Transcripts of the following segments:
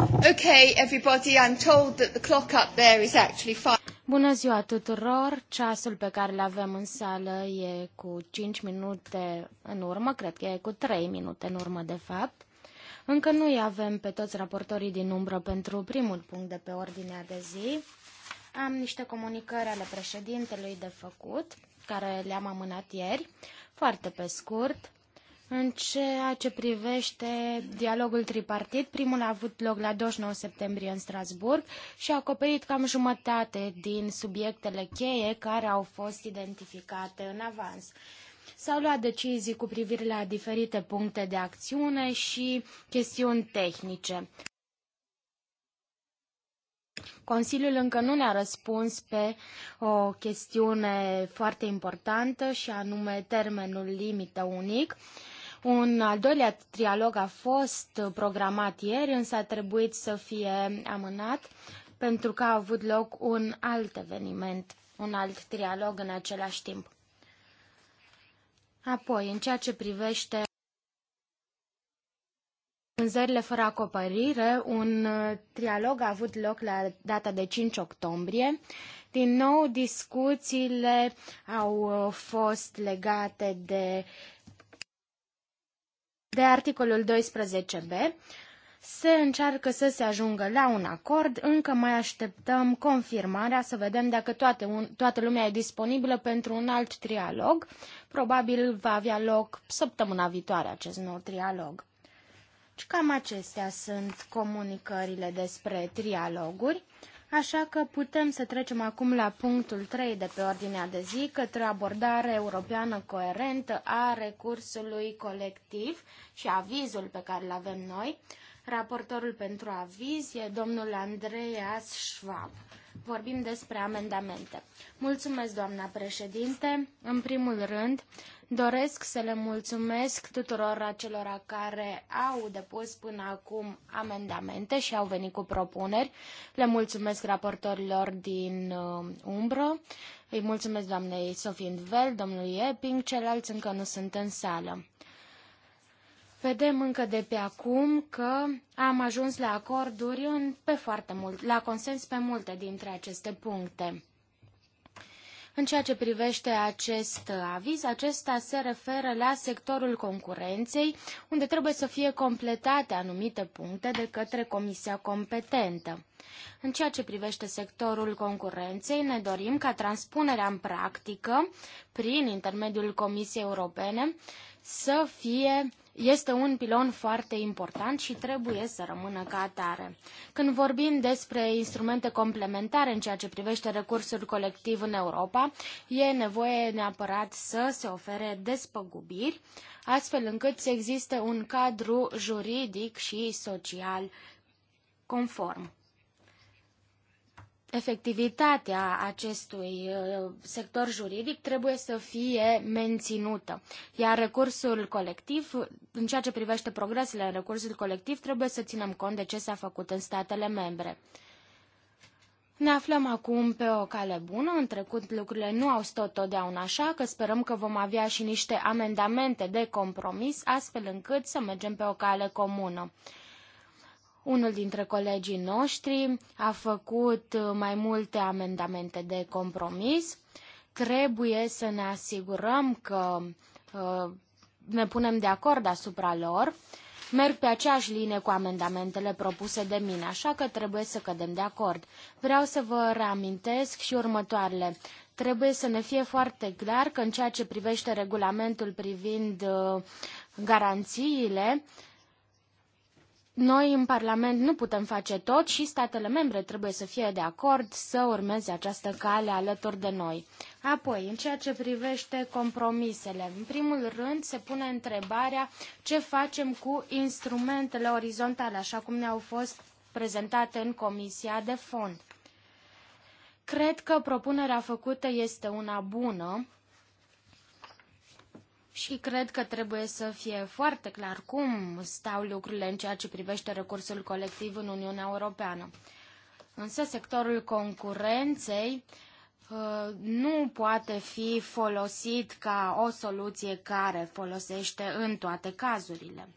Okay, everybody, I'm told that the clock up there is actually five. Bună ziua tuturor! Ceasul pe care îl avem în sală e cu 5 minute în urmă, cred că e cu 3 minute în urmă de fapt. Încă nu îi avem pe toți raportorii din umbră pentru primul punct de pe ordinea de zi. Am niște comunicări ale președintelui de făcut, care le-am amânat ieri, foarte pe scurt. În ceea ce privește dialogul tripartit, primul a avut loc la 29 septembrie în Strasburg și a acoperit cam jumătate din subiectele cheie care au fost identificate în avans. S-au luat decizii cu privire la diferite puncte de acțiune și chestiuni tehnice. Consiliul încă nu ne-a răspuns pe o chestiune foarte importantă și anume termenul limită unic. Uh, un al doilea trialog a fost programat ieri, însă a trebuit să fie amânat pentru că a avut loc un alt eveniment, un alt trialog în același timp. Apoi, în ceea ce privește Vânzările fără acoperire, un uh, trialog a avut loc la data de 5 octombrie. Din nou, discuțiile au uh, fost legate de de articolul 12b, se încearcă să se ajungă la un acord, încă mai așteptăm confirmarea să vedem dacă toate un, toată lumea e disponibilă pentru un alt trialog. Probabil va avea loc săptămâna viitoare acest nou trialog. Deci cam acestea sunt comunicările despre trialoguri. Așa că putem să trecem acum la punctul 3 de pe ordinea de zi, către o abordare europeană coerentă a recursului colectiv și avizul pe care îl avem noi. Raportorul pentru aviz e domnul Andreas Schwab. Vorbim despre amendamente. Mulțumesc, doamna președinte. În primul rând, doresc să le mulțumesc tuturor acelora care au depus până acum amendamente și au venit cu propuneri. Le mulțumesc raportorilor din uh, umbră. Îi mulțumesc doamnei Sofie Vel, domnului Epping, ceilalți încă nu sunt în sală. Vedem încă de pe acum că am ajuns la acorduri în, pe foarte mult, la consens pe multe dintre aceste puncte. În ceea ce privește acest aviz, acesta se referă la sectorul concurenței, unde trebuie să fie completate anumite puncte de către comisia competentă. În ceea ce privește sectorul concurenței, ne dorim ca transpunerea în practică, prin intermediul Comisiei Europene, să fie este un pilon foarte important și trebuie să rămână ca atare. Când vorbim despre instrumente complementare în ceea ce privește recursul colectiv în Europa, e nevoie neapărat să se ofere despăgubiri, astfel încât să existe un cadru juridic și social conform efectivitatea acestui uh, sector juridic trebuie să fie menținută, iar recursul colectiv, în ceea ce privește progresele în recursul colectiv, trebuie să ținem cont de ce s-a făcut în statele membre. Ne aflăm acum pe o cale bună, în trecut lucrurile nu au stat totdeauna așa, că sperăm că vom avea și niște amendamente de compromis, astfel încât să mergem pe o cale comună. Unul dintre colegii noștri a făcut mai multe amendamente de compromis. Trebuie să ne asigurăm că uh, ne punem de acord asupra lor. Merg pe aceeași linie cu amendamentele propuse de mine, așa că trebuie să cădem de acord. Vreau să vă reamintesc și următoarele. Trebuie să ne fie foarte clar că în ceea ce privește regulamentul privind uh, garanțiile, noi în Parlament nu putem face tot și statele membre trebuie să fie de acord să urmeze această cale alături de noi. Apoi, în ceea ce privește compromisele, în primul rând se pune întrebarea ce facem cu instrumentele orizontale, așa cum ne-au fost prezentate în Comisia de Fond. Cred că propunerea făcută este una bună, și cred că trebuie să fie foarte clar cum stau lucrurile în ceea ce privește recursul colectiv în Uniunea Europeană. Însă sectorul concurenței uh, nu poate fi folosit ca o soluție care folosește în toate cazurile.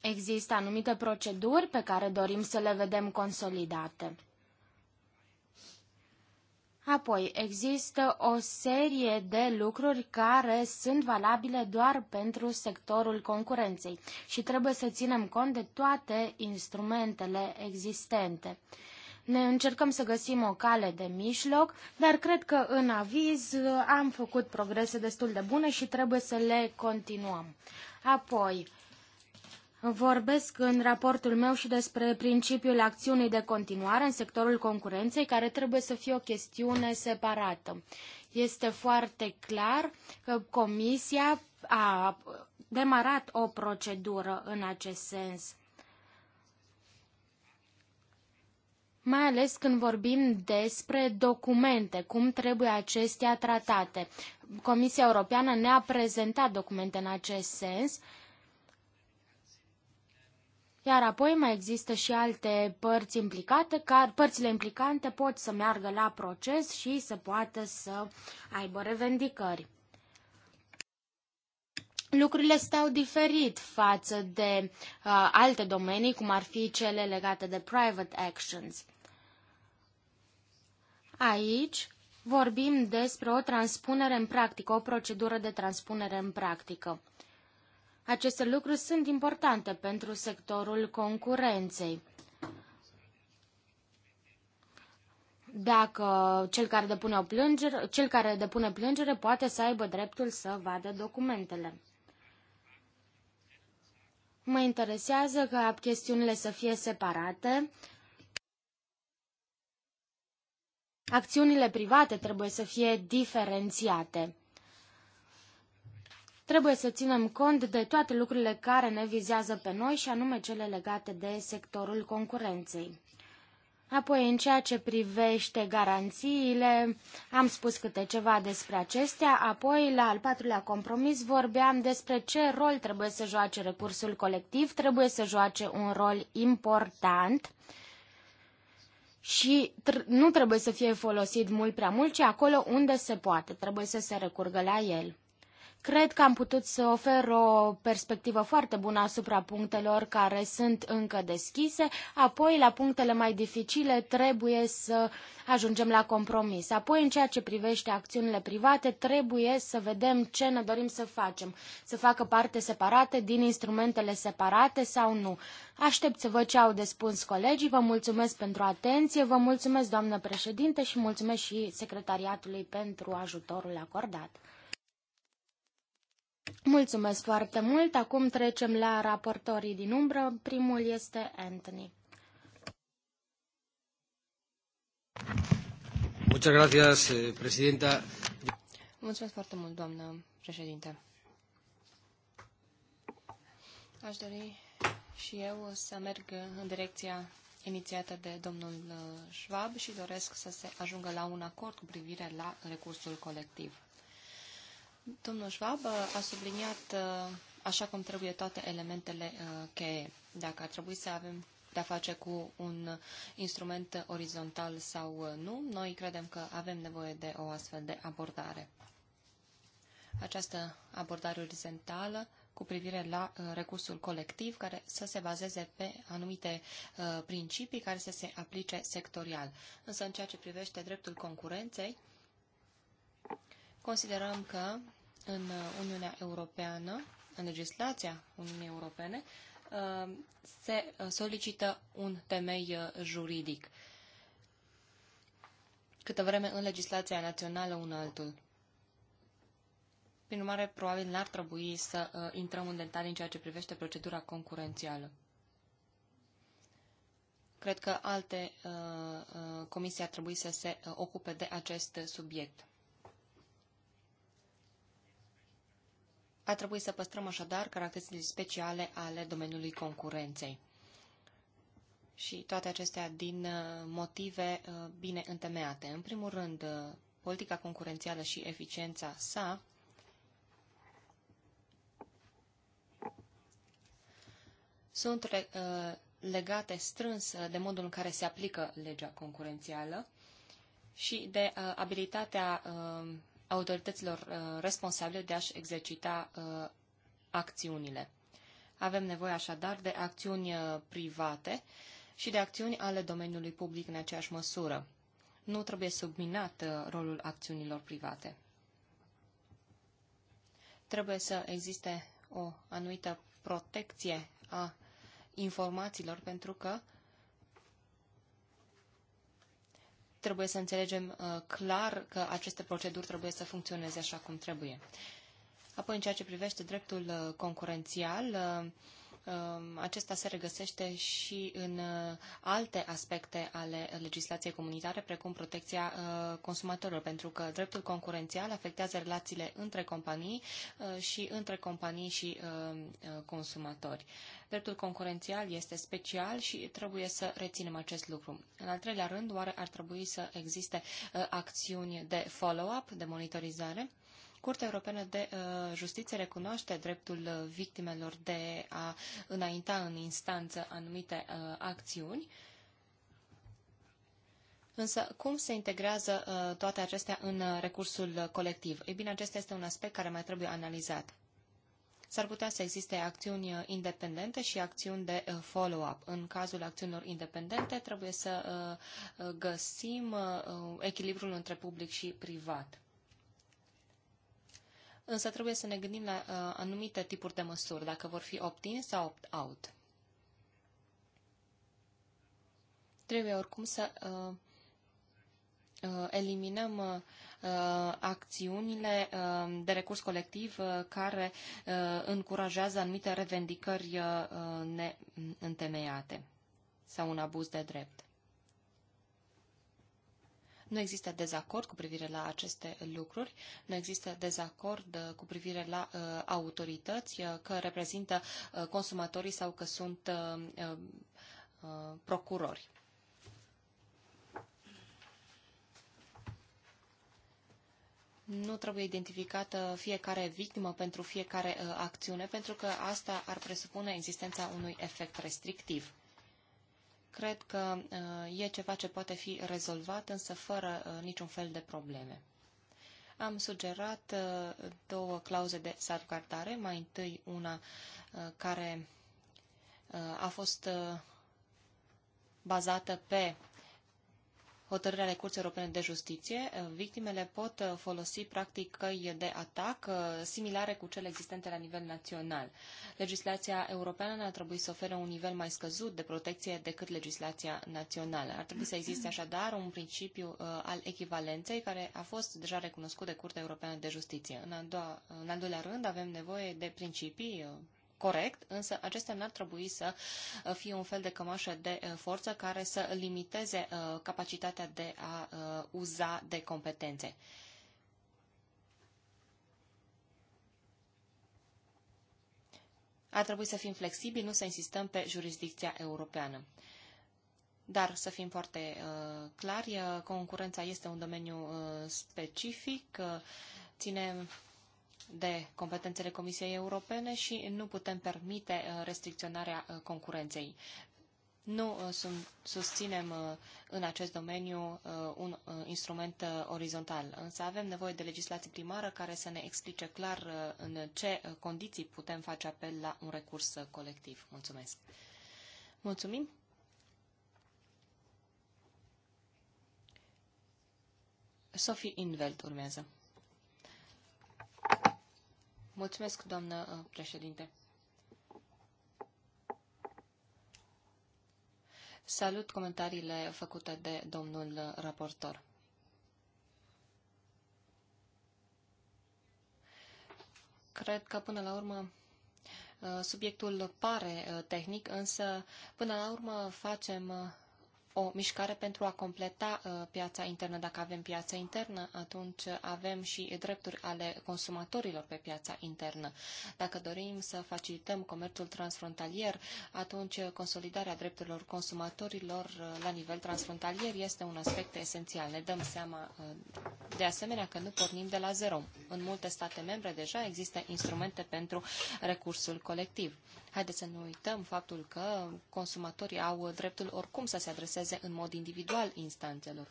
Există anumite proceduri pe care dorim să le vedem consolidate. Apoi, există o serie de lucruri care sunt valabile doar pentru sectorul concurenței și trebuie să ținem cont de toate instrumentele existente. Ne încercăm să găsim o cale de mijloc, dar cred că în aviz am făcut progrese destul de bune și trebuie să le continuăm. Apoi, Vorbesc în raportul meu și despre principiul acțiunii de continuare în sectorul concurenței, care trebuie să fie o chestiune separată. Este foarte clar că Comisia a demarat o procedură în acest sens. mai ales când vorbim despre documente, cum trebuie acestea tratate. Comisia Europeană ne-a prezentat documente în acest sens iar apoi mai există și alte părți implicate, care părțile implicante pot să meargă la proces și să poată să aibă revendicări. Lucrurile stau diferit față de uh, alte domenii, cum ar fi cele legate de private actions. Aici vorbim despre o transpunere în practică, o procedură de transpunere în practică. Aceste lucruri sunt importante pentru sectorul concurenței. Dacă cel care depune o plângere, cel care depune plângere poate să aibă dreptul să vadă documentele. Mă interesează ca chestiunile să fie separate. Acțiunile private trebuie să fie diferențiate. Trebuie să ținem cont de toate lucrurile care ne vizează pe noi și anume cele legate de sectorul concurenței. Apoi, în ceea ce privește garanțiile, am spus câte ceva despre acestea, apoi, la al patrulea compromis, vorbeam despre ce rol trebuie să joace recursul colectiv, trebuie să joace un rol important și tr nu trebuie să fie folosit mult prea mult, ci acolo unde se poate, trebuie să se recurgă la el. Cred că am putut să ofer o perspectivă foarte bună asupra punctelor care sunt încă deschise, apoi la punctele mai dificile trebuie să ajungem la compromis. Apoi în ceea ce privește acțiunile private trebuie să vedem ce ne dorim să facem, să facă parte separate din instrumentele separate sau nu. Aștept să văd ce au de spus colegii, vă mulțumesc pentru atenție, vă mulțumesc doamnă președinte și mulțumesc și secretariatului pentru ajutorul acordat. Mulțumesc foarte mult. Acum trecem la raportorii din umbră. Primul este Anthony. Muchas gracias, eh, presidenta. Mulțumesc foarte mult, doamnă președinte. Aș dori și eu să merg în direcția inițiată de domnul uh, Schwab și doresc să se ajungă la un acord cu privire la recursul colectiv. Domnul Schwab uh, a subliniat uh, așa cum trebuie toate elementele uh, cheie. Dacă ar trebui să avem de-a face cu un instrument orizontal sau nu, noi credem că avem nevoie de o astfel de abordare. Această abordare orizontală cu privire la recursul colectiv care să se bazeze pe anumite principii care să se aplice sectorial. Însă în ceea ce privește dreptul concurenței, considerăm că în uh, Uniunea Europeană, în legislația Uniunii Europene, uh, se uh, solicită un temei juridic. Câtă vreme în legislația națională un altul. Prin urmare, probabil n-ar trebui să intrăm în detalii în ceea ce privește procedura concurențială. Cred că alte uh, comisii ar trebui să se ocupe de acest subiect. A trebui să păstrăm așadar caracteristicile speciale ale domeniului concurenței. Și toate acestea din uh, motive uh, bine întemeiate. În primul rând, uh, politica concurențială și eficiența sa sunt legate strâns de modul în care se aplică legea concurențială și de abilitatea autorităților uh, responsabile de a-și exercita uh, acțiunile. Avem nevoie așadar de acțiuni uh, private și de acțiuni ale domeniului public în aceeași măsură. Nu trebuie subminat rolul acțiunilor private. Trebuie să existe o anumită protecție a informațiilor pentru că uh, trebuie să înțelegem uh, clar că aceste proceduri trebuie să funcționeze așa cum trebuie. Apoi, în ceea ce privește dreptul uh, concurențial, uh, Um, acesta se regăsește și în uh, alte aspecte ale legislației comunitare, precum protecția uh, consumatorilor, pentru că dreptul concurențial afectează relațiile între companii uh, și între companii și consumatori. Dreptul concurențial este special și trebuie să reținem acest lucru. În al treilea rând, oare ar trebui să existe acțiuni de follow-up, de monitorizare? Curtea Europeană de uh, Justiție recunoaște dreptul uh, victimelor de a înainta în instanță anumite uh, acțiuni. Însă, cum se integrează toate acestea în recursul colectiv? Ei bine, acesta este un aspect care mai trebuie analizat s-ar putea să existe acțiuni independente și acțiuni de follow-up. În cazul acțiunilor independente trebuie să găsim echilibrul între public și privat însă trebuie să ne gândim la uh, anumite tipuri de măsuri, dacă vor fi opt-in sau opt-out. Trebuie oricum să uh, uh, eliminăm uh, acțiunile uh, de recurs colectiv uh, care uh, încurajează anumite revendicări uh, neîntemeiate mm, sau un abuz de drept. Nu există dezacord cu privire la aceste lucruri, nu există dezacord uh, cu privire la uh, autorități uh, că reprezintă uh, consumatorii sau că sunt uh, uh, procurori. nu trebuie identificată fiecare victimă pentru fiecare uh, acțiune, pentru că asta ar presupune existența unui efect restrictiv cred că uh, e ceva ce poate fi rezolvat, însă fără uh, niciun fel de probleme. Am sugerat uh, două clauze de salvgardare, mai întâi una care a fost bazată pe hotărâri ale Curții Europene de Justiție, uh, victimele pot uh, folosi practic căi de atac uh, similare cu cele existente la nivel național. Legislația europeană ar trebui să ofere un nivel mai scăzut de protecție decât legislația națională. Ar trebui să existe așadar un principiu al echivalenței care a fost deja recunoscut de Curtea Europeană de Justiție. În, a doua, în al doilea rând avem nevoie de principii corect, însă acestea n-ar trebui să uh, fie un fel de cămașă de uh, forță care să limiteze uh, capacitatea de a uza de competențe. Ar trebui să fim flexibili, nu să insistăm pe jurisdicția europeană. Dar să fim foarte uh, clari, concurența este un domeniu uh, specific, uh, ține de competențele Comisiei Europene și nu putem permite uh, restricționarea uh, concurenței. Nu uh, susținem în acest domeniu un instrument orizontal, însă avem nevoie de legislație primară care să ne explice clar în ce condiții putem face apel la un recurs colectiv. Mulțumesc! Mulțumim! Sophie Invelt urmează. Mulțumesc, doamnă uh, președinte. Salut comentariile făcute de domnul uh, raportor. Cred că, până la urmă, uh, subiectul pare tehnic, însă, până la urmă, facem o mișcare pentru a completa uh, piața internă. Dacă avem piața internă, atunci avem și drepturi ale consumatorilor pe piața internă. Dacă dorim să facilităm comerțul transfrontalier, atunci consolidarea drepturilor consumatorilor uh, la nivel transfrontalier este un aspect esențial. Ne dăm seama uh, de asemenea că nu pornim de la zero. În multe state membre deja există instrumente pentru recursul colectiv. Haideți să nu uităm faptul că consumatorii au dreptul oricum să se adreseze în mod individual instanțelor.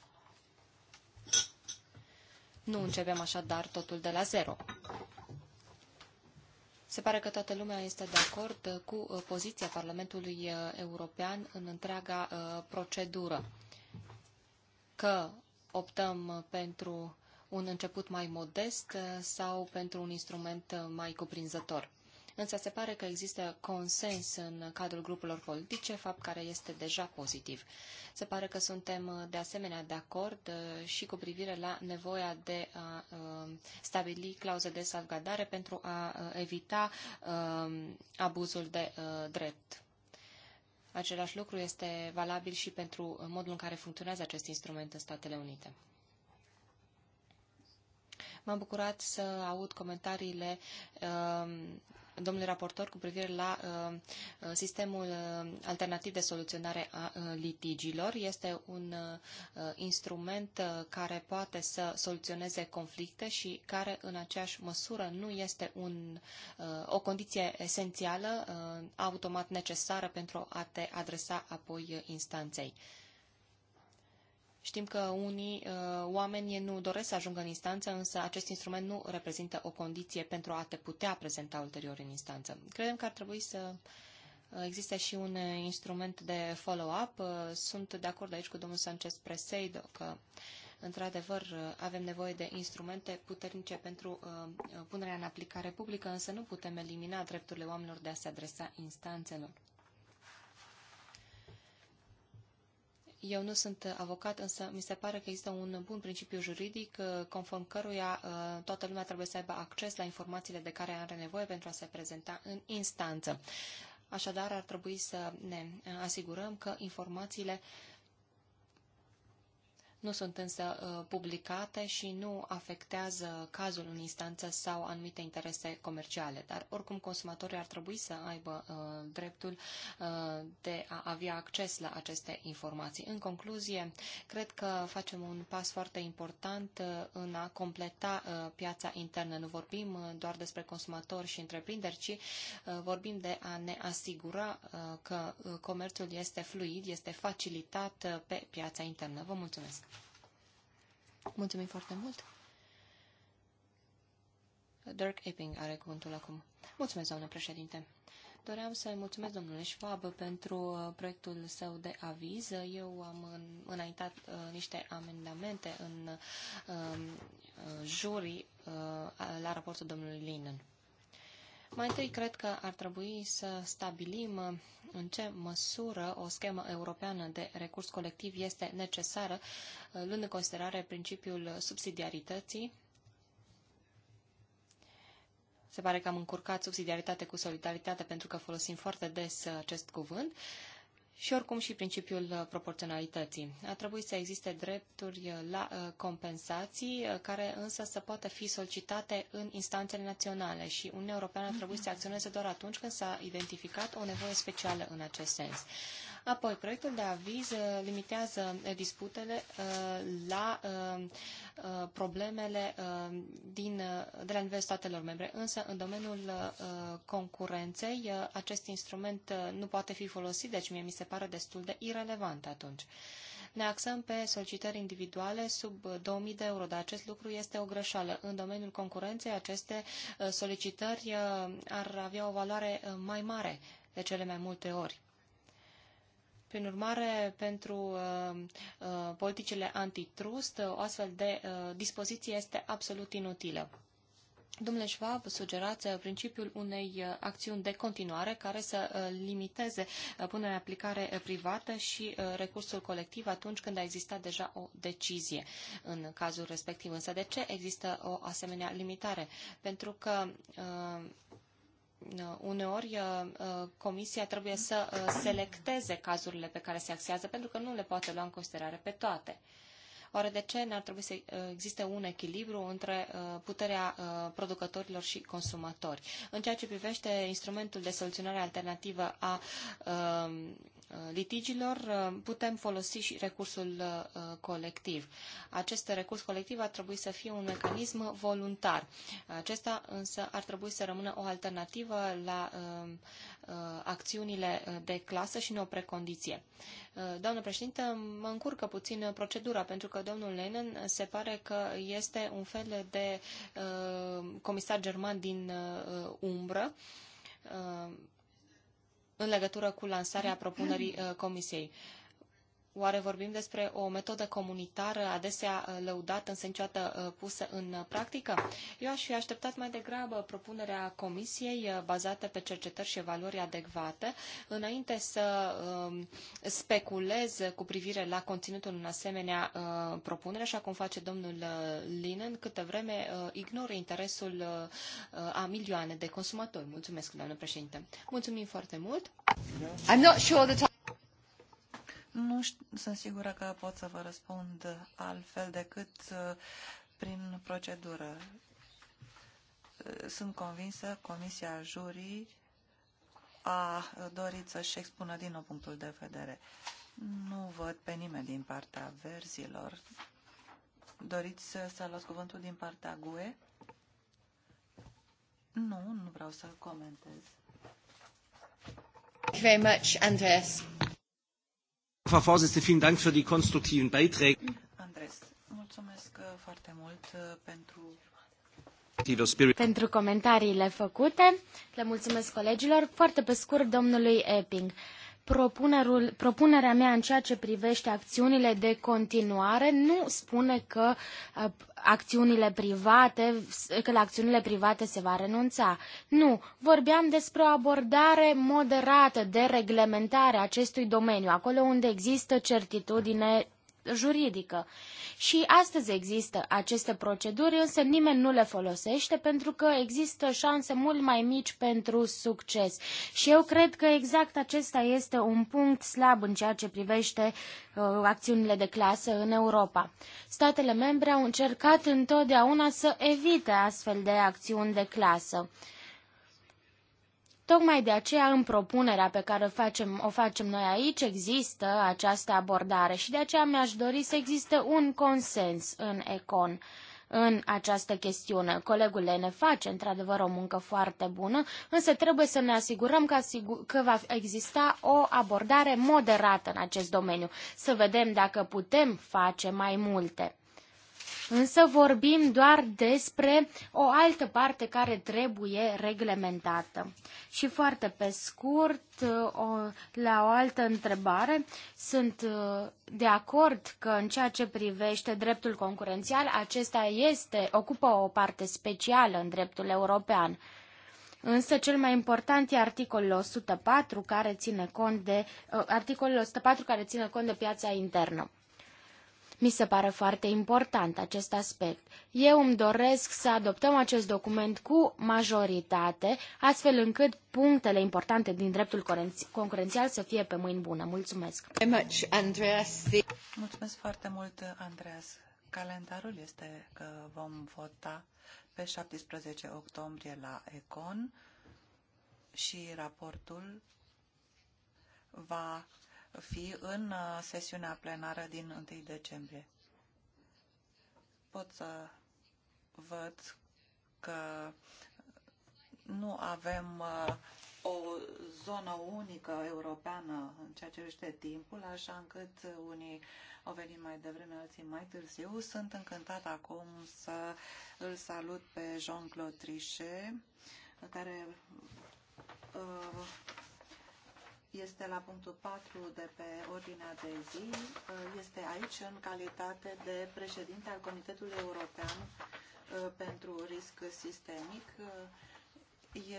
Nu începem așadar totul de la zero. Se pare că toată lumea este de acord cu uh, poziția Parlamentului uh, European în întreaga uh, procedură, că optăm pentru un început mai modest sau pentru un instrument mai cuprinzător însă se pare că există consens în cadrul grupurilor politice, fapt care este deja pozitiv. Se pare că suntem uh, de asemenea de acord uh, și cu privire la nevoia de a uh, stabili clauze de salvgardare pentru a evita um, abuzul de drept. Același lucru este valabil și pentru modul în care funcționează acest instrument în Statele Unite. M-am bucurat să aud comentariile uh, domnului raportor cu privire la uh, uh sistemul uh, alternativ de soluționare a uh, litigilor. Este un uh, uh, instrument uh, care poate să soluționeze conflicte și care în aceeași măsură nu este un, uh, o condiție esențială, uh, automat necesară pentru a te adresa apoi instanței. Știm că unii uh, oameni nu doresc să ajungă în instanță, însă acest instrument nu reprezintă o condiție pentru a te putea prezenta ulterior în instanță. Credem că ar trebui să uh, Există și un uh, instrument de follow-up. Uh, sunt de acord aici cu domnul Sanchez Preseido că, într-adevăr, avem nevoie de instrumente puternice pentru punerea în aplicare publică, însă nu putem elimina drepturile oamenilor de a se adresa instanțelor. Eu nu sunt avocat, însă mi se pare că există un bun principiu juridic uh, conform căruia uh, toată lumea trebuie să aibă acces la informațiile de care are nevoie pentru a se prezenta în instanță. Așadar, ar trebui să ne asigurăm că informațiile uh, nu sunt însă uh, publicate și nu afectează cazul în instanță sau anumite interese comerciale. Dar oricum consumatorii ar trebui să aibă uh, dreptul uh, de a avea acces la aceste informații. În concluzie, cred că facem un pas foarte important în a completa piața internă. Nu vorbim doar despre consumatori și întreprinderi, ci vorbim de a ne asigura că comerțul este fluid, este facilitat pe piața internă. Vă mulțumesc! Mulțumim foarte mult! Dirk Epping are cuvântul acum. Mulțumesc, doamnă președinte. Doream să-i mulțumesc domnului Schwab pentru uh, proiectul său de aviz. Eu am înaintat uh, niște amendamente în uh, uh jury uh, la raportul domnului Linen. Mai întâi, cred că ar trebui să stabilim uh, în ce măsură o schemă europeană de recurs colectiv este necesară, uh, luând în considerare principiul subsidiarității. Se pare că am încurcat subsidiaritate cu solidaritate pentru că folosim foarte des uh, acest cuvânt. Uh, și oricum și principiul uh, proporționalității. A trebuit să existe drepturi uh, la uh, compensații, care însă să poată fi solicitate în instanțele naționale și Uniunea Europeană a trebuit să acționeze doar atunci când s-a identificat o nevoie specială în acest sens. Apoi, proiectul de aviz uh, limitează uh, disputele uh, la problemele din, de la nivel statelor membre, însă în domeniul concurenței acest instrument nu poate fi folosit, deci mie mi se pare destul de irelevant atunci. Ne axăm pe solicitări individuale sub 2000 de euro, dar acest lucru este o greșeală. În domeniul concurenței, aceste solicitări ar avea o valoare mai mare de cele mai multe ori. Prin urmare, pentru uh, uh, politicile antitrust, uh, o astfel de uh, dispoziție este absolut inutilă. Domnule Schwab, sugerați uh, principiul unei uh, acțiuni de continuare care să limiteze punerea în aplicare privată și recursul colectiv atunci când a existat deja o decizie în cazul respectiv. Însă de ce există o asemenea limitare? Pentru că Uh, uneori uh, uh, comisia trebuie să selecteze cazurile pe care se axează pentru că nu le poate lua în considerare pe toate. Oare de ce n-ar trebui să existe un echilibru între puterea producătorilor și consumatori? În ceea ce privește instrumentul de soluționare alternativă a Uh, litigilor, uh, putem folosi și recursul uh, colectiv. Acest recurs colectiv ar trebui să fie un mecanism voluntar. Acesta însă ar trebui să rămână o alternativă la acțiunile de clasă și nu o precondiție. Doamnă președintă, mă încurcă puțin procedura, pentru că domnul Lenin se pare că este un fel de comisar german din umbră în legătură cu lansarea propunerii uh, Comisiei. Oare vorbim despre o metodă comunitară adesea uh, lăudată, însă niciodată uh, pusă în uh, practică? Eu aș fi așteptat mai degrabă propunerea comisiei bazată pe cercetări și evaluări adecvate, înainte să um, speculez cu privire la conținutul în asemenea propunere, așa cum face domnul Linen, câtă vreme ignoră interesul a milioane de consumatori. Mulțumesc, doamnă președinte. Mulțumim foarte mult. I'm not sure that I... Nu știu, sunt sigură că pot să vă răspund altfel decât uh, prin procedură. Sunt convinsă, Comisia Jurii a dorit să-și expună din nou punctul de vedere. Nu văd pe nimeni din partea verzilor. Doriți să, să luați cuvântul din partea GUE? Nu, nu vreau să comentez. Thank you very much, Andreas. Frau Vorsitzende, vielen Dank für die konstruktiven Beiträge. Andres, mulțumesc uh, foarte mult uh, pentru pentru comentariile făcute. Le mulțumesc colegilor. Foarte pe scurt, domnului Epping propunerea mea în ceea ce privește acțiunile de continuare nu spune că uh, acțiunile private, că la acțiunile private se va renunța. Nu, vorbeam despre o abordare moderată de reglementare a acestui domeniu, acolo unde există certitudine juridică. Și astăzi există aceste proceduri, însă nimeni nu le folosește pentru că există șanse mult mai mici pentru succes. Și eu cred că exact acesta este un punct slab în ceea ce privește uh, acțiunile de clasă în Europa. Statele membre au încercat întotdeauna să evite astfel de acțiuni de clasă. Uh, Tocmai de aceea, în propunerea pe care o facem, o facem noi aici, există această abordare și de aceea mi-aș dori să existe un consens în Econ în această chestiune. Colegul ne face într-adevăr o muncă foarte bună, însă trebuie să ne asigurăm că, asigur, că va exista o abordare moderată în acest domeniu, să vedem dacă putem face mai multe. Însă vorbim doar despre o altă parte care trebuie reglementată. Și foarte pe scurt, o, la o altă întrebare, sunt uh, de acord că în ceea ce privește dreptul concurențial, acesta este, ocupă o parte specială în dreptul european. Însă cel mai important e articolul 104 care ține cont de uh, articolul 104 care ține cont de piața internă. Mi se pare foarte important acest aspect. Eu îmi doresc să adoptăm acest document cu majoritate, astfel încât punctele importante din dreptul concurențial să fie pe mâini bună. Mulțumesc! Mulțumesc foarte mult, Andreas. Calendarul este că vom vota pe 17 octombrie la ECON și raportul va fi în uh, sesiunea plenară din 1 decembrie. Pot să văd că nu avem uh, o zonă unică europeană în ceea ce privește timpul, așa încât unii au venit mai devreme, alții mai târziu. Sunt încântat acum să îl salut pe Jean-Claude Trichet, care uh, este la punctul 4 de pe ordinea de zi. Este aici în calitate de președinte al Comitetului European uh, pentru Risc Sistemic. Uh,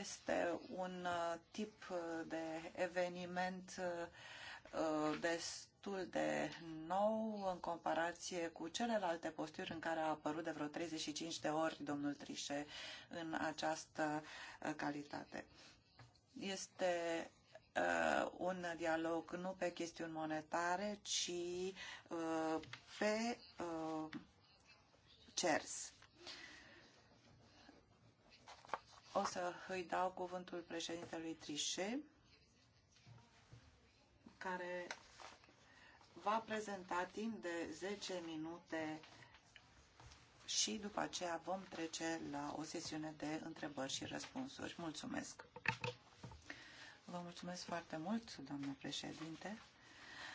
este un uh, tip de eveniment destul de nou în comparație cu celelalte posturi în care a apărut de vreo 35 de ori domnul Trișe în această calitate este Uh, un dialog nu pe chestiuni monetare, ci uh, pe uh, CERS. O să îi dau cuvântul președintelui Trișe, care va prezenta timp de 10 minute și după aceea vom trece la o sesiune de întrebări și răspunsuri. Mulțumesc! Vă mulțumesc foarte mult, doamnă președinte.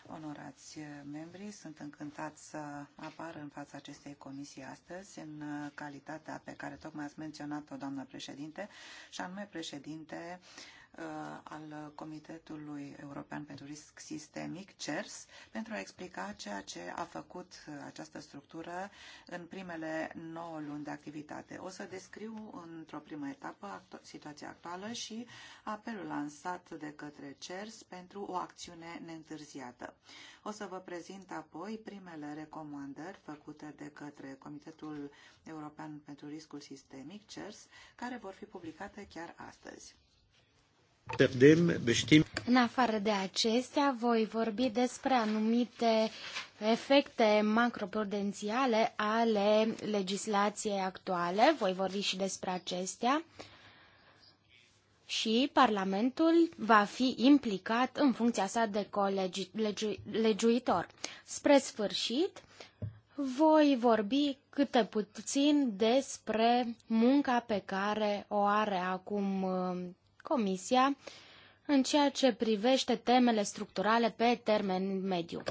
Onorați membri. sunt încântat să apar în fața acestei comisii astăzi în calitatea pe care tocmai ați menționat-o, doamnă președinte, și anume președinte uh, Uh, al Comitetului European pentru Risc Sistemic, CERS, pentru a explica ceea ce a făcut uh, această structură în primele 9 luni de activitate. O să descriu într-o primă etapă situația actuală și apelul lansat de către CERS pentru o acțiune neîntârziată. O să vă prezint apoi primele recomandări făcute de către Comitetul European pentru Riscul Sistemic, CERS, care vor fi publicate chiar astăzi. Deci în afară de acestea, voi vorbi despre anumite efecte macroprudențiale ale legislației actuale. Voi vorbi și despre acestea. Și Parlamentul va fi implicat în funcția sa de colegiuitor. Spre sfârșit, voi vorbi câte puțin despre munca pe care o are acum uh, Comisia în ceea ce privește temele structurale pe termen mediu.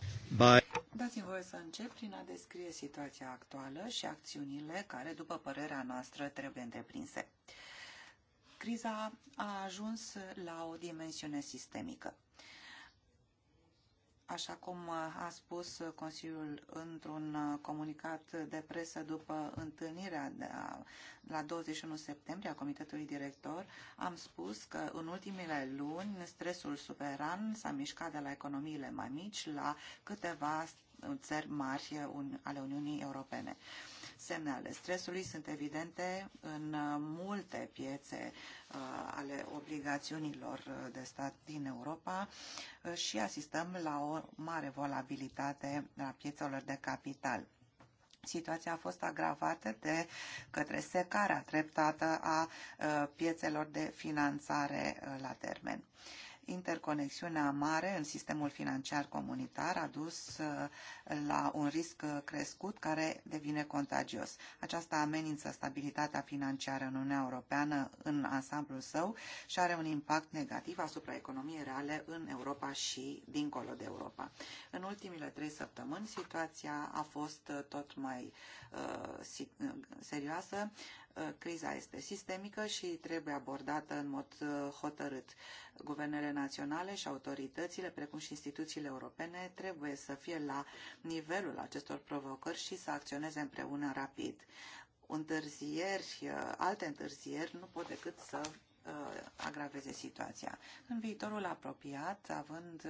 Dați-mi voie să încep prin a descrie situația actuală și acțiunile care, după părerea noastră, trebuie întreprinse. Criza a ajuns la o dimensiune sistemică. Așa cum uh, a spus uh, Consiliul într-un uh, comunicat de presă după întâlnirea de a, la 21 septembrie a Comitetului Director, am spus că în ultimele luni stresul superan s-a mișcat de la economiile mai mici la câteva țări mari ale Uniunii Europene. Semnele stresului sunt evidente în uh, multe piețe uh, ale obligațiunilor uh, de stat din Europa și asistăm la o mare volabilitate a piețelor de capital. Situația a fost agravată de către secarea treptată a piețelor de finanțare la termen interconexiunea mare în sistemul financiar comunitar a dus uh, la un risc uh, crescut care devine contagios. Aceasta amenință stabilitatea financiară în Uniunea Europeană în ansamblul său și are un impact negativ asupra economiei reale în Europa și dincolo de Europa. În ultimile trei săptămâni, situația a fost uh, tot mai uh, serioasă. Uh, Uh, criza este sistemică și trebuie abordată în mod uh, hotărât. Guvernele naționale și autoritățile, precum și instituțiile europene, trebuie să fie la nivelul acestor provocări și să acționeze împreună rapid. Întârzieri, uh, alte întârzieri nu pot decât să agraveze situația. În viitorul apropiat, având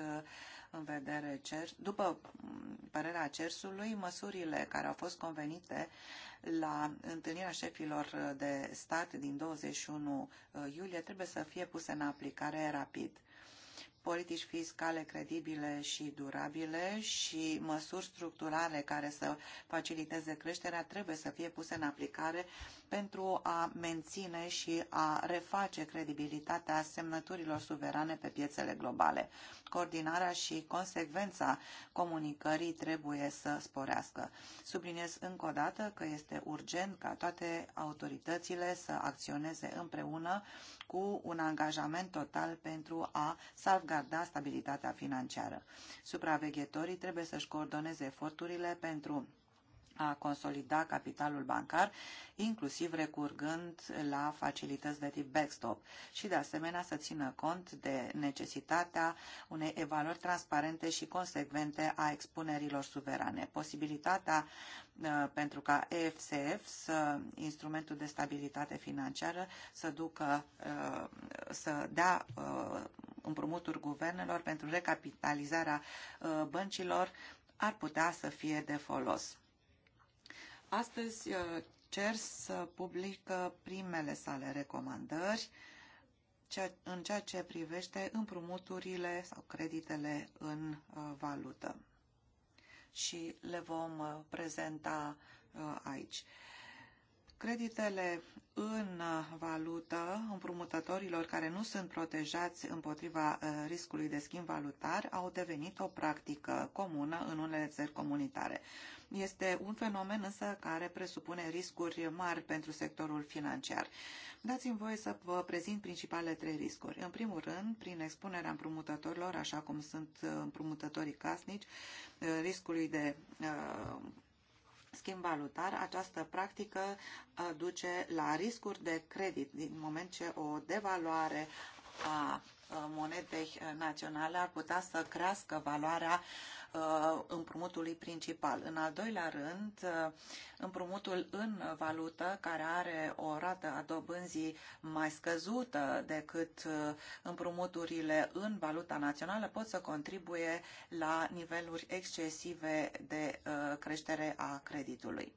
în vedere cer, după mm, părerea cersului, măsurile care au fost convenite la întâlnirea șefilor de stat din 21 uh, iulie trebuie să fie puse în aplicare rapid politici fiscale credibile și durabile și măsuri structurale care să faciliteze creșterea trebuie să fie puse în aplicare pentru a menține și a reface credibilitatea semnăturilor suverane pe piețele globale. Coordinarea și consecvența comunicării trebuie să sporească. Subliniez încă o dată că este urgent ca toate autoritățile să acționeze împreună cu un angajament total pentru a salvgarda stabilitatea financiară. Supraveghetorii trebuie să-și coordoneze eforturile pentru a consolida capitalul bancar, inclusiv recurgând la facilități de tip backstop și, de asemenea, să țină cont de necesitatea unei evaluări transparente și consecvente a expunerilor suverane. Posibilitatea uh, pentru ca EFSF, să, instrumentul de stabilitate financiară, să ducă, uh, să dea uh, împrumuturi guvernelor pentru recapitalizarea băncilor, ar putea să fie de folos. Astăzi uh, cer să publică primele sale recomandări în ceea ce privește împrumuturile sau creditele în uh, valută. Și le vom uh, prezenta aici. Creditele în valută împrumutătorilor care nu sunt protejați împotriva uh, riscului de schimb valutar au devenit o practică comună în unele țări comunitare. Este un fenomen însă care presupune riscuri mari pentru sectorul financiar. Dați-mi voie să vă prezint principalele trei riscuri. În primul rând, prin expunerea împrumutătorilor, așa cum sunt împrumutătorii casnici, uh, riscului de uh, schimb valutar, această practică uh, duce la riscuri de credit din moment ce o devaluare a Uh, monedei uh, naționale ar putea să crească valoarea uh, împrumutului principal. În al doilea rând, împrumutul în valută, care are o rată a dobânzii mai scăzută decât împrumuturile în valuta națională, pot să contribuie la niveluri excesive de creștere a creditului.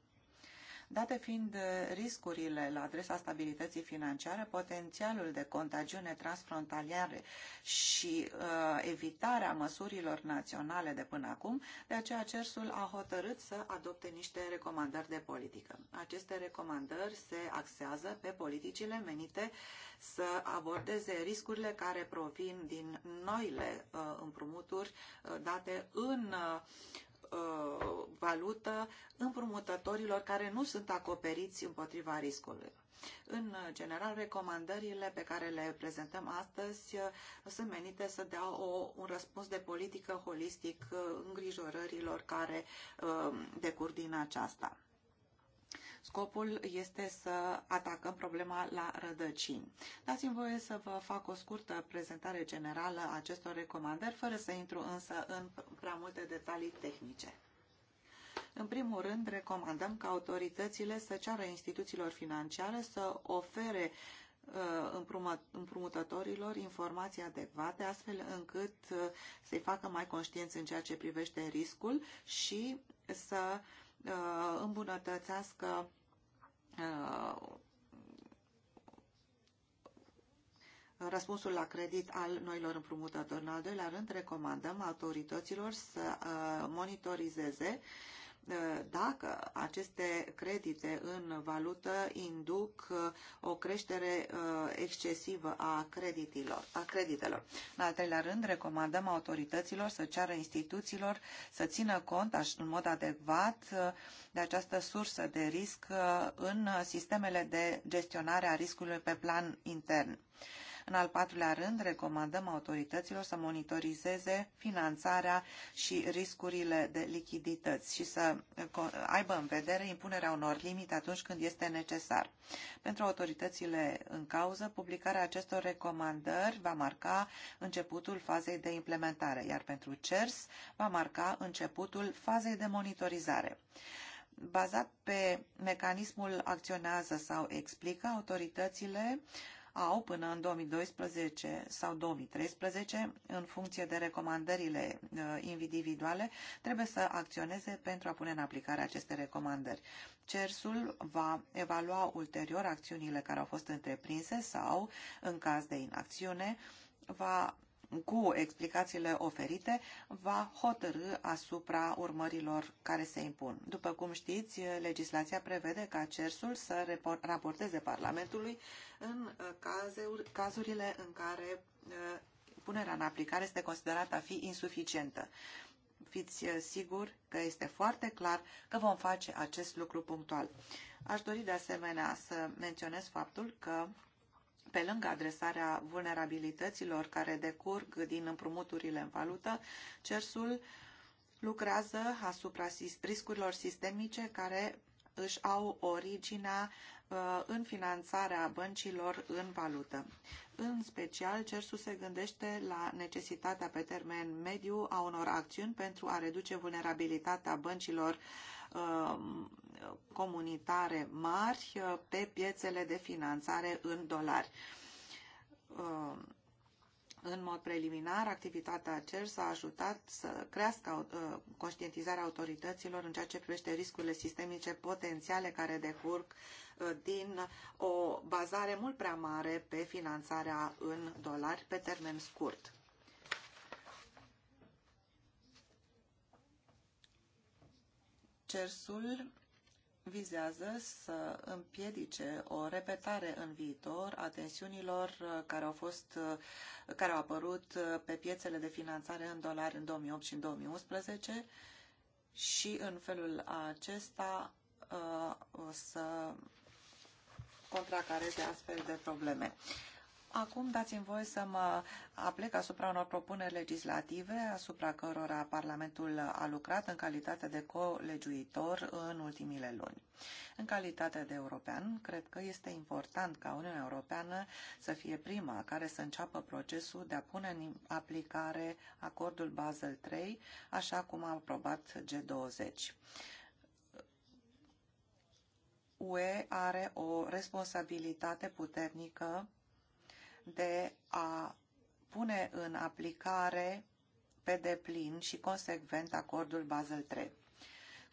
Date fiind riscurile la adresa stabilității financiare, potențialul de contagiune transfrontaliere și uh, evitarea măsurilor naționale de până acum, de aceea CERSul a hotărât să adopte niște recomandări de politică. Aceste recomandări se axează pe politicile menite să abordeze riscurile care provin din noile uh, împrumuturi uh, date în uh, Uh, valută împrumutătorilor care nu sunt acoperiți împotriva riscului. În general, recomandările pe care le prezentăm astăzi uh, sunt menite să dea o, un răspuns de politică holistic uh, îngrijorărilor care decur din aceasta. Scopul este să atacăm problema la rădăcini. Dați-mi voie să vă fac o scurtă prezentare generală a acestor recomandări, fără să intru însă în prea multe detalii tehnice. În primul rând, recomandăm ca autoritățile să ceară instituțiilor financiare să ofere uh, împrumutătorilor informații adecvate, astfel încât uh, să-i facă mai conștienți în ceea ce privește riscul și să Uh, îmbunătățească uh, răspunsul la credit al noilor împrumutători. În al doilea rând, recomandăm autorităților să uh, monitorizeze dacă aceste credite în valută induc uh, o creștere uh, excesivă a, creditilor, a creditelor. În al treilea rând, recomandăm autorităților să ceară instituțiilor să țină cont în mod adecvat uh, de această sursă de risc în sistemele de gestionare a riscului pe plan intern. În al patrulea rând, recomandăm autorităților să monitorizeze finanțarea și riscurile de lichidități și să uh, aibă în vedere impunerea unor limite atunci când este necesar. Pentru autoritățile în cauză, publicarea acestor recomandări va marca începutul fazei de implementare, iar pentru CERS va marca începutul fazei de monitorizare. Bazat pe mecanismul acționează sau explică, autoritățile au până în 2012 sau 2013, în funcție de recomandările uh, individuale, trebuie să acționeze pentru a pune în aplicare aceste recomandări. CERSul va evalua ulterior acțiunile care au fost întreprinse sau, în caz de inacțiune, va cu explicațiile oferite, va hotărâ asupra urmărilor care se impun. După cum știți, legislația prevede ca CERSUL să raporteze Parlamentului în uh, cazurile în care uh, punerea în aplicare este considerată a fi insuficientă. Fiți uh, siguri că este foarte clar că vom face acest lucru punctual. Aș dori de asemenea să menționez faptul că pe lângă adresarea vulnerabilităților care decurg din împrumuturile în valută, CERSUL lucrează asupra riscurilor sistemice care își au originea uh, în finanțarea băncilor în valută. În special, CERSU se gândește la necesitatea pe termen mediu a unor acțiuni pentru a reduce vulnerabilitatea băncilor Um, comunitare mari uh, pe piețele de finanțare în dolari. Um, în mod preliminar, activitatea CER s-a ajutat să crească uh, conștientizarea autorităților în ceea ce privește riscurile sistemice potențiale care decurg uh, din o bazare mult prea mare pe finanțarea în dolari pe termen scurt. CERSUL vizează să împiedice o repetare în viitor a tensiunilor uh, care au, fost, uh, care au apărut uh, pe piețele de finanțare în dolari în 2008 și în 2011 și în felul acesta să contracareze astfel de probleme. Acum dați-mi voie să mă aplec asupra unor propuneri legislative asupra cărora Parlamentul a lucrat în calitate de colegiuitor în ultimile luni. În calitate de european, cred că este important ca Uniunea Europeană să fie prima care să înceapă procesul de a pune în aplicare acordul Basel III, așa cum a aprobat G20. UE are o responsabilitate puternică de a pune în aplicare pe deplin și consecvent acordul Basel III.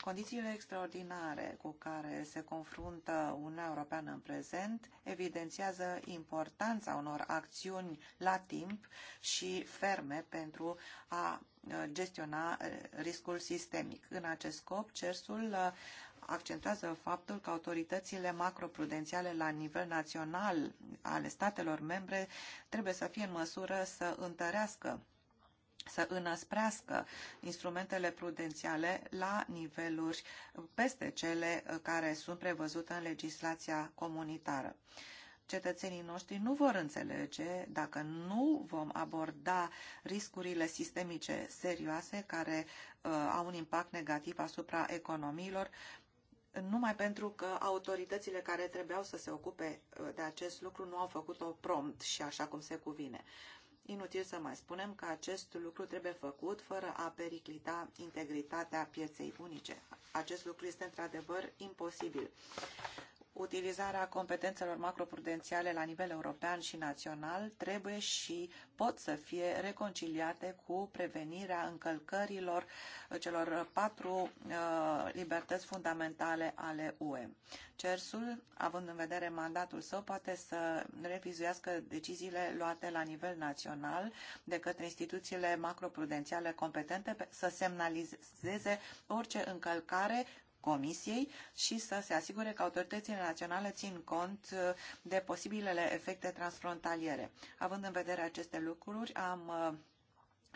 Condițiile extraordinare cu care se confruntă Uniunea Europeană în prezent evidențiază importanța unor acțiuni la timp și ferme pentru a gestiona eh, riscul sistemic. În acest scop, CERSUL eh, accentuează faptul că autoritățile macroprudențiale la nivel național ale statelor membre trebuie să fie în măsură să întărească să înăsprească instrumentele prudențiale la niveluri peste cele care sunt prevăzute în legislația comunitară cetățenii noștri nu vor înțelege dacă nu vom aborda riscurile sistemice serioase care uh, au un impact negativ asupra economiilor numai pentru că autoritățile care trebuiau să se ocupe uh, de acest lucru nu au făcut-o prompt și așa cum se cuvine. Inutil să mai spunem că acest lucru trebuie făcut fără a periclita integritatea pieței unice. Acest lucru este într-adevăr imposibil utilizarea competențelor macroprudențiale la nivel european și național trebuie și pot să fie reconciliate cu prevenirea încălcărilor celor patru uh, libertăți fundamentale ale UE. CERSUL, având în vedere mandatul său, poate să revizuiască deciziile luate la nivel național de către instituțiile macroprudențiale competente să semnalizeze orice încălcare Comisiei și să se asigure că autoritățile naționale țin cont uh, de posibilele efecte transfrontaliere. Având în vedere aceste lucruri, am uh,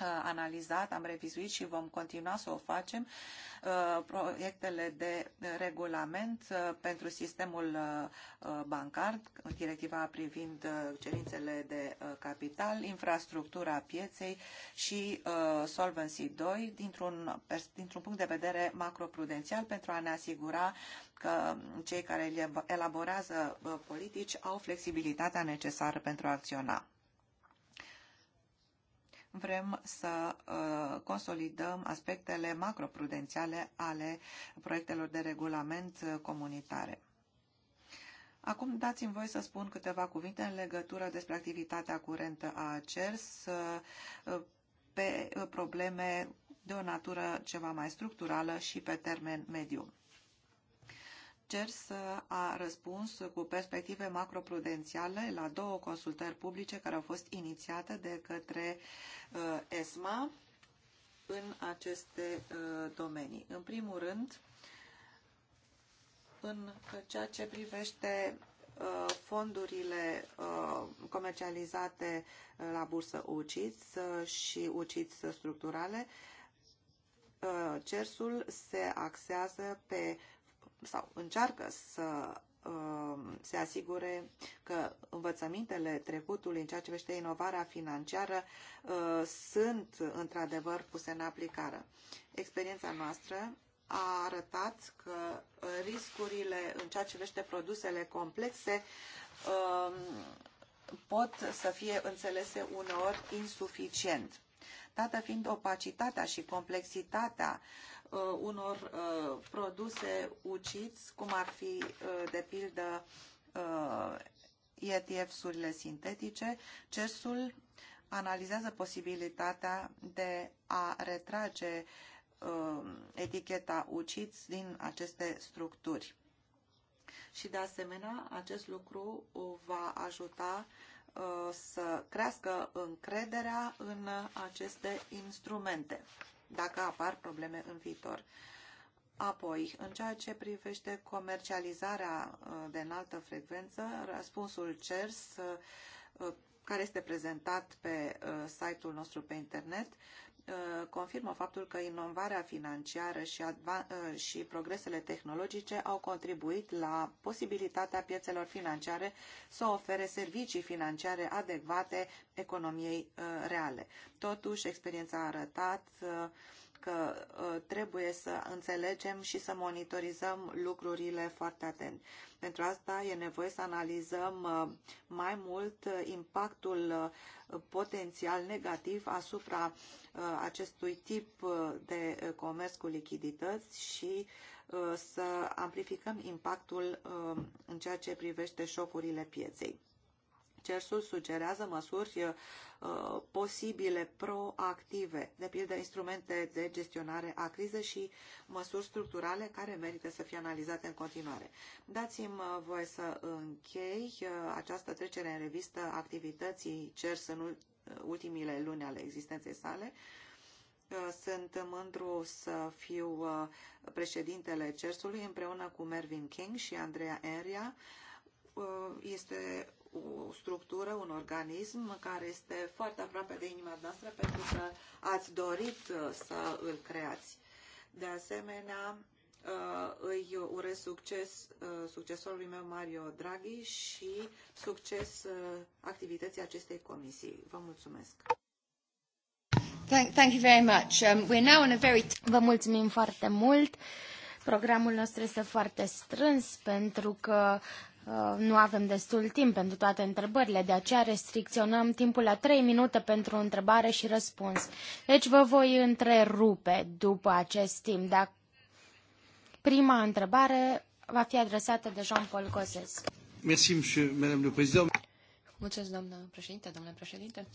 Uh, analizat, am revizuit și vom continua să o facem uh, proiectele de regulament uh, pentru sistemul bancar, directiva privind cerințele de capital, infrastructura pieței și Solvency 2 dintr-un dintr punct de vedere macroprudențial pentru a ne asigura că cei care elaborează politici au flexibilitatea necesară pentru a acționa vrem să uh, consolidăm aspectele macroprudențiale ale proiectelor de regulament uh, comunitare. Acum dați-mi voi să spun câteva cuvinte în legătură despre activitatea curentă a CERS uh, pe probleme de o natură ceva mai structurală și pe termen mediu cer să a răspuns cu perspective macroprudențiale la două consultări publice care au fost inițiate de către uh, ESMA în aceste uh, domenii. În primul rând, în ceea ce privește uh, fondurile comercializate la bursă UCITS și UCITS structurale, CERSul se axează pe sau încearcă să um, se asigure că învățămintele trecutului în ceea ce vește inovarea financiară uh, sunt într-adevăr puse în aplicare. Experiența noastră a arătat că riscurile în ceea ce vește produsele complexe um, pot să fie înțelese uneori insuficient. Dată fiind opacitatea și complexitatea uh, Uh, unor uh, produse uciți, cum ar fi, uh, de pildă, ETF-urile sintetice, cers ul analizează posibilitatea de a retrage eticheta uciți din aceste structuri. Și de asemenea, acest lucru va ajuta să crească încrederea în aceste instrumente dacă apar probleme în viitor. Apoi, în ceea ce privește comercializarea uh, de înaltă frecvență, răspunsul CERS, uh, uh, care este prezentat pe site-ul nostru pe internet, Uh, confirmă faptul că inovarea financiară și, uh, și progresele tehnologice au contribuit la posibilitatea piețelor financiare să ofere servicii financiare adecvate economiei uh, reale. Totuși, experiența a arătat uh, că uh, trebuie să înțelegem și să monitorizăm lucrurile foarte atent. Pentru asta e nevoie să analizăm uh, mai mult uh, impactul potențial negativ asupra acestui tip de comerț cu lichidități și să amplificăm impactul în ceea ce privește șocurile pieței. CERSUL sugerează măsuri uh, posibile proactive, de pildă instrumente de gestionare a crizei și măsuri structurale care merită să fie analizate în continuare. Dați-mi uh, voie să închei uh, această trecere în revistă activității CERS în ultimile luni ale existenței sale. Sunt mândru să fiu președintele CERSului împreună cu Mervin King și Andreea Enria. Este o structură, un organism care este foarte aproape de inima noastră pentru că ați dorit uh, să îl creați. De asemenea, uh, îi urez succes uh, succesorului meu Mario Draghi și succes activității acestei comisii. Vă mulțumesc! Thank, thank you very much. Um, we're now on a very... Vă mulțumim foarte mult! Programul nostru este foarte strâns pentru că Uh, nu avem destul timp pentru toate întrebările, de aceea restricționăm timpul la 3 minute pentru întrebare și răspuns. Deci vă voi întrerupe după acest timp. Dacă prima întrebare va fi adresată de Jean-Paul Gozes. Mulțumesc, doamnă președinte, domnule președinte.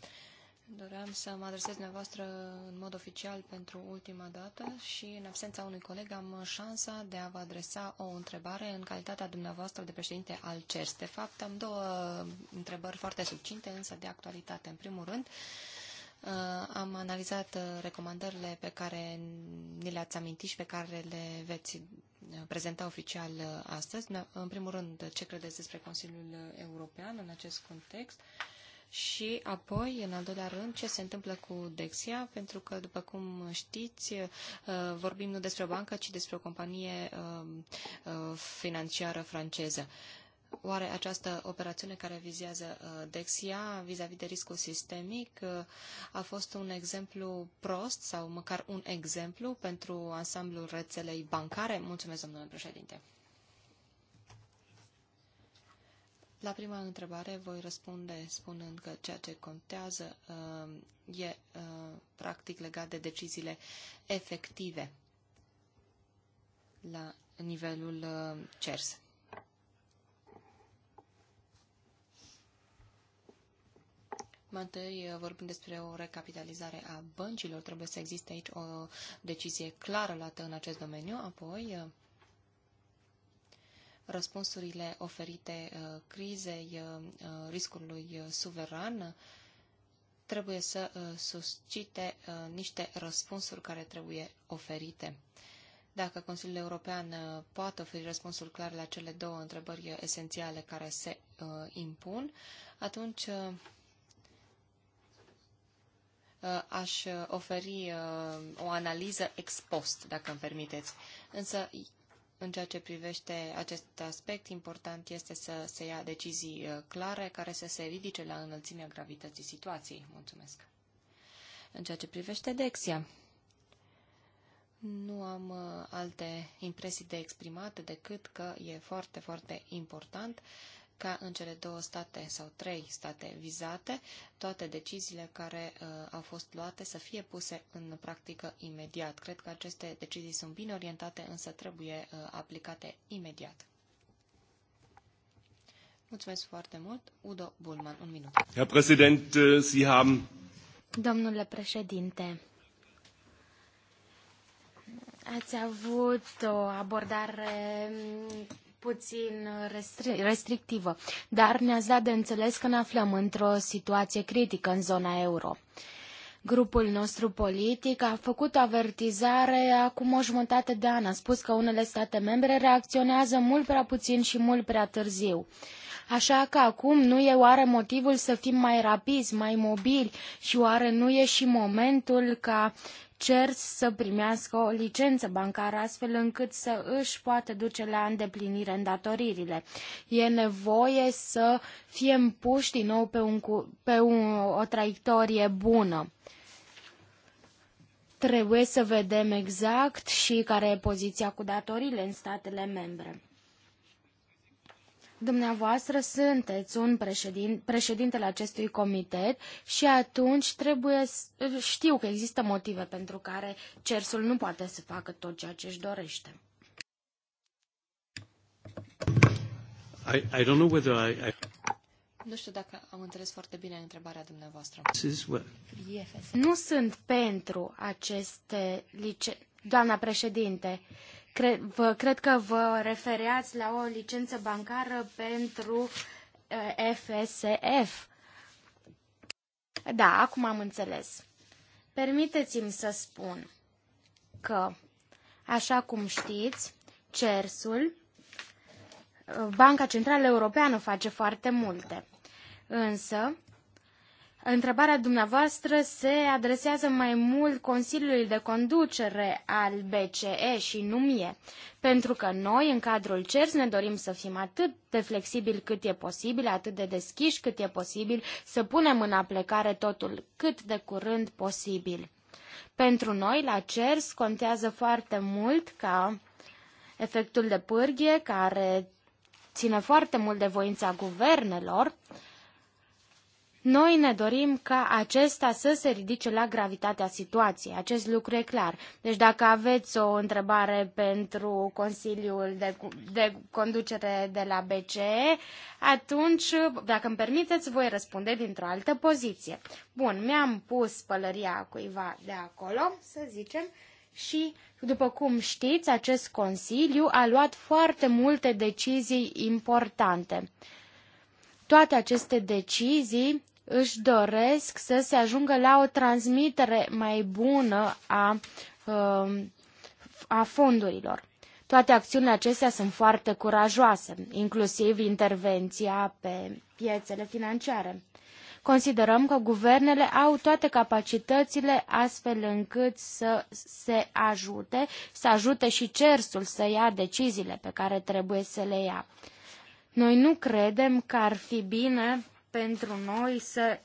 Doream să mă adresez dumneavoastră în mod oficial pentru ultima dată și în absența unui coleg am șansa de a vă adresa o întrebare în calitatea dumneavoastră de președinte al CERS. De fapt, am două întrebări foarte subcinte, însă de actualitate. În primul rând, uh, am analizat uh, recomandările pe care ni le-ați amintit și pe care le veți uh, prezenta oficial astăzi. În primul rând, ce credeți despre Consiliul European în acest context? și apoi, în al doilea rând, ce se întâmplă cu Dexia, pentru că, după cum știți, uh, vorbim nu despre o bancă, ci despre o companie uh, uh, financiară franceză. Oare această operațiune care vizează Dexia vis-a-vis -vis de riscul sistemic a fost un exemplu prost sau măcar un exemplu pentru ansamblul rețelei bancare? Mulțumesc, domnule președinte. La prima întrebare voi răspunde spunând că ceea ce contează uh, e uh, practic legat de deciziile efective la nivelul uh, CERS. Mai întâi, vorbim despre o recapitalizare a băncilor, trebuie să existe aici o decizie clară luată în acest domeniu, apoi răspunsurile oferite uh, crizei, uh, uh, riscului suveran, trebuie să suscite niște răspunsuri care trebuie oferite. Dacă Consiliul European poate oferi răspunsul clar la cele două întrebări esențiale care se impun, atunci aș oferi o analiză ex post, dacă îmi permiteți. Însă în ceea ce privește acest aspect, important este să se ia decizii uh, clare care să se ridice la înălțimea gravității situației. Mulțumesc. În ceea ce privește Dexia, nu am uh, alte impresii de exprimat decât că e foarte, foarte important ca în cele două state sau trei state vizate, toate deciziile care uh, au fost luate să fie puse în practică imediat. Cred că aceste decizii sunt bine orientate, însă trebuie uh, aplicate imediat. Mulțumesc foarte mult. Udo Bulman, un minut. Herr Präsident, uh, Sie haben... Domnule președinte, Ați avut o abordare puțin restri- restrictivă, dar ne-ați dat de înțeles că ne aflăm într-o situație critică în zona euro. Grupul nostru politic a făcut o avertizare acum o jumătate de an. A spus că unele state membre reacționează mult prea puțin și mult prea târziu. Așa că acum nu e oare motivul să fim mai rapizi, mai mobili și oare nu e și momentul ca cer să primească o licență bancară astfel încât să își poată duce la îndeplinire îndatoririle. E nevoie să fie împuși din nou pe, un, pe un, o traiectorie bună trebuie să vedem exact și care e poziția cu datorile în statele membre. Dumneavoastră sunteți un președin, președintele acestui comitet și atunci trebuie să, știu că există motive pentru care CERSul nu poate să facă tot ceea ce își dorește. I, I don't know whether I, I... Nu știu dacă am înțeles foarte bine întrebarea dumneavoastră. Nu sunt pentru aceste licențe. Doamna președinte, Cre- vă, cred că vă refereați la o licență bancară pentru FSF. Eh, da, acum am înțeles. Permiteți-mi să spun că, așa cum știți, CERSul, Banca Centrală Europeană face foarte multe. Însă, Întrebarea dumneavoastră se adresează mai mult Consiliului de Conducere al BCE și nu mie, pentru că noi, în cadrul CERS, ne dorim să fim atât de flexibili cât e posibil, atât de deschiși cât e posibil, să punem în aplicare totul cât de curând posibil. Pentru noi, la CERS, contează foarte mult ca efectul de pârghie, care ține foarte mult de voința guvernelor, noi ne dorim ca acesta să se ridice la gravitatea situației. Acest lucru e clar. Deci dacă aveți o întrebare pentru Consiliul de, de Conducere de la BCE, atunci, dacă îmi permiteți, voi răspunde dintr-o altă poziție. Bun, mi-am pus pălăria cuiva de acolo, să zicem, și, după cum știți, acest Consiliu a luat foarte multe decizii importante. Toate aceste decizii își doresc să se ajungă la o transmitere mai bună a, um, a fondurilor. Toate acțiunile acestea sunt foarte curajoase, inclusiv intervenția pe piețele financiare. Considerăm că guvernele au toate capacitățile astfel încât să se ajute, să ajute și cersul să ia deciziile pe care trebuie să le ia. Noi nu credem că ar fi bine pentru noi să,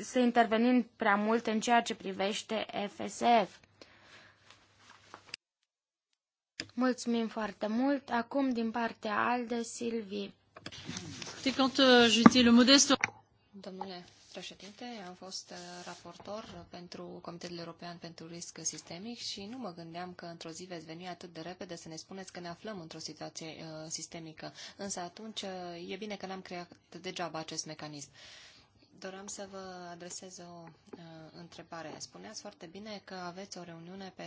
să intervenim prea mult în ceea ce privește FSF. Mulțumim foarte mult. Acum, din partea ALDE, Silvi. Domnule președinte, am fost uh, raportor pentru Comitetul European pentru Risc Sistemic și nu mă gândeam că într-o zi veți veni atât de repede să ne spuneți că ne aflăm într-o situație uh, sistemică. Însă atunci uh, e bine că n-am creat degeaba acest mecanism. Doream să vă adresez o uh, întrebare. Spuneați foarte bine că aveți o reuniune pe,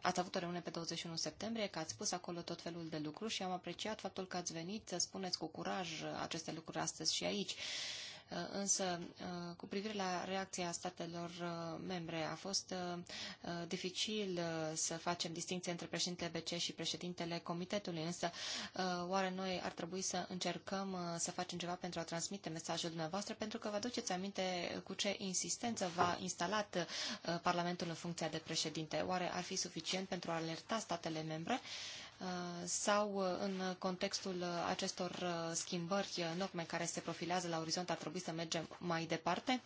ați avut o reuniune pe 21 septembrie, că ați spus acolo tot felul de lucruri și am apreciat faptul că ați venit să spuneți cu curaj aceste lucruri astăzi și aici. Uh, Uh, însă uh, cu privire la reacția statelor uh, membre a fost dificil să facem distinție între președintele BC și președintele comitetului, însă oare noi ar trebui să încercăm să facem ceva pentru a transmite mesajul dumneavoastră, pentru că vă aduceți aminte cu ce insistență v-a instalat Parlamentul în funcția de președinte. Oare ar fi suficient pentru a alerta statele membre? Uh, sau uh, în contextul uh, acestor uh, schimbări norme care se profilează la orizont ar trebui să mergem mai departe?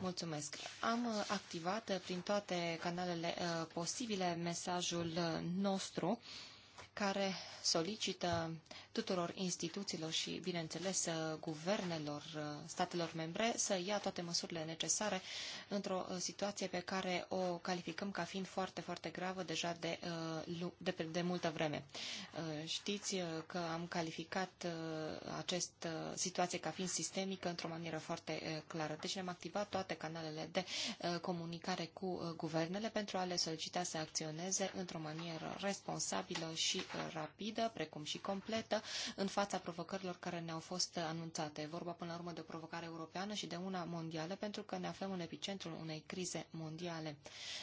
Mulțumesc. Am activat prin toate canalele posibile mesajul nostru care solicită tuturor instituțiilor și, bineînțeles, guvernelor uh, statelor membre să ia toate măsurile necesare într-o uh, situație pe care o calificăm ca fiind foarte, foarte gravă deja de, uh, de, de multă vreme. Știți că am calificat această situație ca fiind sistemică într-o manieră foarte clară. Deci ne-am activat toate canalele de comunicare cu guvernele pentru a le solicita să acționeze într-o manieră responsabilă și rapidă, precum și completă, în fața provocărilor care ne-au fost anunțate. Vorba până la urmă de o provocare europeană și de una mondială, pentru că ne aflăm în epicentrul unei crize mondiale.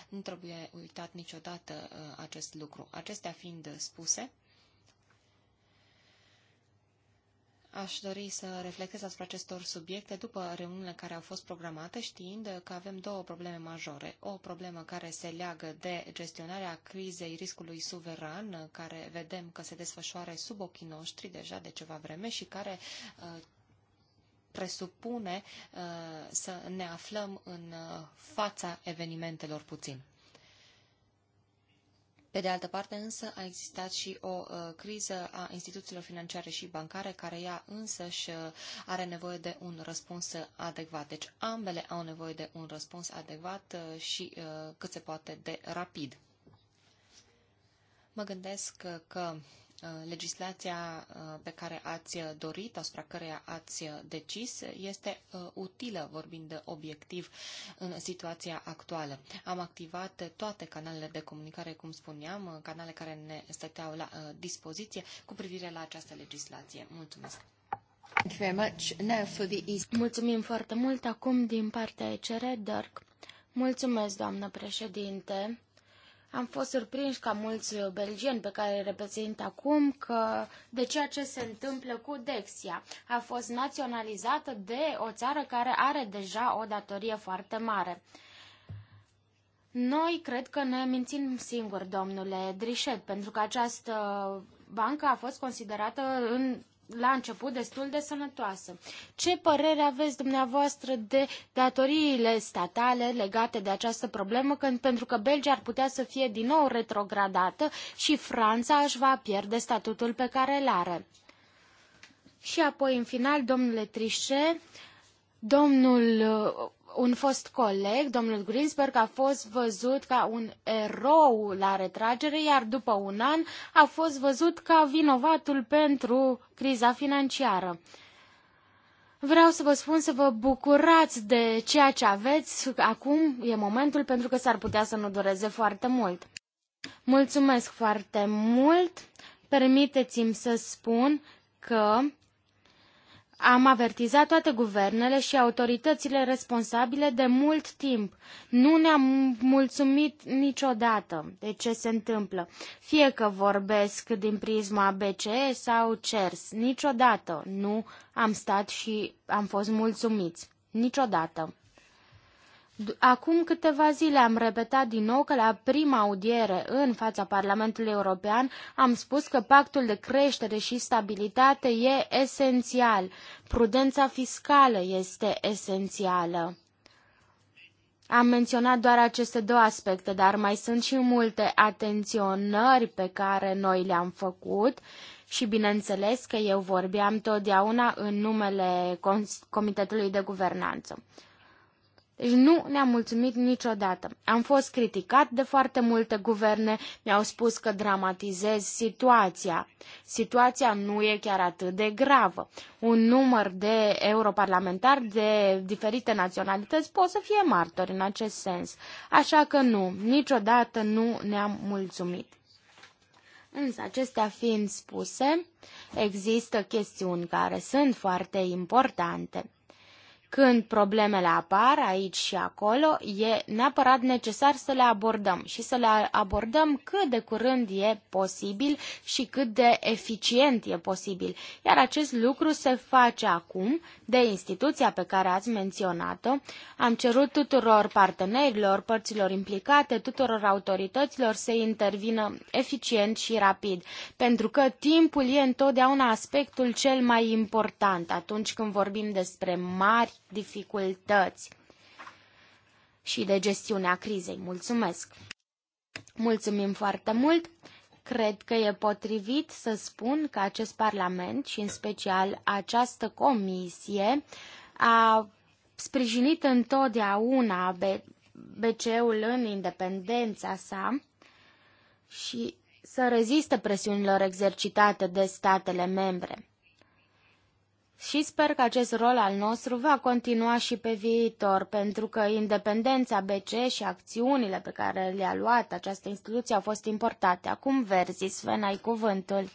Nu trebuie uitat niciodată uh, acest lucru. Acestea fiind spuse, Aș dori să reflectez asupra acestor subiecte după reuniunile care au fost programate, știind că avem două probleme majore. O problemă care se leagă de gestionarea crizei riscului suveran, care vedem că se desfășoară sub ochii noștri deja de ceva vreme și care uh, presupune uh, să ne aflăm în uh, fața evenimentelor puțin. Pe de altă parte, însă, a existat și o uh, criză a instituțiilor financiare și bancare, care ea însă, uh, are nevoie de un răspuns adecvat. Deci, ambele au nevoie de un răspuns adecvat uh, și uh, cât se poate de rapid. Mă gândesc uh, că Uh, legislația uh, pe care ați uh, dorit, asupra căreia ați decis, este utilă, vorbind obiectiv, în situația actuală. Am activat toate canalele de comunicare, cum spuneam, canale care ne stăteau la dispoziție cu privire la această legislație. Mulțumesc! Mulțumim foarte mult acum din partea ECR, Dirk. Mulțumesc, doamnă președinte. Am fost surprinși ca mulți belgieni pe care îi reprezint acum că de ceea ce se întâmplă cu Dexia a fost naționalizată de o țară care are deja o datorie foarte mare. Noi cred că ne mințim singuri, domnule Drișet, pentru că această bancă a fost considerată în la început destul de sănătoasă. Ce părere aveți dumneavoastră de datoriile statale legate de această problemă, când, pentru că Belgia ar putea să fie din nou retrogradată și Franța își va pierde statutul pe care îl are? Și apoi, în final, domnule Trichet, domnul un fost coleg, domnul Greensberg, a fost văzut ca un erou la retragere, iar după un an a fost văzut ca vinovatul pentru criza financiară. Vreau să vă spun să vă bucurați de ceea ce aveți. Acum e momentul pentru că s-ar putea să nu dureze foarte mult. Mulțumesc foarte mult. Permiteți-mi să spun că am avertizat toate guvernele și autoritățile responsabile de mult timp. Nu ne-am mulțumit niciodată de ce se întâmplă. Fie că vorbesc din prisma BCE sau CERS, niciodată nu am stat și am fost mulțumiți. Niciodată. Acum câteva zile am repetat din nou că la prima audiere în fața Parlamentului European am spus că pactul de creștere și stabilitate e esențial. Prudența fiscală este esențială. Am menționat doar aceste două aspecte, dar mai sunt și multe atenționări pe care noi le-am făcut și bineînțeles că eu vorbeam totdeauna în numele Comitetului de Guvernanță. Deci nu ne-am mulțumit niciodată. Am fost criticat de foarte multe guverne, mi-au spus că dramatizez situația. Situația nu e chiar atât de gravă. Un număr de europarlamentari de diferite naționalități pot să fie martori în acest sens. Așa că nu, niciodată nu ne-am mulțumit. Însă, acestea fiind spuse, există chestiuni care sunt foarte importante. Când problemele apar aici și acolo, e neapărat necesar să le abordăm și să le abordăm cât de curând e posibil și cât de eficient e posibil. Iar acest lucru se face acum de instituția pe care ați menționat-o. Am cerut tuturor partenerilor, părților implicate, tuturor autorităților să intervină eficient și rapid, pentru că timpul e întotdeauna aspectul cel mai important atunci când vorbim despre mari dificultăți și de gestiunea crizei. Mulțumesc! Mulțumim foarte mult! Cred că e potrivit să spun că acest Parlament și în special această comisie a sprijinit întotdeauna BCE-ul în independența sa și să reziste presiunilor exercitate de statele membre și sper că acest rol al nostru va continua și pe viitor, pentru că independența BC și acțiunile pe care le-a luat această instituție au fost importate. Acum, Verzi, Sven, ai cuvântul.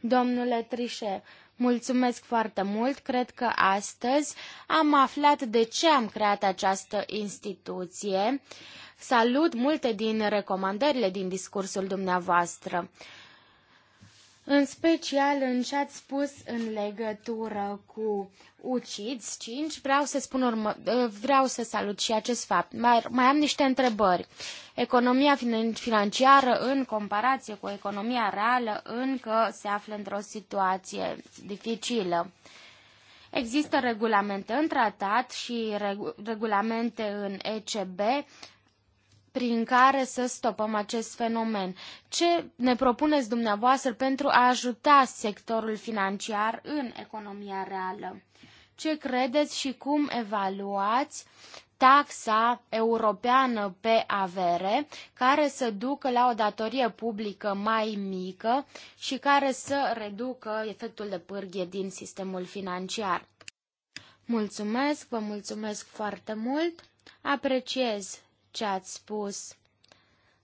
Domnule Trișe, mulțumesc foarte mult. Cred că astăzi am aflat de ce am creat această instituție. Salut multe din recomandările din discursul dumneavoastră. În special în ce ați spus în legătură cu uciți 5, vreau să spun urmă, ă, vreau să salut și acest fapt. Mai, mai am niște întrebări. Economia financiară în comparație cu economia reală încă se află într-o situație dificilă. Există regulamente în tratat și regulamente în ECB prin care să stopăm acest fenomen. Ce ne propuneți dumneavoastră pentru a ajuta sectorul financiar în economia reală? Ce credeți și cum evaluați taxa europeană pe avere, care să ducă la o datorie publică mai mică și care să reducă efectul de pârghie din sistemul financiar. Mulțumesc, vă mulțumesc foarte mult, apreciez ce ați spus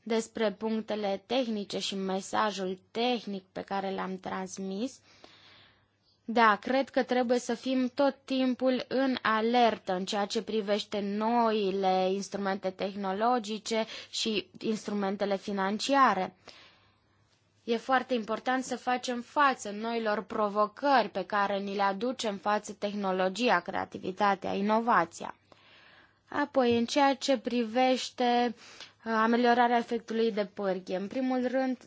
despre punctele tehnice și mesajul tehnic pe care l-am transmis. Da, cred că trebuie să fim tot timpul în alertă în ceea ce privește noile instrumente tehnologice și instrumentele financiare. E foarte important să facem față noilor provocări pe care ni le aducem față tehnologia, creativitatea, inovația. Apoi, în ceea ce privește uh, ameliorarea efectului de pârghie, în primul rând,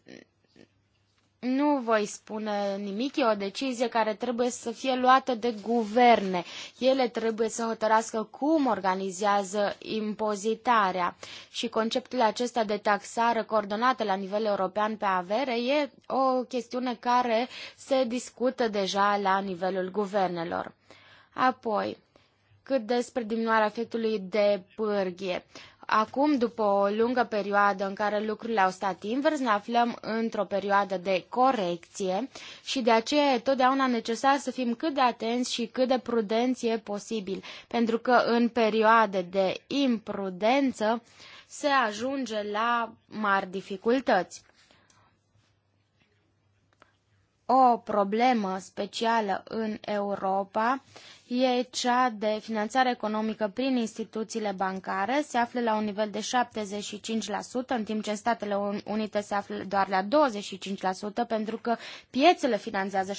nu voi spune nimic, e o decizie care trebuie să fie luată de guverne. Ele trebuie să hotărască cum organizează impozitarea și conceptul acesta de taxare coordonată la nivel european pe avere e o chestiune care se discută deja la nivelul guvernelor. Apoi, cât despre diminuarea efectului de pârghie. Acum, după o lungă perioadă în care lucrurile au stat invers, ne aflăm într-o perioadă de corecție și de aceea e totdeauna necesar să fim cât de atenți și cât de prudenți e posibil, pentru că în perioade de imprudență se ajunge la mari dificultăți o problemă specială în Europa e cea de finanțare economică prin instituțiile bancare. Se află la un nivel de 75%, în timp ce în Statele Unite se află doar la 25%, pentru că piețele finanțează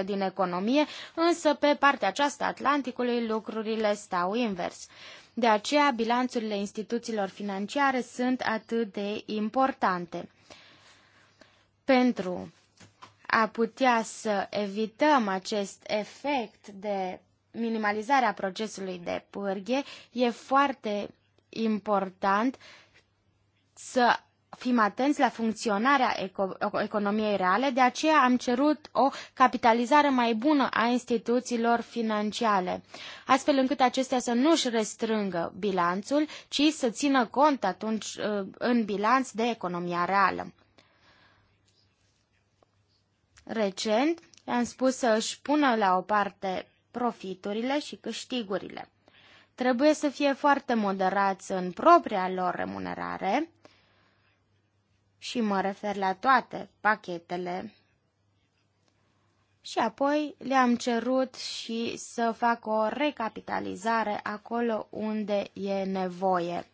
75% din economie, însă pe partea aceasta Atlanticului lucrurile stau invers. De aceea, bilanțurile instituțiilor financiare sunt atât de importante. Pentru a putea să evităm acest efect de minimalizare a procesului de pârghie, e foarte important să fim atenți la funcționarea eco- economiei reale, de aceea am cerut o capitalizare mai bună a instituțiilor financiare, astfel încât acestea să nu își restrângă bilanțul, ci să țină cont atunci în bilanț de economia reală. Recent, am spus să își pună la o parte profiturile și câștigurile. Trebuie să fie foarte moderați în propria lor remunerare și mă refer la toate pachetele. Și apoi le-am cerut și să fac o recapitalizare acolo unde e nevoie.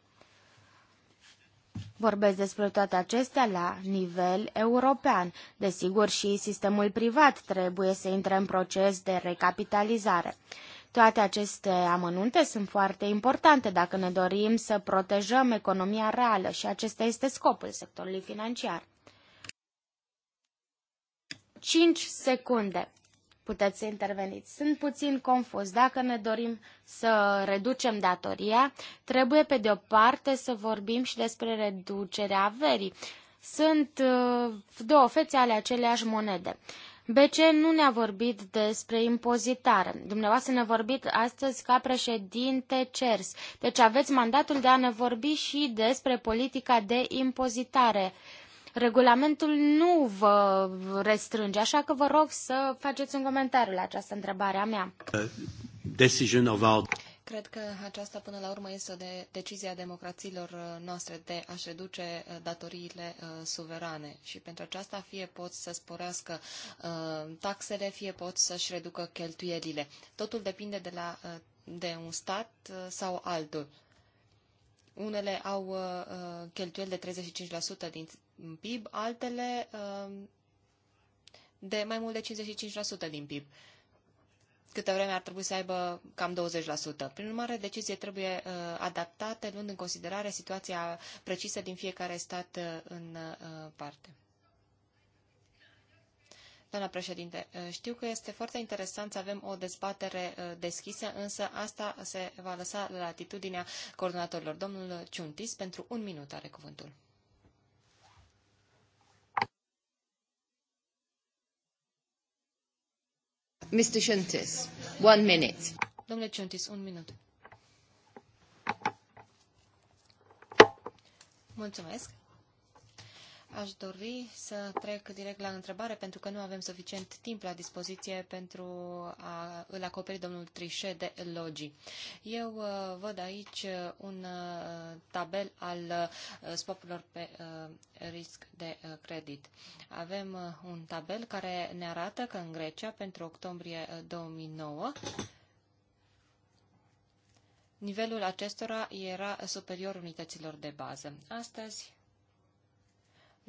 Vorbesc despre toate acestea la nivel european. Desigur, și sistemul privat trebuie să intre în proces de recapitalizare. Toate aceste amănunte sunt foarte importante dacă ne dorim să protejăm economia reală și acesta este scopul sectorului financiar. 5 secunde puteți să interveniți. Sunt puțin confuz. Dacă ne dorim să reducem datoria, trebuie pe de o parte să vorbim și despre reducerea averii. Sunt uh, două fețe ale aceleași monede. BC nu ne-a vorbit despre impozitare. Dumneavoastră ne-a vorbit astăzi ca președinte CERS. Deci aveți mandatul de a ne vorbi și despre politica de impozitare. Uh, Regulamentul nu vă restrânge, așa că vă rog să faceți un comentariu la această întrebare a mea. Decision of our... Cred că aceasta până la urmă este o de a democrațiilor uh, noastre de a-și reduce uh, datoriile uh, suverane și pentru aceasta fie pot să sporească uh, taxele, fie pot să-și reducă cheltuielile. Totul depinde de, la, uh, de un stat uh, sau altul. Unele au uh, cheltuieli de 35% din PIB, altele uh, de mai mult de 55% din PIB. Câte vreme ar trebui să aibă cam 20%. Prin urmare, decizie trebuie uh, adaptate, luând în considerare situația precisă din fiecare stat uh, în parte. Doamna președinte, știu că este foarte interesant să avem o dezbatere deschisă, însă asta se va lăsa la atitudinea coordonatorilor. Domnul Ciuntis, pentru un minut are cuvântul. Mr. Shuntis, one minute. Domnule Ciuntis, un minut. Mulțumesc. Aș dori să trec direct la întrebare, pentru că nu avem suficient timp la dispoziție pentru a îl acoperi domnul Trișe de logii. Eu uh, văd aici uh, un uh, tabel al uh, scopurilor pe uh, risc de uh, credit. Avem un tabel care ne arată că în Grecia, pentru octombrie 2009, nivelul acestora era superior unităților de bază. Astăzi,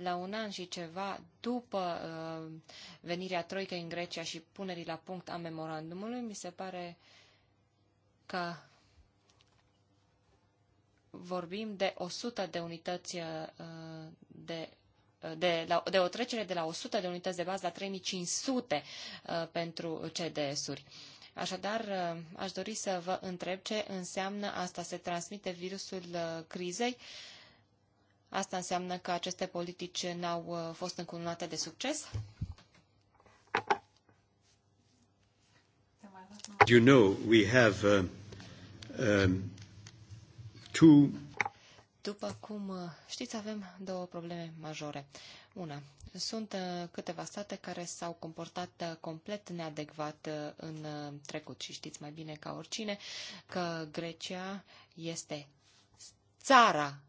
la un an și ceva după uh, venirea Troicăi în Grecia și punerii la punct a memorandumului, mi se pare că vorbim de 100 de unități uh, de uh, de, la, de o trecere de la 100 de unități de bază la 3500 uh, pentru CDS-uri. Așadar, uh, aș dori să vă întreb ce înseamnă asta. Se transmite virusul uh, crizei uh, Asta înseamnă că aceste politici n-au uh, fost încununate de succes? You know, we have uh, um, two după cum uh, știți, avem două probleme majore. Una, sunt uh, câteva state care s-au comportat complet neadecvat în trecut și știți mai bine ca oricine că Grecia este țara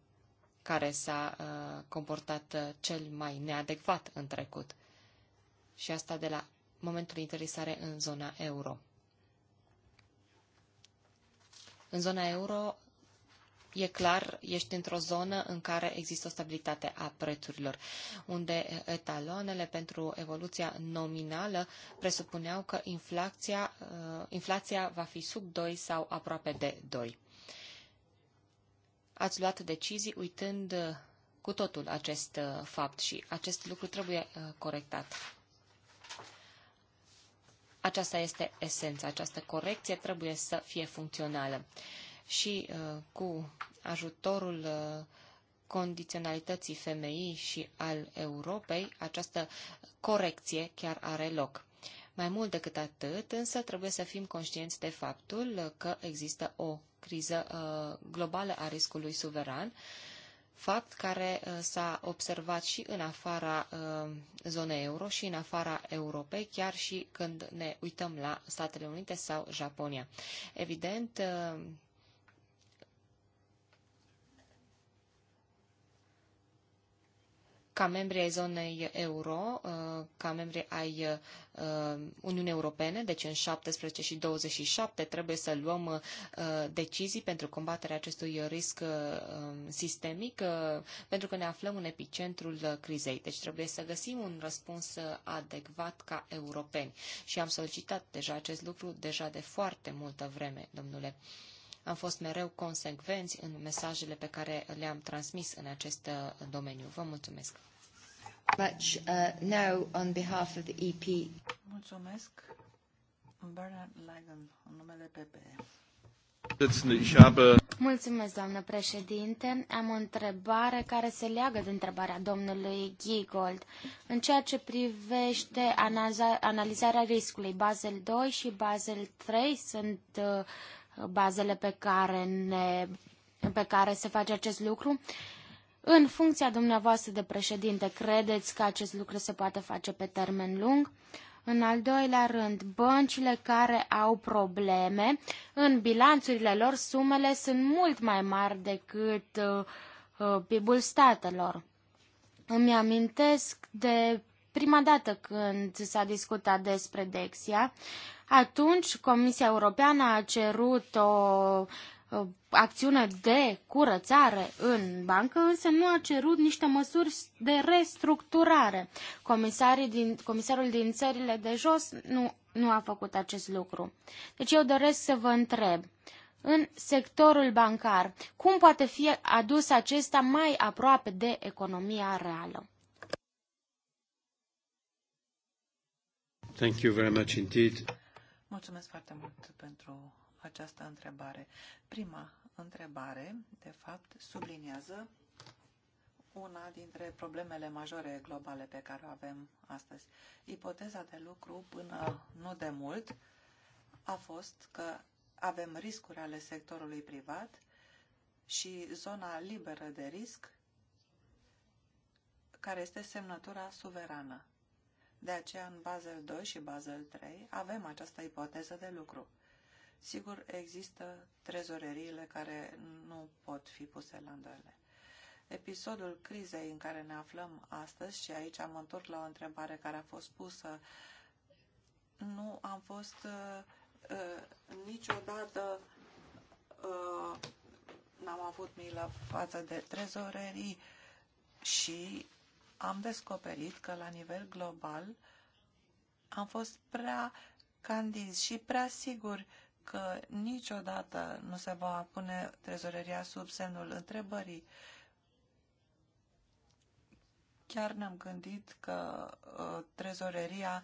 care s-a uh, comportat uh, cel mai neadecvat în trecut. Și asta de la momentul interesare în zona euro. În zona euro, e clar, ești într-o zonă în care există o stabilitate a prețurilor, unde uh, etaloanele pentru evoluția nominală presupuneau că inflația, uh, inflația va fi sub 2 sau aproape de 2 ați luat decizii uitând uh, cu totul acest uh, fapt și acest lucru trebuie uh, corectat. Aceasta este esența, această corecție trebuie să fie funcțională. Și cu ajutorul condiționalității femeii și al Europei, această corecție chiar are loc. Mai mult decât atât, însă, trebuie să fim conștienți de faptul că există o criză uh, globală a riscului suveran, fapt care uh, s-a observat și în afara uh, zonei euro și în afara Europei, chiar și când ne uităm la Statele Unite sau Japonia. Evident, ca membri ai zonei euro, uh, ca membri ai uh, Uniunii Europene, deci în 17 și 27 trebuie să luăm uh, decizii pentru combaterea acestui risc sistemic, pentru că ne aflăm în epicentrul crizei. Deci trebuie să găsim un răspuns adecvat ca europeni. Și am solicitat deja acest lucru deja de foarte multă vreme, domnule. Am fost mereu consecvenți în mesajele pe care le-am transmis în acest domeniu. Vă mulțumesc! Much, uh, now on behalf of the EP. Mulțumesc. Bernard Leigel, în numele PPE. Mulțumesc, doamnă președinte. Am o întrebare care se leagă de întrebarea domnului Giegold. În ceea ce privește analizarea riscului, Basel 2 și Basel 3 sunt uh, bazele pe care, ne, pe care se face acest lucru. În funcția dumneavoastră de președinte, credeți că acest lucru se poate face pe termen lung? În al doilea rând, băncile care au probleme, în bilanțurile lor sumele sunt mult mai mari decât uh, uh, PIB-ul statelor. Îmi amintesc de prima dată când s-a discutat despre Dexia, atunci Comisia Europeană a cerut o Uh, acțiune de curățare în bancă, însă nu a cerut niște măsuri de restructurare. Comisarii din, comisarul din țările de jos nu, nu a făcut acest lucru. Deci eu doresc să vă întreb, în sectorul bancar, cum poate fi adus acesta mai aproape de economia reală? Thank you very much indeed. Mulțumesc foarte mult pentru această întrebare. Prima întrebare, de fapt, subliniază una dintre problemele majore globale pe care o avem astăzi. Ipoteza de lucru până nu de mult a fost că avem riscuri ale sectorului privat și zona liberă de risc care este semnătura suverană. De aceea, în Basel 2 și Basel 3 avem această ipoteză de lucru. Sigur, există trezoreriile care nu pot fi puse la îndoială. Episodul crizei în care ne aflăm astăzi, și aici am întors la o întrebare care a fost pusă, nu am fost uh, uh, niciodată uh, n-am avut milă față de trezorerii și am descoperit că la nivel global am fost prea candizi și prea siguri că niciodată nu se va pune trezoreria sub semnul întrebării. Chiar ne-am gândit că uh, trezoreria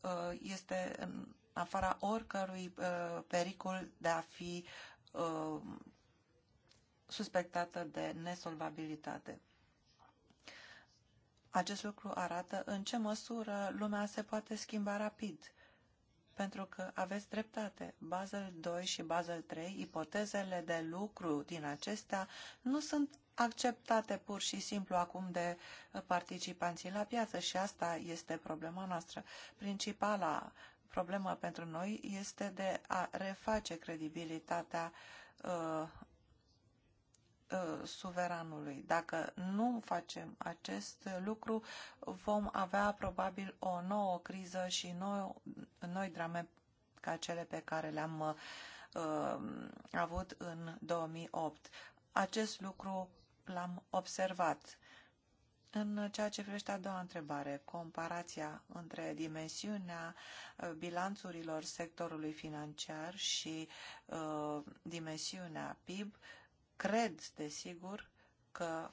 uh, este în afara oricărui uh, pericol de a fi uh, suspectată de nesolvabilitate. Acest lucru arată în ce măsură lumea se poate schimba rapid pentru că aveți dreptate. Basel 2 și Basel 3, ipotezele de lucru din acestea nu sunt acceptate pur și simplu acum de participanții la piață și asta este problema noastră. Principala problemă pentru noi este de a reface credibilitatea uh, Uh, suveranului. Dacă nu facem acest lucru, vom avea probabil o nouă criză și noi, noi drame ca cele pe care le-am uh, avut în 2008. Acest lucru l-am observat. În ceea ce privește a doua întrebare, comparația între dimensiunea uh, bilanțurilor sectorului financiar și uh, dimensiunea PIB, uh, Cred, desigur, că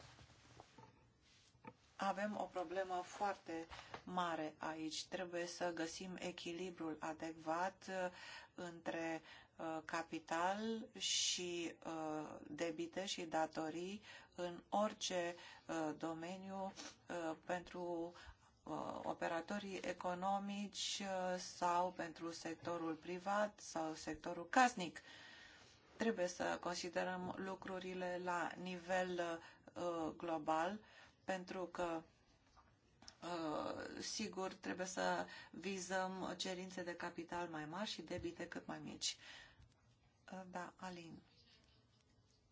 avem o problemă foarte mare aici. Trebuie să găsim echilibrul adecvat uh, între uh, capital și uh, debite și datorii în orice domeniu pentru operatorii economici sau pentru sectorul privat sau sectorul casnic. Trebuie să considerăm lucrurile la nivel uh, global, pentru că uh, sigur, trebuie să vizăm cerințe de capital mai mari și debite cât mai mici. Uh, da, Alin.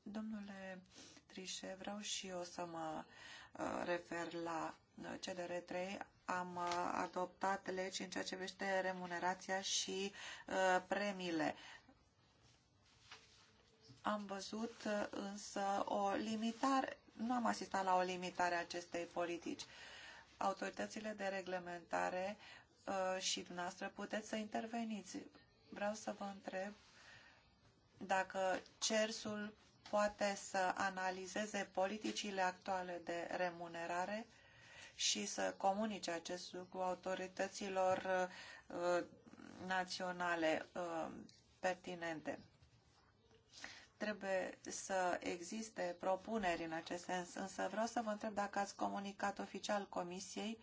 Domnule Trișe, vreau și eu să mă uh, refer la CDR3. Am adoptat legi în ceea ce vește remunerația și premiile. Am văzut uh, însă o limitare, nu am asistat la o limitare a acestei politici. Autoritățile de reglementare uh, și dumneavoastră puteți să interveniți. Vreau să vă întreb dacă CERSul poate să analizeze politicile actuale de remunerare și să comunice acest lucru autorităților uh, naționale pertinente trebuie să existe propuneri în acest sens, însă vreau să vă întreb dacă ați comunicat oficial Comisiei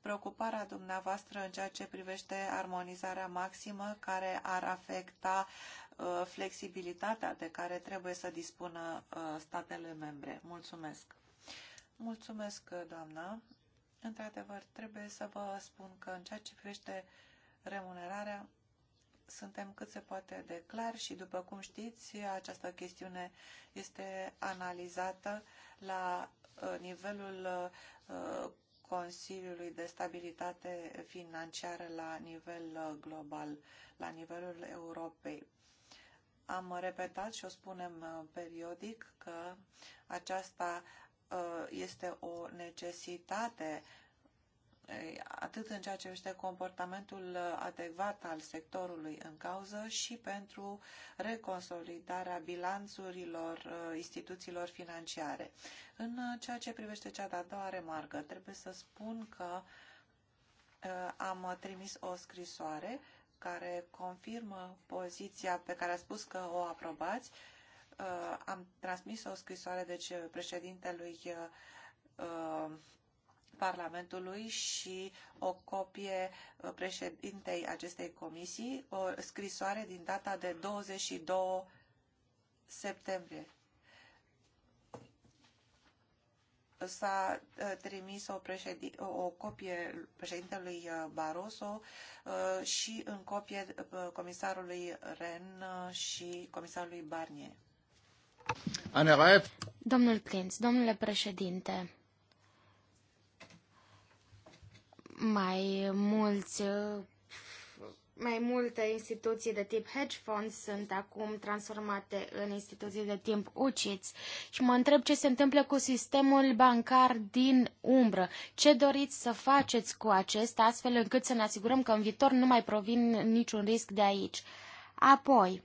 preocuparea dumneavoastră în ceea ce privește armonizarea maximă care ar afecta uh, flexibilitatea de care trebuie să dispună uh, statele membre. Mulțumesc! Mulțumesc, uh, doamnă! Într-adevăr, trebuie să vă spun că în ceea ce privește remunerarea, suntem cât se poate de clar și, după cum știți, această chestiune este analizată la uh, nivelul uh, Consiliului de Stabilitate Financiară la nivel uh, global, la nivelul Europei. Am repetat și o spunem periodic că aceasta este o necesitate atât în ceea ce privește comportamentul adecvat al sectorului în cauză și pentru reconsolidarea bilanțurilor uh, instituțiilor financiare. În ceea ce privește cea de-a doua remarcă, trebuie să spun că uh, am trimis o scrisoare care confirmă poziția pe care a spus că o aprobați. Uh, am transmis o scrisoare deci președintelui Parlamentului și o copie uh, președintei acestei comisii, o scrisoare din data de 22 septembrie. s-a uh, trimis o, o copie președintelui uh, Barroso și în copie comisarului Ren și comisarului Barnier. Domnul Prinț, domnule președinte, mai mulți mai multe instituții de tip hedge funds sunt acum transformate în instituții de timp uciți și mă întreb ce se întâmplă cu sistemul bancar din umbră. Ce doriți să faceți cu acesta astfel încât să ne asigurăm că în viitor nu mai provin niciun risc de aici? Apoi,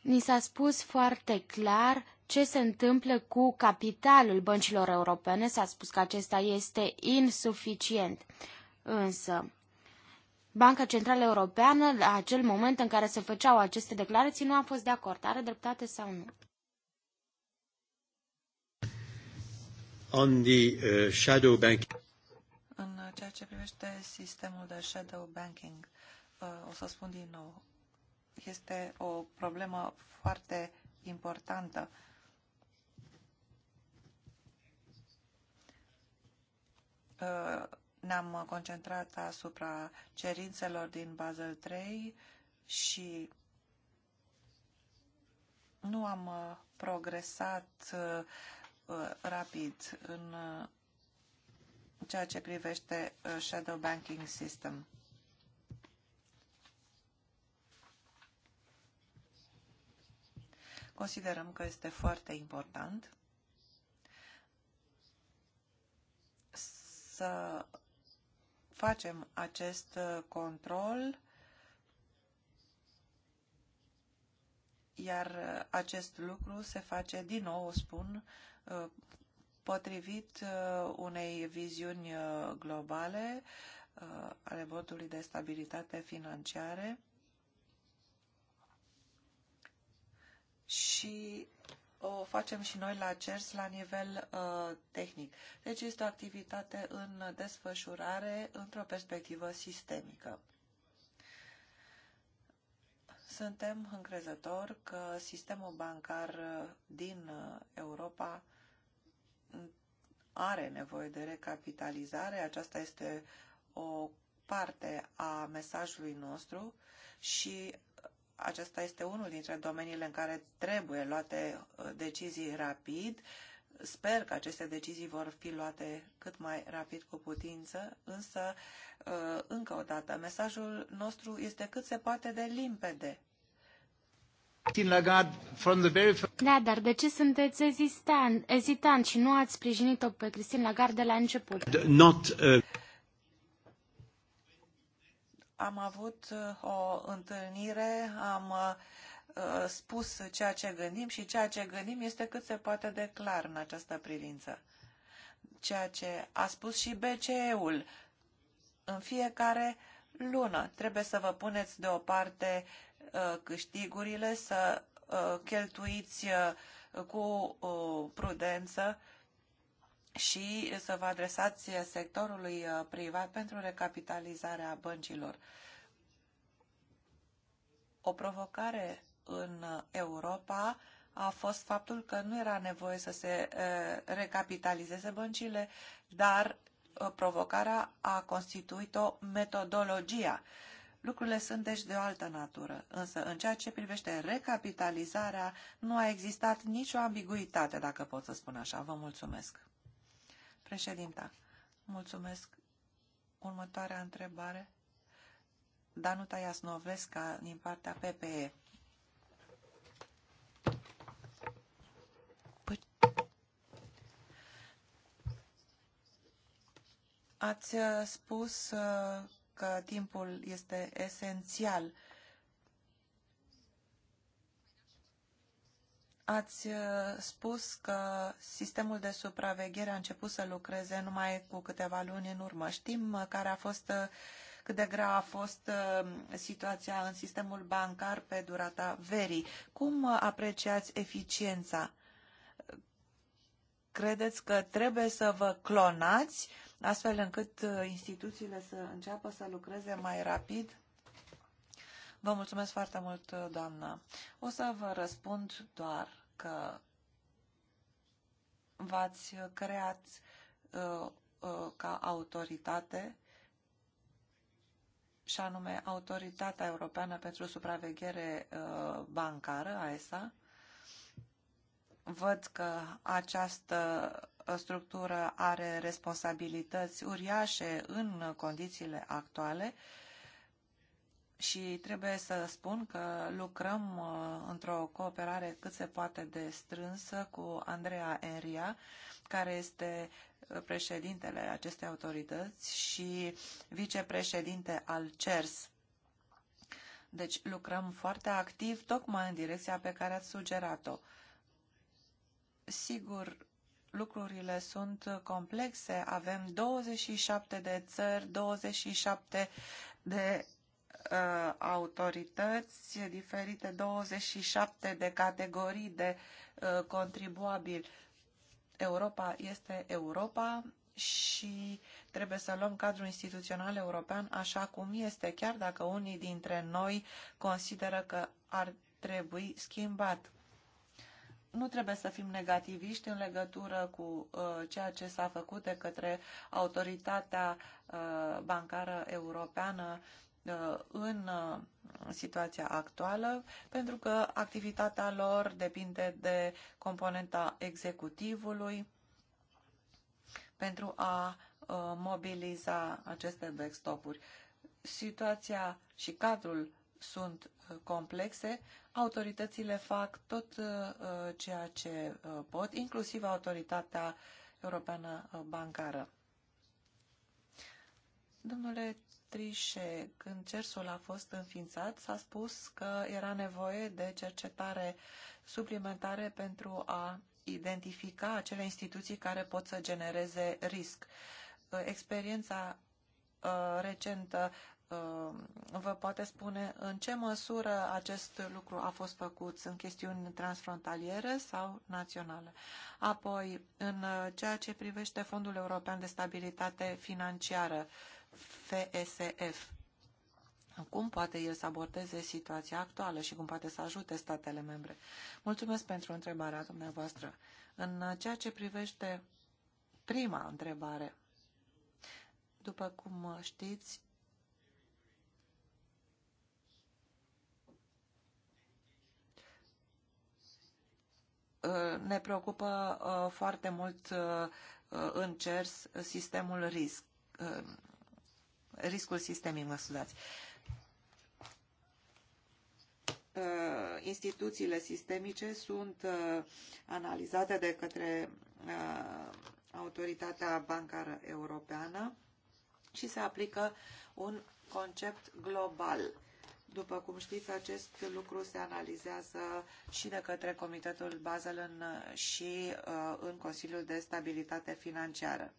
ni s-a spus foarte clar ce se întâmplă cu capitalul băncilor europene. S-a spus că acesta este insuficient. Însă, Banca Centrală Europeană, la acel moment în care se făceau aceste declarații, nu a fost de acord. Are dreptate sau nu? On the, uh, shadow banking. În ceea ce privește sistemul de shadow banking, uh, o să spun din nou, este o problemă foarte importantă Ă, ne-am concentrat asupra cerințelor din Basel 3 și nu am ă, progresat ă, rapid în ceea ce privește shadow banking system. Considerăm că este foarte important să facem acest uh, control iar uh, acest lucru se face, din nou spun, uh, potrivit unei viziuni globale ale votului de Stabilitate Financiare și o facem și noi la CERS la nivel uh, tehnic. Deci este o activitate în desfășurare într-o perspectivă sistemică. Suntem încrezători că sistemul bancar din uh, Europa are nevoie de recapitalizare. Aceasta este o parte a mesajului nostru și acesta este unul dintre domeniile în care trebuie luate uh, decizii rapid. Sper că aceste decizii vor fi luate cât mai rapid cu putință, însă, uh, încă o dată, mesajul nostru este cât se poate de limpede. Da, dar de ce sunteți ezitant, ezitant și nu ați sprijinit-o pe Cristin Lagarde de la început? Not, uh... Am avut uh, o întâlnire, am uh, spus ceea ce gândim și ceea ce gândim este cât se poate de clar în această privință. Ceea ce a spus și BCE-ul. În fiecare lună trebuie să vă puneți deoparte uh, câștigurile, să cheltuiți cu prudență și să vă adresați sectorului uh, privat pentru recapitalizarea băncilor. O provocare în uh, Europa a fost faptul că nu era nevoie să se uh, recapitalizeze băncile, dar provocarea a constituit-o metodologia. Lucrurile sunt deci de o altă natură, însă în ceea ce privește recapitalizarea nu a existat nicio ambiguitate, dacă pot să spun așa. Vă mulțumesc! Președinta, mulțumesc. Următoarea întrebare. Danuta Iasnovesca din partea PPE. Păi, ați uh, spus uh, că timpul este esențial Ați uh, spus că sistemul de supraveghere a început să lucreze numai cu câteva luni în urmă. Știm uh, care a fost, uh, cât de grea a fost situația în sistemul bancar pe durata verii. Cum apreciați eficiența? Credeți că trebuie să vă clonați astfel încât instituțiile să înceapă să lucreze mai rapid? Vă mulțumesc foarte mult, doamnă. O să vă răspund doar că v-ați creat uh, uh, ca autoritate și anume Autoritatea Europeană pentru Supraveghere uh, Bancară, AESA. Văd că această structură are responsabilități uriașe în condițiile actuale uh, și trebuie să spun că lucrăm uh, într-o cooperare cât se poate de strânsă cu Andreea Enria, care este uh, președintele acestei autorități și vicepreședinte al CERS. Deci lucrăm foarte activ tocmai în direcția pe care ați sugerat-o. Sigur, lucrurile sunt complexe. Avem 27 de țări, 27 de Uh, autorități diferite, 27 de categorii de uh, contribuabili. Europa este Europa și trebuie să luăm cadrul instituțional european așa cum este, chiar dacă unii dintre noi consideră că ar trebui schimbat. Nu trebuie să fim negativiști în legătură cu uh, ceea ce s-a făcut de către autoritatea uh, bancară europeană Uh, în uh, situația actuală, pentru că activitatea lor depinde de componenta executivului pentru a uh, mobiliza aceste backstop-uri. Situația și cadrul sunt complexe, autoritățile fac tot ceea ce pot, inclusiv autoritatea europeană bancară. Domnule Trișe, când CERSUL a fost înființat, s-a spus că era nevoie de cercetare suplimentare pentru a identifica acele instituții care pot să genereze risc. Uh, experiența uh, recentă uh, vă poate spune în ce măsură acest lucru a fost făcut? în chestiuni transfrontaliere sau naționale? Apoi, în ceea ce privește Fondul European de Stabilitate Financiară, FSF. Cum poate el să abordeze situația actuală și cum poate să ajute statele membre? Mulțumesc pentru întrebarea dumneavoastră. În ceea ce privește prima întrebare, după cum știți, uh, ne preocupă uh, foarte mult uh, în CERS sistemul risc riscul sistemic, mă scuzați. Uh, instituțiile sistemice sunt uh, analizate de către uh, Autoritatea Bancară Europeană și se aplică un concept global. După cum știți, acest lucru se analizează și de către Comitetul Basel în, și în Consiliul de Stabilitate Financiară.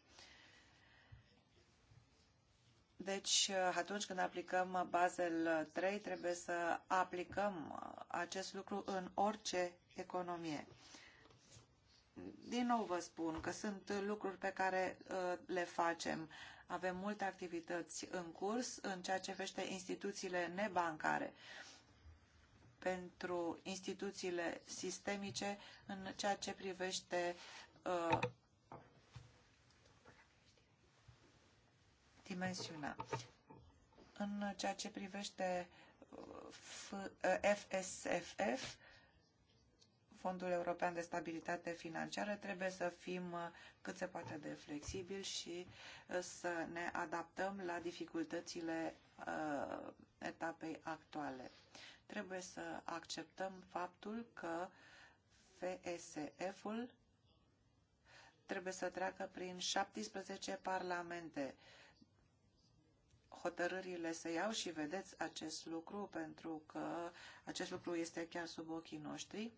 Deci, atunci când aplicăm Basel 3, trebuie să aplicăm acest lucru în orice economie. Din nou vă spun că sunt lucruri pe care uh, le facem. Avem multe activități în curs în ceea ce vește instituțiile nebancare pentru instituțiile sistemice în ceea ce privește uh, dimensiunea. În ceea ce privește FSFF, uh, Fondul European de Stabilitate Financiară, trebuie să fim uh, cât se poate de flexibili și uh, să ne adaptăm la dificultățile etapei actuale. Trebuie să acceptăm faptul că FSF-ul trebuie să treacă prin 17 parlamente. Uh, hotărârile se iau și vedeți acest lucru pentru că acest lucru este chiar sub ochii noștri.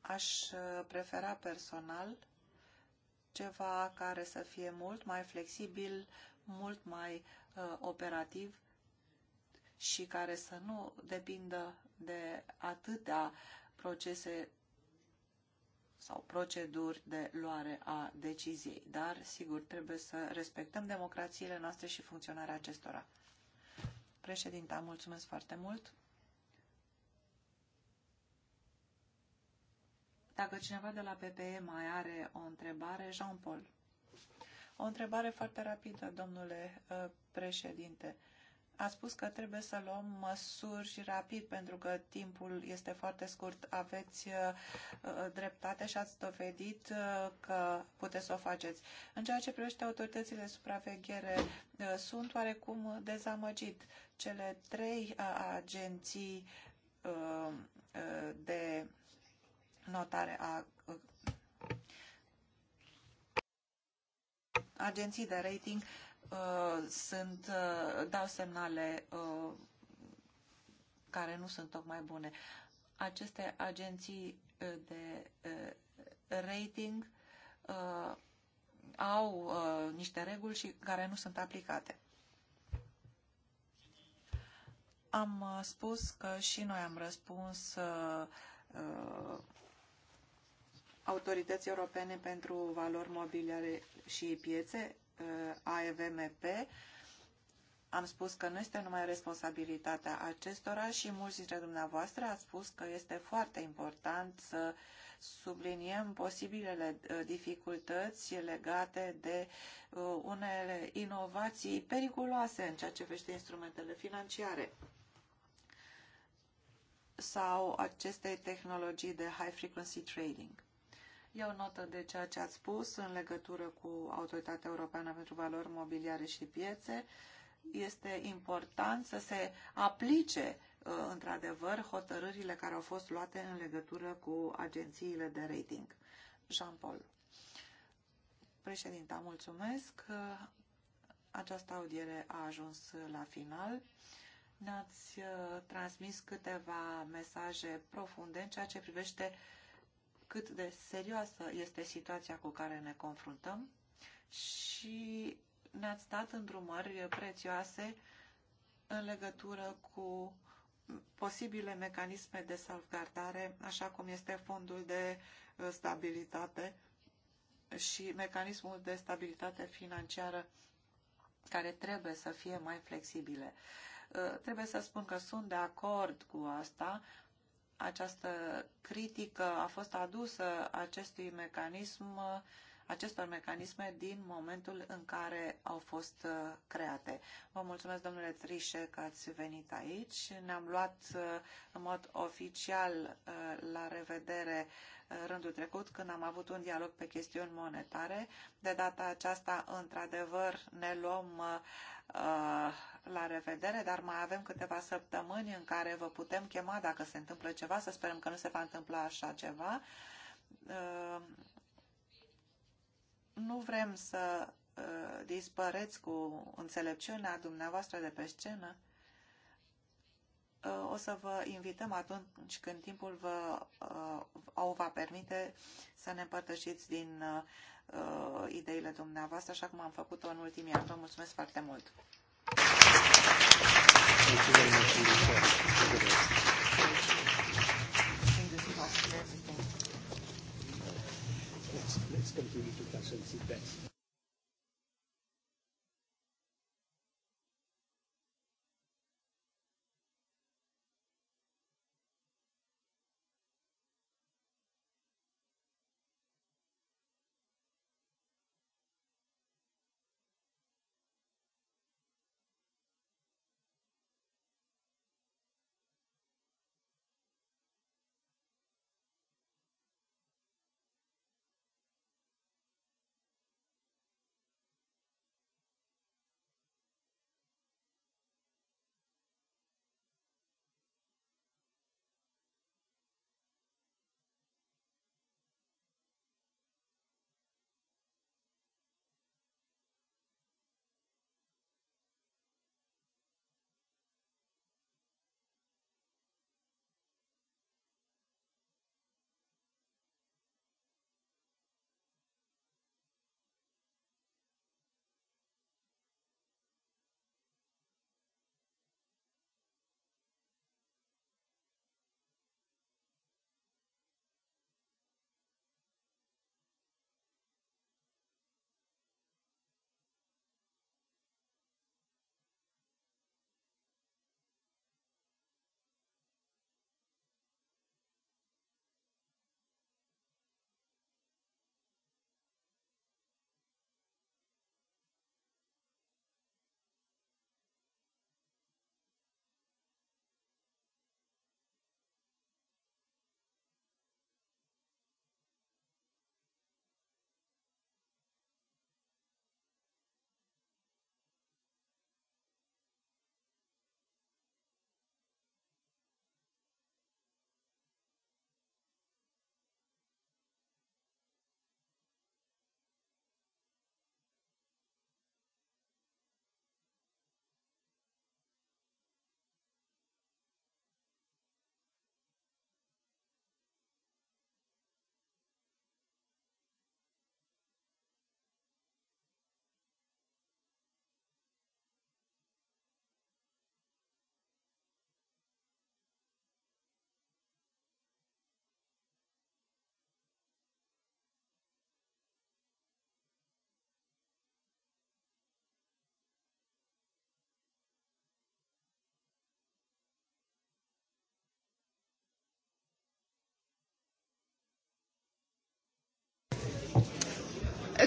Aș uh, prefera personal ceva care să fie mult mai flexibil, mult mai uh, operativ și care să nu depindă de atâtea procese sau proceduri de luare a deciziei, dar, sigur, trebuie să respectăm democrațiile noastre și funcționarea acestora. Președinta, mulțumesc foarte mult. Dacă cineva de la PPE mai are o întrebare, Jean-Paul. O întrebare foarte rapidă, domnule uh, președinte a spus că trebuie să luăm măsuri rapid pentru că timpul este foarte scurt. Aveți uh, uh, dreptate și ați dovedit uh, că puteți să o faceți. În ceea ce privește autoritățile supraveghere, sunt oarecum dezamăgit. Cele trei agenții de notare a agenții de rating Uh, sunt, uh, dau semnale uh, care nu sunt tocmai bune. Aceste agenții de rating au niște reguli și care nu sunt aplicate. Am spus că și noi am răspuns autorității europene pentru valori mobiliare și piețe, Uh, AEVMP, am spus că nu este numai responsabilitatea acestora și mulți dintre dumneavoastră ați spus că este foarte important să subliniem posibilele uh, dificultăți legate de uh, unele inovații periculoase în ceea ce vește instrumentele financiare sau aceste tehnologii de high frequency trading. Iau notă de ceea ce ați spus în legătură cu Autoritatea Europeană pentru Valori Mobiliare și Piețe. Este important să se aplice uh, într-adevăr hotărârile care au fost luate în legătură cu agențiile de rating. Jean-Paul. Președinta, mulțumesc. Uh, această audiere a ajuns la final. Ne-ați uh, transmis câteva mesaje profunde în ceea ce privește uh, cât de serioasă este situația cu care ne confruntăm și ne-ați dat îndrumări prețioase în legătură cu posibile mecanisme de salvgardare, așa cum este fondul de uh, stabilitate și mecanismul de stabilitate financiară care trebuie să fie mai flexibile. Uh, trebuie să spun că sunt de acord cu asta, această critică a fost adusă acestui mecanism, acestor mecanisme din momentul în care au fost uh, create. Vă mulțumesc, domnule Trișe, că ați venit aici. Ne-am luat uh, în mod oficial uh, la revedere rândul trecut, când am avut un dialog pe chestiuni monetare. De data aceasta, într-adevăr, ne luăm la revedere, dar mai avem câteva săptămâni în care vă putem chema dacă se întâmplă ceva, să sperăm că nu se va întâmpla așa ceva. Uh, nu vrem să uh, dispăreți cu înțelepciunea dumneavoastră de pe scenă. Uh, o să vă invităm atunci când timpul vă o va permite să ne împărtășiți din uh, ideile dumneavoastră, așa cum am făcut-o în ultimii ani. Vă mulțumesc foarte mult! Let's, continue to touch and see best.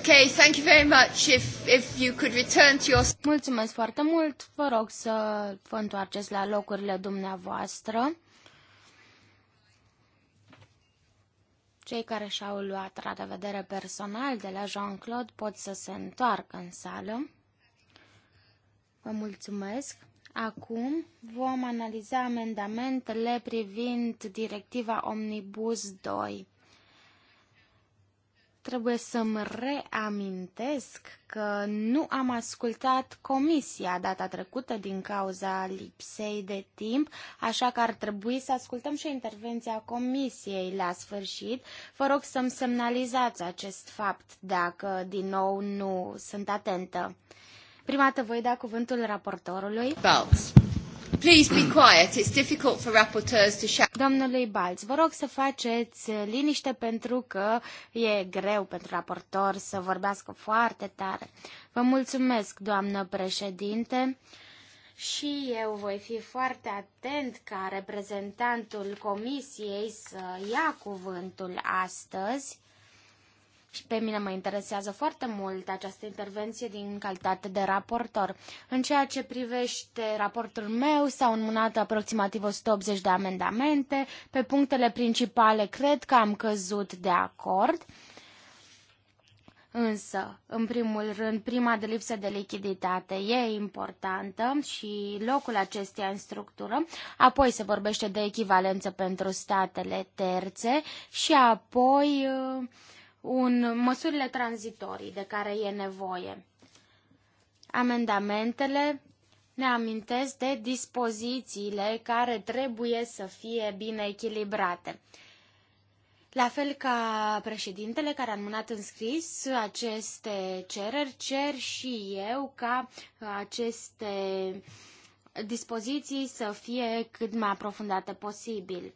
Okay, thank you very much. If, if you could return to your... Mulțumesc foarte mult. Vă rog să vă întoarceți la locurile dumneavoastră. Cei care și-au luat vedere personal de la Jean-Claude pot să se întoarcă în sală. Vă mulțumesc. Acum vom analiza amendamentele privind directiva Omnibus 2. Trebuie să-mi reamintesc că nu am ascultat comisia data trecută din cauza lipsei de timp, așa că ar trebui să ascultăm și intervenția comisiei la sfârșit. Vă rog să-mi semnalizați acest fapt dacă din nou nu sunt atentă. Prima dată voi da cuvântul raportorului. Balz. Please be quiet. It's difficult for rapporteurs to shout. Domnule Balț, vă rog să faceți uh, liniște pentru că e greu pentru raportor să vorbească foarte tare. Vă mulțumesc, doamnă președinte. Și eu voi fi foarte atent ca reprezentantul comisiei să ia cuvântul astăzi. Și pe mine mă interesează foarte mult această intervenție din calitate de raportor. În ceea ce privește raportul meu, s-au înmânat aproximativ 180 de amendamente. Pe punctele principale cred că am căzut de acord. Însă, în primul rând, prima de lipsă de lichiditate e importantă și locul acesteia în structură, apoi se vorbește de echivalență pentru statele terțe și apoi uh, un, măsurile tranzitorii de care e nevoie. Amendamentele ne amintesc de dispozițiile care trebuie să fie bine echilibrate. La fel ca președintele care a înmânat în scris aceste cereri, cer și eu ca aceste dispoziții să fie cât mai aprofundate posibil.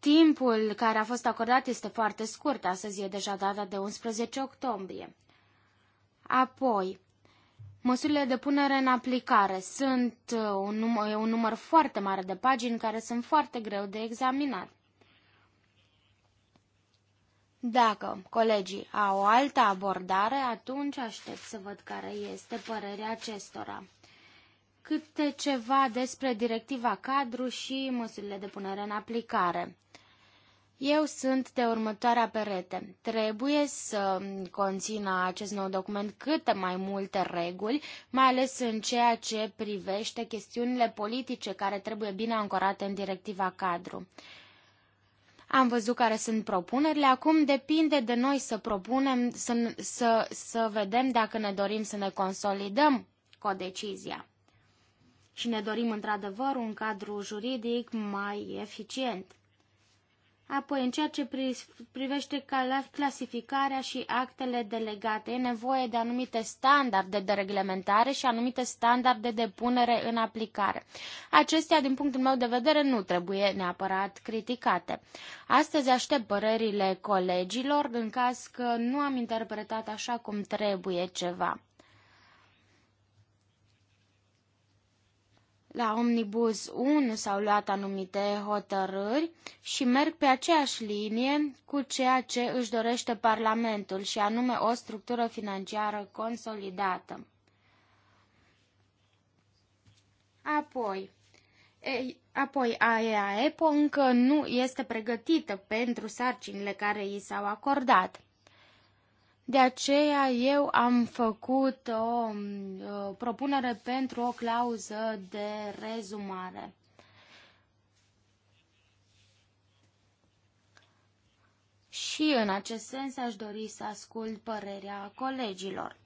Timpul care a fost acordat este foarte scurt, astăzi e deja data de 11 octombrie. Apoi, măsurile de punere în aplicare sunt uh, un număr, un număr foarte mare de pagini care sunt foarte greu de examinat. Dacă colegii au o altă abordare, atunci aștept să văd care este părerea acestora câte ceva despre directiva cadru și măsurile de punere în aplicare. Eu sunt de următoarea perete. Trebuie să conțină acest nou document câte mai multe reguli, mai ales în ceea ce privește chestiunile politice care trebuie bine ancorate în directiva cadru. Am văzut care sunt propunerile, acum depinde de noi să propunem, să, să, să vedem dacă ne dorim să ne consolidăm codecizia și ne dorim într-adevăr un cadru juridic mai eficient. Apoi, în ceea ce privește clasificarea și actele delegate, e nevoie de anumite standarde de reglementare și anumite standarde de punere în aplicare. Acestea, din punctul meu de vedere, nu trebuie neapărat criticate. Astăzi aștept părerile colegilor în caz că nu am interpretat așa cum trebuie ceva. La Omnibus 1 s-au luat anumite hotărâri și merg pe aceeași linie cu ceea ce își dorește Parlamentul și anume o structură financiară consolidată. Apoi, ei, apoi epo, încă nu este pregătită pentru sarcinile care i s-au acordat. De aceea eu am făcut o propunere pentru o clauză de rezumare. Și în acest sens aș dori să ascult părerea colegilor.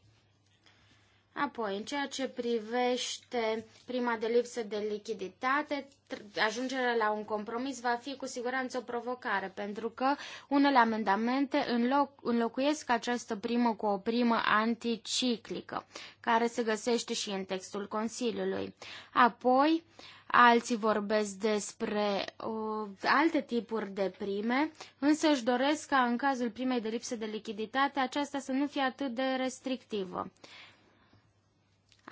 Apoi, în ceea ce privește prima de lipsă de lichiditate, ajungerea la un compromis va fi cu siguranță o provocare, pentru că unele amendamente înloc, înlocuiesc această primă cu o primă anticiclică, care se găsește și în textul Consiliului. Apoi, alții vorbesc despre uh, alte tipuri de prime, însă își doresc ca în cazul primei de lipsă de lichiditate aceasta să nu fie atât de restrictivă.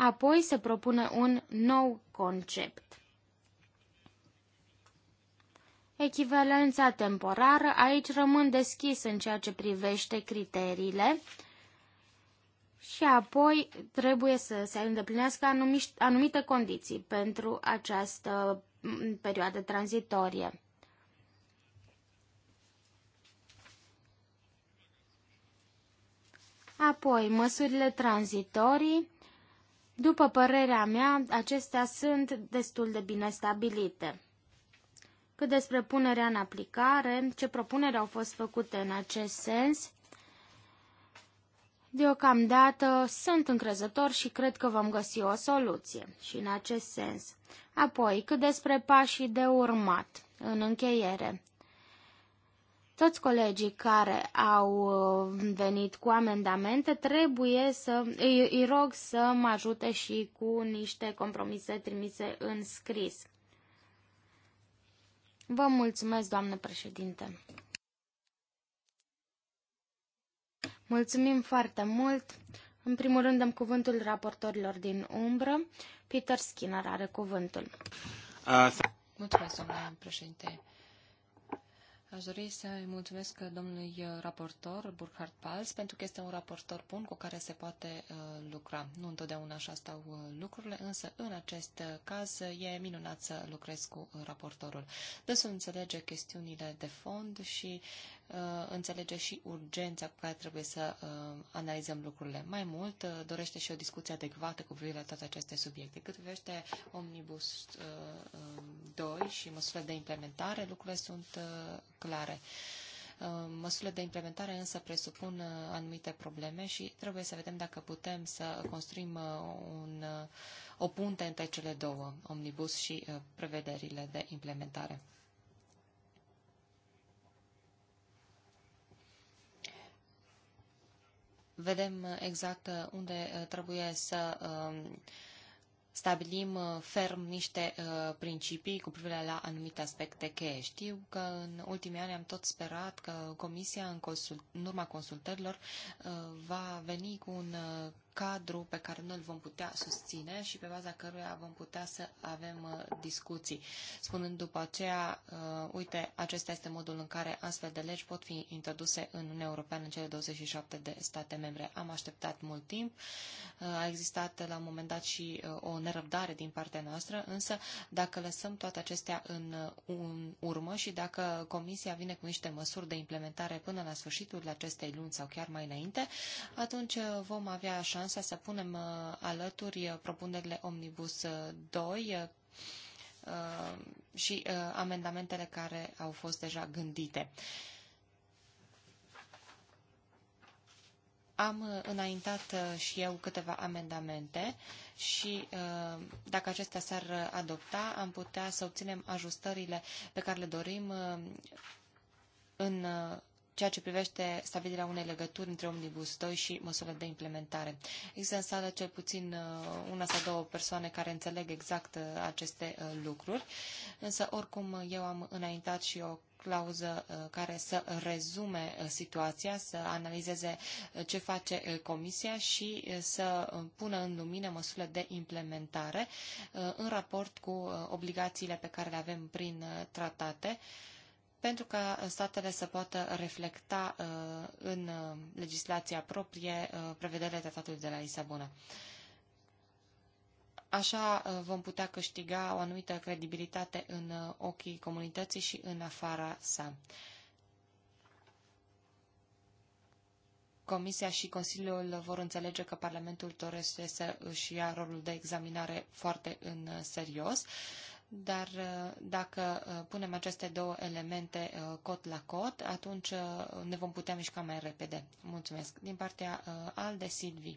Apoi se propune un nou concept. Echivalența temporară aici rămân deschis în ceea ce privește criteriile și apoi trebuie să se îndeplinească anumite condiții pentru această mm, perioadă tranzitorie. Apoi, măsurile tranzitorii după părerea mea, acestea sunt destul de bine stabilite. Cât despre punerea în aplicare, ce propuneri au fost făcute în acest sens, Deocamdată sunt încrezător și cred că vom găsi o soluție și în acest sens. Apoi, cât despre pașii de urmat, în încheiere. Toți colegii care au uh, venit cu amendamente trebuie să îi, îi rog să mă ajute și cu niște compromise trimise în scris. Vă mulțumesc, doamnă președinte. Mulțumim foarte mult. În primul rând dăm cuvântul raportorilor din umbră. Peter Skinner are cuvântul. Uh, Mulțumesc, domnule președinte. Aș dori să-i mulțumesc domnului uh, raportor Burkhard Pals pentru că este un raportor bun cu care se poate uh, lucra. Nu întotdeauna așa stau uh, lucrurile, însă în acest uh, caz e minunat să lucrez cu uh, raportorul. să înțelege chestiunile de fond și Uh, înțelege și urgența cu care trebuie să uh, analizăm lucrurile. Mai mult, uh, dorește și o discuție adecvată cu privire la toate aceste subiecte. Cât privește Omnibus 2 um, și măsurile de implementare, lucrurile sunt clare. Măsurile de implementare însă presupun anumite probleme și trebuie să vedem dacă putem să construim un, o punte între cele două, omnibus și prevederile de implementare. vedem uh, exact uh, unde uh, trebuie să um, stabilim ferm niște principii cu privire la anumite aspecte cheie. Știu că în ultimii ani am tot sperat că Comisia, în, consult, în urma consultărilor, va veni cu un cadru pe care noi îl vom putea susține și pe baza căruia vom putea să avem uh, discuții, spunând după aceea, uh, uite, acesta este modul în care astfel de legi pot fi introduse în Uniunea Europeană în cele 27 de state membre. Am așteptat mult timp, uh, a existat la un moment dat și o nerăbdare din partea noastră, însă dacă lăsăm toate acestea în urmă și dacă Comisia vine cu niște măsuri de implementare până la sfârșitul acestei luni sau chiar mai înainte, atunci vom avea șansă șansa să punem uh, alături uh, propunerile Omnibus 2 uh, și amendamentele care au fost deja gândite. Am înaintat și eu câteva amendamente și dacă acestea s-ar adopta, am putea să obținem ajustările pe care le dorim în ceea ce privește stabilirea unei legături între Omnibus 2 și măsurile de implementare. Există în sală cel puțin uh, una sau două persoane care înțeleg exact uh, aceste uh, lucruri, însă oricum eu am înaintat și o clauză care să rezume situația, să analizeze ce face Comisia și să pună în lumină măsurile de implementare în raport cu obligațiile pe care le avem prin tratate pentru ca uh, statele să poată reflecta uh, în uh, legislația proprie prevederile tratatului de la Lisabona. Așa vom putea câștiga o anumită credibilitate în ochii comunității și în afara sa. Comisia și Consiliul vor înțelege că Parlamentul doresc să își ia rolul de examinare foarte în serios dar uh, dacă uh, punem aceste două elemente uh, cot la cot, atunci ne vom putea mișca mai repede. Mulțumesc. Din partea al de Silvi.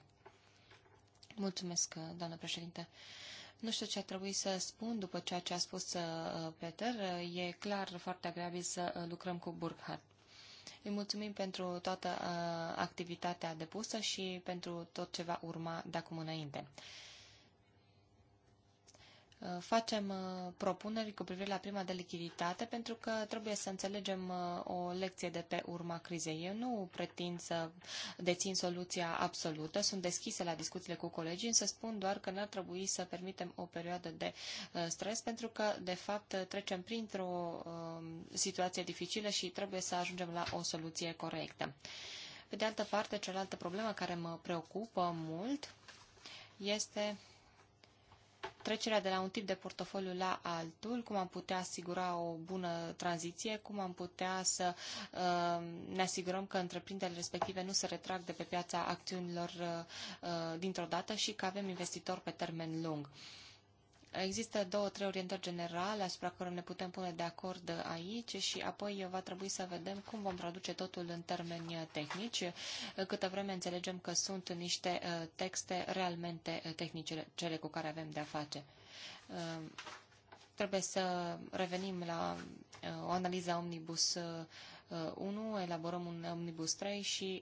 Mulțumesc, doamnă președinte. Nu știu ce a trebuit să spun după ceea ce a spus Peter. E clar foarte agreabil să lucrăm cu Burkhardt. Îi mulțumim pentru toată activitatea depusă și pentru tot ce va urma de acum înainte facem uh, propuneri cu privire la prima de lichiditate pentru că trebuie să înțelegem uh, o lecție de pe urma crizei. Eu nu pretind să dețin soluția absolută, sunt deschise la discuțiile cu colegii, însă spun doar că n-ar trebui să permitem o perioadă de uh, stres pentru că, de fapt, trecem printr-o um, situație dificilă și trebuie să ajungem la o soluție corectă. Pe de altă parte, cealaltă problemă care mă preocupă mult este trecerea de la un tip de portofoliu la altul, cum am putea asigura o bună tranziție, cum am putea să uh, ne asigurăm că întreprinderile respective nu se retrag de pe piața acțiunilor uh, uh dintr-o dată și că avem investitori pe termen lung. Uh, Există două, trei orientări generale asupra care ne putem pune de acord aici și apoi va trebui să vedem cum vom traduce totul în termeni tehnici, câtă vreme înțelegem că sunt niște uh, texte realmente tehnice, cele cu care avem de-a face. Uh, trebuie să revenim la uh, o analiză Omnibus 1, elaborăm un Omnibus 3 și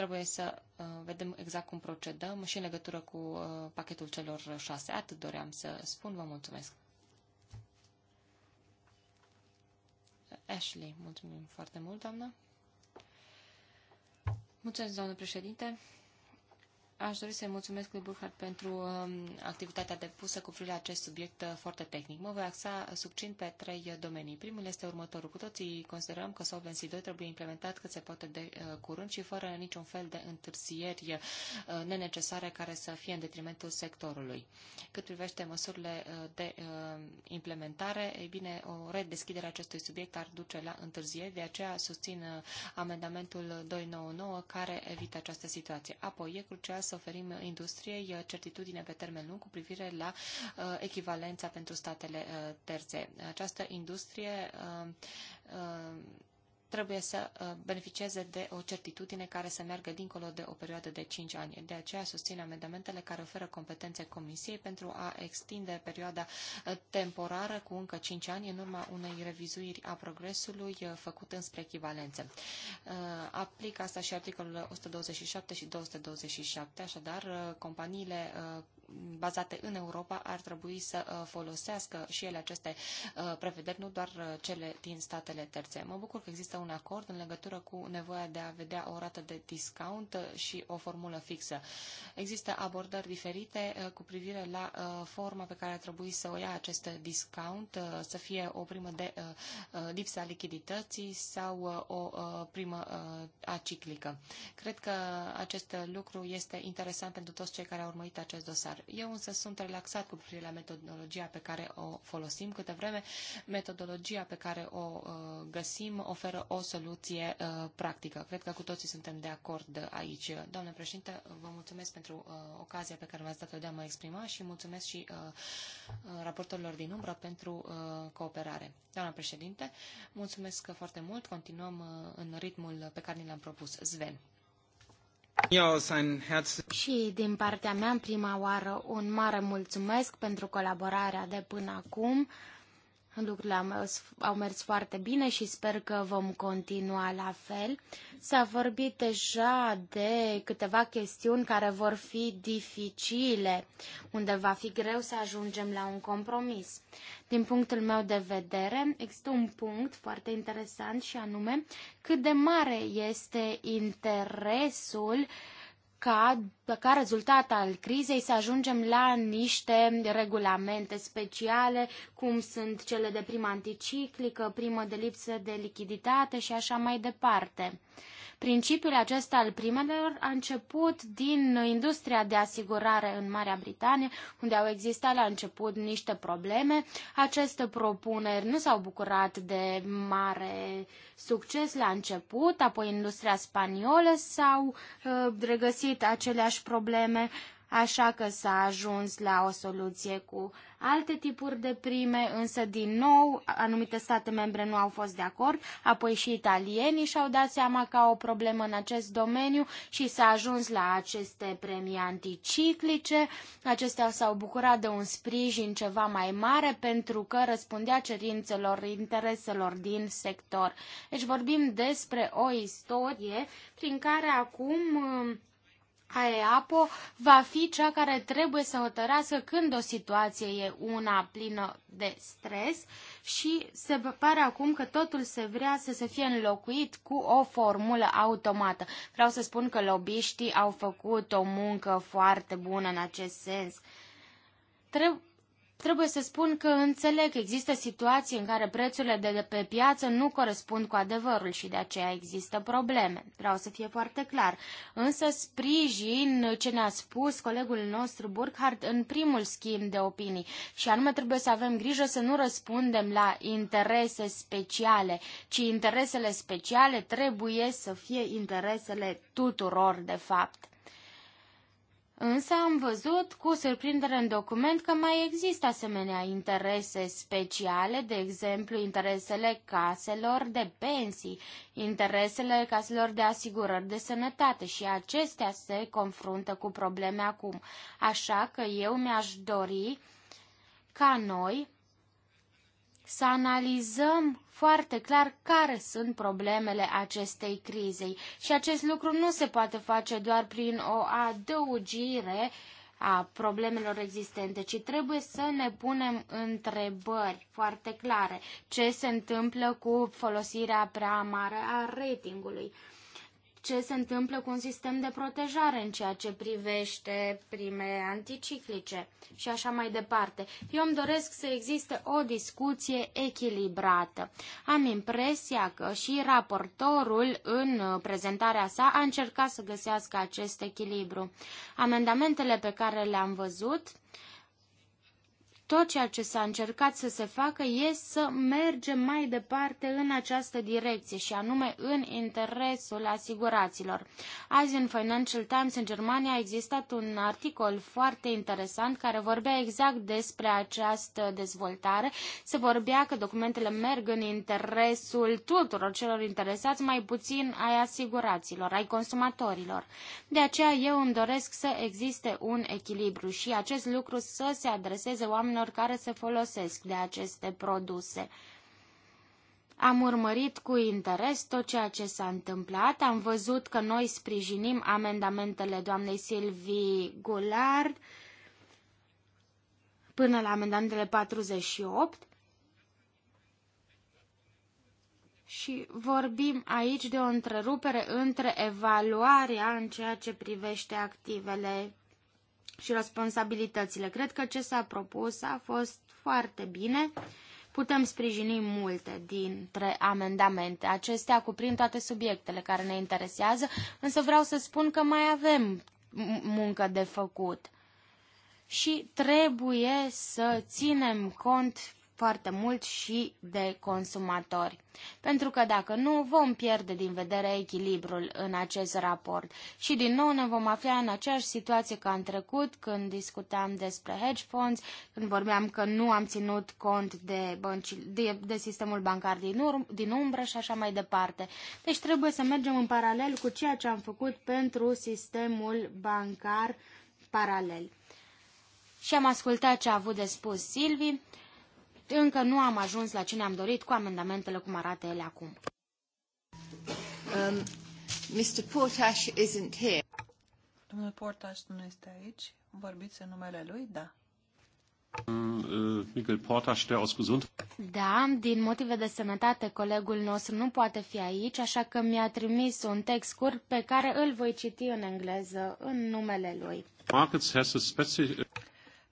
Trebuie să uh, vedem exact cum procedăm și în legătură cu uh, pachetul celor șase. Atât doream să spun. Vă mulțumesc. Ashley, mulțumim foarte mult, doamnă. Mulțumesc, doamnă președinte. Aș dori să-i mulțumesc lui Burkhardt pentru um, activitatea depusă cu privire acest subiect uh, foarte tehnic. Mă voi axa succint pe trei domenii. Primul este următorul. Cu toții considerăm că Solvency 2 trebuie implementat cât se poate de uh, curând și fără niciun fel de întârzieri uh, nenecesare care să fie în detrimentul sectorului. Cât privește măsurile uh, de uh, implementare, e bine, o redeschidere a acestui subiect ar duce la întârzieri, de aceea susțin uh, amendamentul 299 care evită această situație. Apoi, e crucial să oferim industriei uh, certitudine pe termen lung cu privire la uh, echivalența pentru statele uh, terțe. Această industrie trebuie să uh, beneficieze de o certitudine care să meargă dincolo de o perioadă de 5 ani. De aceea susțin amendamentele care oferă competențe Comisiei pentru a extinde perioada uh, temporară cu încă 5 ani în urma unei revizuiri a progresului uh, făcut înspre echivalențe. Aplic asta și articolul 127 și 227, așadar companiile bazate în Europa ar trebui să uh, folosească și ele aceste uh, prevederi, nu doar uh, cele din statele terțe. Mă bucur că există un acord în legătură cu nevoia de a vedea o rată de discount și o formulă fixă. Există abordări diferite cu privire la forma pe care ar trebui să o ia acest discount, să fie o primă de lipsa lichidității sau o primă aciclică. Cred că acest lucru este interesant pentru toți cei care au urmărit acest dosar. Eu însă sunt relaxat cu privire la metodologia pe care o folosim. Câte vreme metodologia pe care o uh, găsim oferă o soluție uh, practică. Cred că cu toții suntem de acord aici. Doamne președinte, vă mulțumesc pentru uh, ocazia pe care mi-ați dat-o de a mă exprima și mulțumesc și raportorilor din umbră pentru cooperare. Doamna președinte, mulțumesc foarte mult. Continuăm în ritmul pe care ni l-am propus. Sven. Și din partea mea, în prima oară, un mare mulțumesc pentru colaborarea de până acum. Lucrurile au mers, au mers foarte bine și sper că vom continua la fel. S-a vorbit deja de câteva chestiuni care vor fi dificile, unde va fi greu să ajungem la un compromis. Din punctul meu de vedere, există un punct foarte interesant și anume cât de mare este interesul uh, ca, ca rezultat al crizei să ajungem la niște regulamente speciale, cum sunt cele de primă anticiclică, primă de lipsă de lichiditate și așa mai departe. Principiul acesta al primelor a început din industria de asigurare în Marea Britanie, unde au existat la început niște probleme. Aceste propuneri nu s-au bucurat de mare succes la început, apoi industria spaniolă s-au uh, regăsit aceleași probleme. Uh, așa că s-a ajuns la o soluție cu alte tipuri de prime, însă din nou anumite state membre nu au fost de acord, apoi și italienii și-au dat seama că au o problemă în acest domeniu și s-a ajuns la aceste premii anticiclice. Acestea s-au bucurat de un sprijin ceva mai mare pentru că răspundea cerințelor, intereselor din sector. Deci vorbim despre o istorie prin care acum AEAPO va fi cea care trebuie să hotărască când o situație e una plină de stres și se pare acum că totul se vrea să se fie înlocuit cu o formulă automată. Vreau să spun că lobiștii au făcut o muncă foarte bună în acest sens. Trebuie Trebuie să spun că înțeleg că există situații în care prețurile de pe piață nu corespund cu adevărul și de aceea există probleme. Vreau să fie foarte clar. Însă sprijin ce ne-a spus colegul nostru Burkhardt în primul schimb de opinii și anume trebuie să avem grijă să nu răspundem la interese speciale, ci interesele speciale trebuie să fie interesele tuturor de fapt. Însă am văzut cu surprindere în document că mai există asemenea interese speciale, de exemplu interesele caselor de pensii, interesele caselor de asigurări de sănătate și acestea se confruntă cu probleme acum. Așa că eu mi-aș dori ca noi, să analizăm foarte clar care sunt problemele acestei crizei. Și acest lucru nu se poate face doar prin o adăugire a problemelor existente, ci trebuie să ne punem întrebări foarte clare. Ce se întâmplă cu folosirea prea mare a ratingului? ce se întâmplă cu un sistem de protejare în ceea ce privește prime anticiclice și așa mai departe. Eu îmi doresc să existe o discuție echilibrată. Am impresia că și raportorul în prezentarea sa a încercat să găsească acest echilibru. Amendamentele pe care le-am văzut tot ceea ce s-a încercat să se facă e să mergem mai departe în această direcție și anume în interesul asiguraților. Azi în Financial Times în Germania a existat un articol foarte interesant care vorbea exact despre această dezvoltare. Se vorbea că documentele merg în interesul tuturor celor interesați, mai puțin ai asiguraților, ai consumatorilor. De aceea eu îmi doresc să existe un echilibru și acest lucru să se adreseze oamenilor oamenilor care se folosesc de aceste produse. Am urmărit cu interes tot ceea ce s-a întâmplat, am văzut că noi sprijinim amendamentele doamnei Silvii Goulard până la amendamentele 48 și vorbim aici de o întrerupere între evaluarea în ceea ce privește activele și responsabilitățile. Cred că ce s-a propus a fost foarte bine. Putem sprijini multe dintre amendamente. Acestea cuprind toate subiectele care ne interesează, însă vreau să spun că mai avem muncă de făcut și trebuie să ținem cont foarte mult și de consumatori. Pentru că dacă nu, vom pierde din vedere echilibrul în acest raport. Și din nou ne vom afla în aceeași situație ca în trecut, când discutam despre hedge funds, când vorbeam că nu am ținut cont de, bănci, de, de sistemul bancar din, urm, din umbră și așa mai departe. Deci trebuie să mergem în paralel cu ceea ce am făcut pentru sistemul bancar paralel. Și am ascultat ce a avut de spus Silvi încă nu am ajuns la ce ne-am dorit cu amendamentele cum arată ele acum. Um, Mr. Portash isn't here. Domnul Portash nu este aici. Vorbiți în numele lui? Da. Um, uh, Miguel Portaș, der aus Gesund. Da, din motive de sănătate, colegul nostru nu poate fi aici, așa că mi-a trimis un text scurt pe care îl voi citi în engleză, în numele lui. Markets has a specific...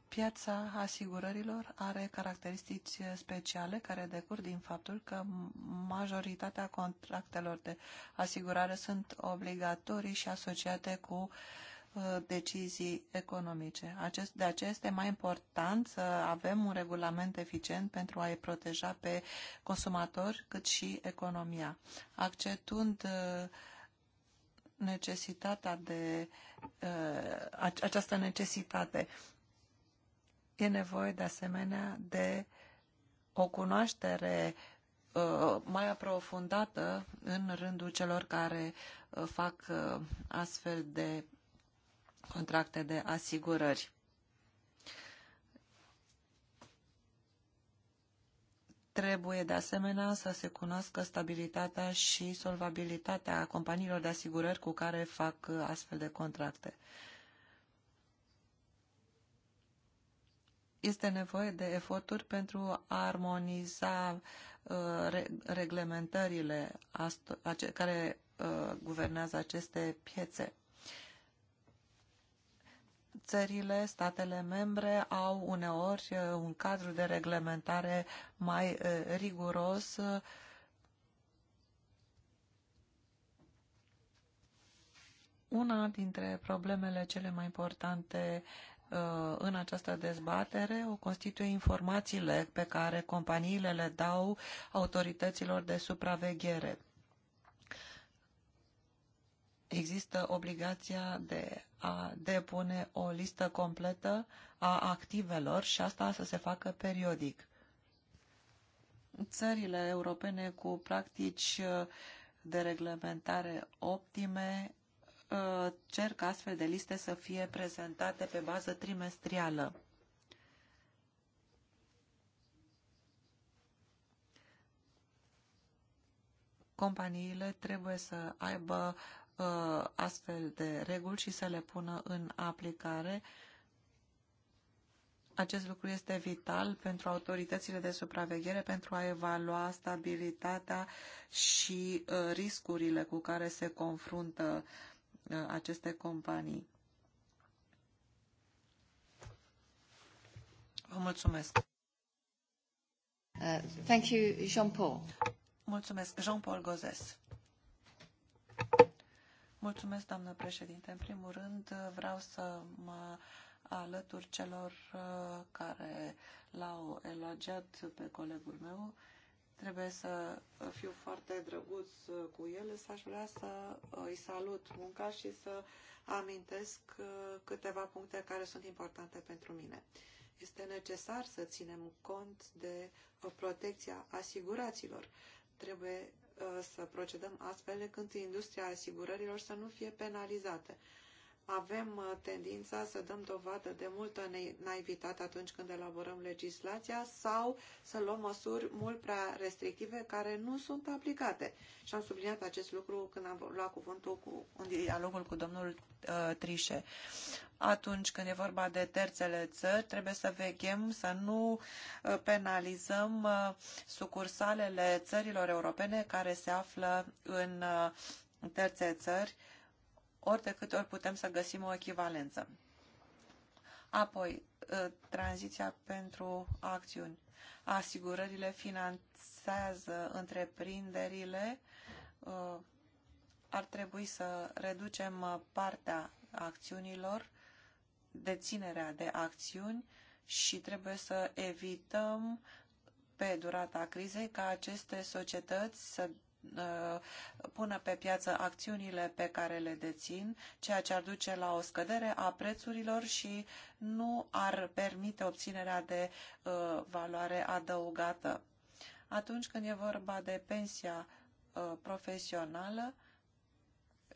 Piața asigurărilor are caracteristici speciale care decur din faptul că majoritatea contractelor de asigurare sunt obligatorii și asociate cu uh, decizii economice. Acest, de aceea este mai important să avem un regulament eficient pentru a-i proteja pe consumatori cât și economia. acceptând uh, necesitatea de uh, această necesitate E nevoie de asemenea de o cunoaștere uh, mai aprofundată în rândul celor care uh, fac uh, astfel de contracte de asigurări. Trebuie de asemenea să se cunoască stabilitatea și solvabilitatea companiilor de asigurări cu care fac astfel de contracte. este nevoie de eforturi pentru a armoniza uh, reglementările care uh, guvernează aceste piețe. Țările, statele membre au uneori uh, un cadru de reglementare mai uh, riguros uh, Una dintre problemele cele mai importante Uh, în această dezbatere o constituie informațiile pe care companiile le dau autorităților de supraveghere. Există obligația de a depune o listă completă a activelor și asta să se facă periodic. Țările europene cu practici de reglementare optime Uh, cer ca astfel de liste să fie prezentate pe bază trimestrială. Companiile trebuie să aibă uh, astfel de reguli și să le pună în aplicare. Acest lucru este vital pentru autoritățile de supraveghere pentru a evalua stabilitatea și uh, riscurile cu care se confruntă uh, Uh, aceste companii. Vă mulțumesc. Uh, thank you, Jean-Paul. Mulțumesc, Jean-Paul Gozes. Mulțumesc, doamnă președinte. În primul rând, uh, vreau să mă alătur celor uh, care l-au elogiat pe colegul meu Trebuie să fiu foarte drăguț uh, cu ele, să aș vrea să uh, îi salut munca și să amintesc uh, câteva puncte care sunt importante pentru mine. Este necesar să ținem cont de protecția asiguraților. Trebuie să procedăm astfel încât industria asigurărilor să nu fie penalizate avem uh, tendința să dăm dovadă de multă naivitate atunci când elaborăm legislația sau să luăm măsuri mult prea restrictive care nu sunt aplicate. Și am subliniat acest lucru când am luat cuvântul cu, în dialogul cu domnul uh, Trișe. Atunci când e vorba de terțele țări, trebuie să veghem să nu uh, penalizăm uh, sucursalele țărilor europene care se află în uh, terțe țări uh, ori de câte ori putem să găsim o echivalență. Apoi, ă, tranziția pentru acțiuni. Asigurările finanțează întreprinderile. Ă, ar trebui să reducem ă, partea acțiunilor, deținerea de acțiuni și trebuie să evităm pe durata crizei ca aceste societăți să Uh, pună pe piață acțiunile pe care le dețin, ceea ce ar duce la o scădere a prețurilor și nu ar permite obținerea de uh, valoare adăugată. Atunci când e vorba de pensia uh, profesională,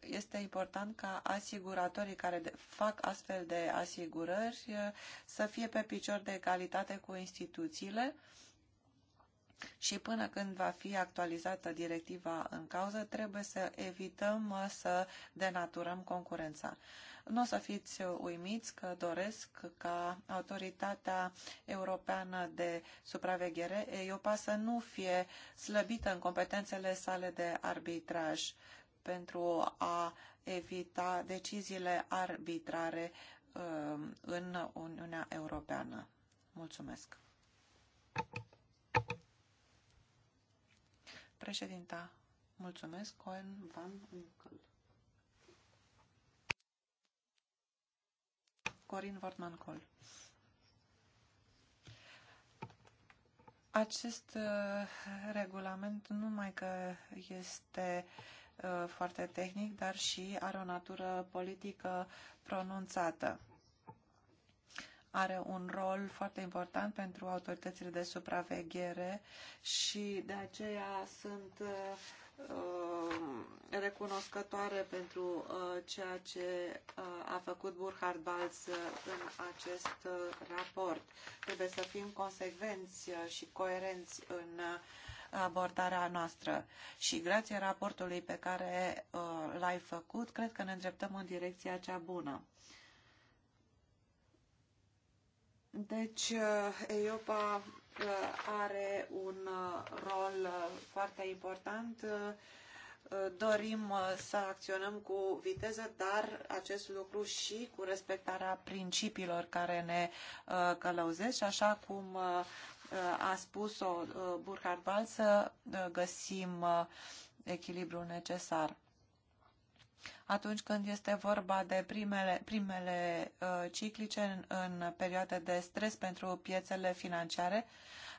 este important ca asiguratorii care fac astfel de asigurări să fie pe picior de egalitate cu instituțiile și până când va fi actualizată directiva în cauză, trebuie să evităm uh, să denaturăm concurența. Nu o să fiți uimiți că doresc ca autoritatea europeană de supraveghere, EIOPA, să nu fie slăbită în competențele sale de arbitraj pentru a evita deciziile arbitrare uh, în Uniunea Europeană. Mulțumesc! Președinta, mulțumesc, Cohen Van Winkel. Corin Vortman Col. Acest uh, regulament nu numai că este uh, foarte tehnic, dar și are o natură politică pronunțată are un rol foarte important pentru autoritățile de supraveghere și de aceea sunt uh, recunoscătoare pentru uh, ceea ce uh, a făcut Burhard Balz în acest raport. Trebuie să fim consecvenți și coerenți în abordarea noastră și grație raportului pe care l-ai făcut, cred că ne îndreptăm în direcția cea bună. Deci, uh, EIOPA uh, are un uh, rol foarte important. Dorim să acționăm cu viteză, dar acest lucru și cu respectarea principiilor care ne călăuzesc și așa cum a spus-o Burkhard Bal, să găsim echilibrul necesar atunci când este vorba de primele, primele uh, ciclice în, în perioade de stres pentru piețele financiare,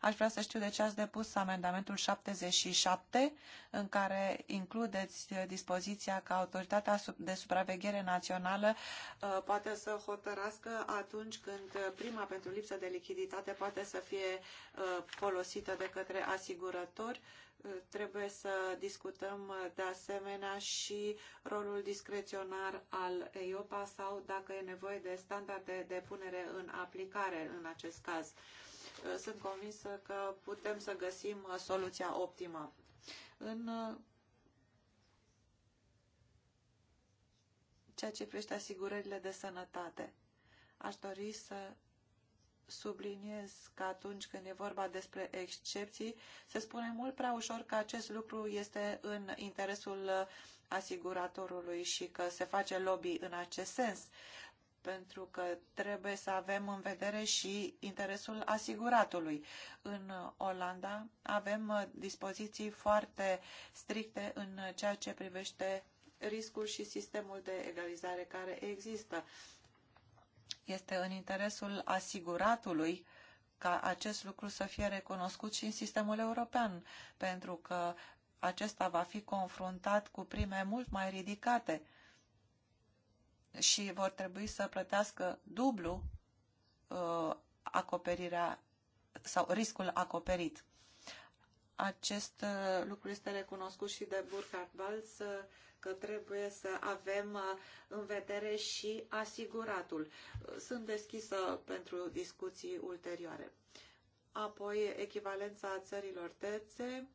Aș vrea să știu de ce ați depus amendamentul 77, în care includeți dispoziția că autoritatea de supraveghere națională uh, poate să hotărască atunci când prima pentru lipsă de lichiditate poate să fie uh, folosită de către asigurători uh, trebuie să discutăm de asemenea și rolul discreționar al EIOPA sau dacă e nevoie de standarde de punere în aplicare în acest caz sunt convinsă că putem să găsim uh, soluția optimă. În uh, ceea ce privește asigurările de sănătate, aș dori să subliniez că atunci când e vorba despre excepții, se spune mult prea ușor că acest lucru este în interesul uh, asiguratorului și că se face lobby în acest sens pentru că trebuie să avem în vedere și interesul asiguratului. În Olanda avem uh, dispoziții foarte stricte în ceea ce privește riscul și sistemul de egalizare care există. Este în interesul asiguratului ca acest lucru să fie recunoscut și în sistemul european, pentru că acesta va fi confruntat cu prime mult mai ridicate și vor trebui să plătească dublu uh, acoperirea sau riscul acoperit. Acest uh, lucru este recunoscut și de Burkhard Balz uh, că trebuie să avem uh, în vedere și asiguratul. Sunt deschisă pentru discuții ulterioare. Apoi, echivalența țărilor terțe.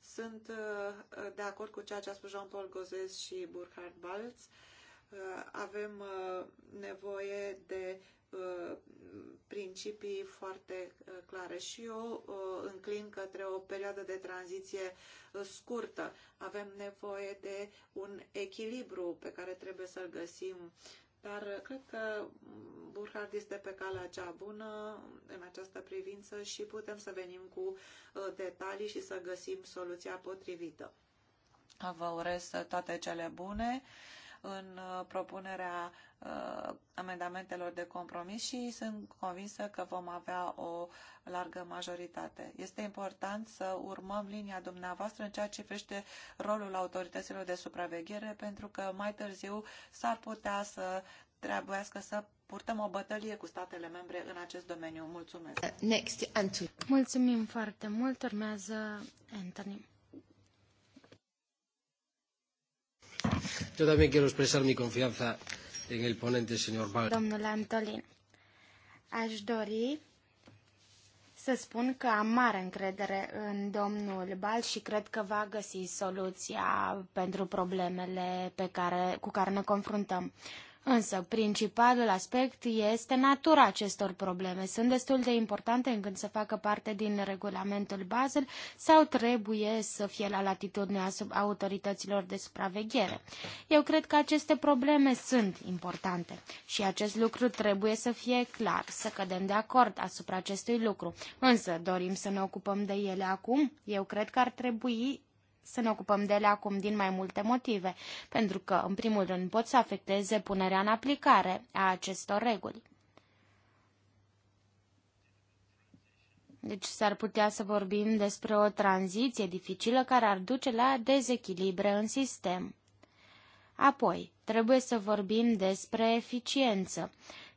Sunt uh, de acord cu ceea ce a spus Jean-Paul Gozes și Burkhard Balz Uh, avem uh, nevoie de uh, principii foarte clare și eu înclin către o perioadă de tranziție scurtă. Avem nevoie de un echilibru pe care trebuie să-l găsim dar cred că Burhard este pe calea cea bună în această privință și putem să venim cu detalii și să găsim soluția potrivită. Vă urez toate cele bune în uh, propunerea uh, amendamentelor de compromis și sunt convinsă că vom avea o largă majoritate. Este important să urmăm linia dumneavoastră în ceea ce privește rolul autorităților de supraveghere, pentru că mai târziu s-ar putea să trebuiască să purtăm o bătălie cu statele membre în acest domeniu. Mulțumesc! Next, Mulțumim foarte mult! Urmează Anthony. Yo también quiero expresar mi confianza en el ponente, señor Bauer. Domnule Antolin, aș dori să spun că am mare încredere în domnul Bal și cred că va găsi soluția pentru problemele pe care, cu care ne confruntăm. Însă, principalul aspect este natura acestor probleme. Sunt destul de importante încât să facă parte din regulamentul Basel sau trebuie să fie la latitudinea autorităților de supraveghere. Eu cred că aceste probleme sunt importante și acest lucru trebuie să fie clar, să cădem de acord asupra acestui lucru. Însă, dorim să ne ocupăm de ele acum? Eu cred că ar trebui să ne ocupăm de ele acum din mai multe motive, pentru că, în primul rând, pot să afecteze punerea în aplicare a acestor reguli. Deci s-ar putea să vorbim despre o tranziție dificilă care ar duce la dezechilibre în sistem. Apoi, trebuie să vorbim despre eficiență.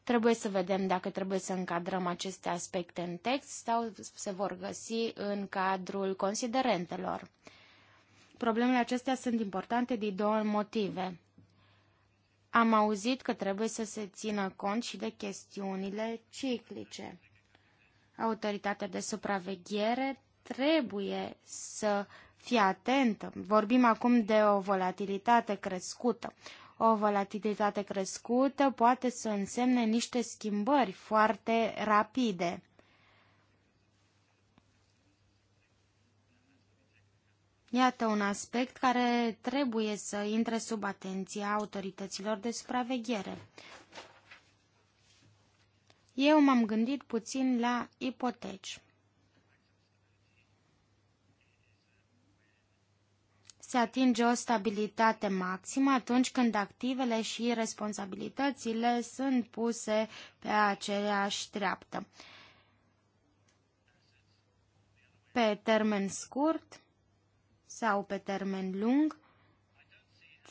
Trebuie să vedem dacă trebuie să încadrăm aceste aspecte în text sau se vor găsi în cadrul considerentelor. Problemele acestea sunt importante din două motive. Am auzit că trebuie să se țină cont și de chestiunile ciclice. Autoritatea de supraveghere trebuie să fie atentă. Vorbim acum de o volatilitate crescută. O volatilitate crescută poate să însemne niște schimbări foarte rapide. Iată un aspect care trebuie să intre sub atenția autorităților de supraveghere. Eu m-am gândit puțin la ipoteci. Se atinge o stabilitate maximă atunci când activele și responsabilitățile sunt puse pe aceeași treaptă. Pe termen scurt, sau pe termen lung,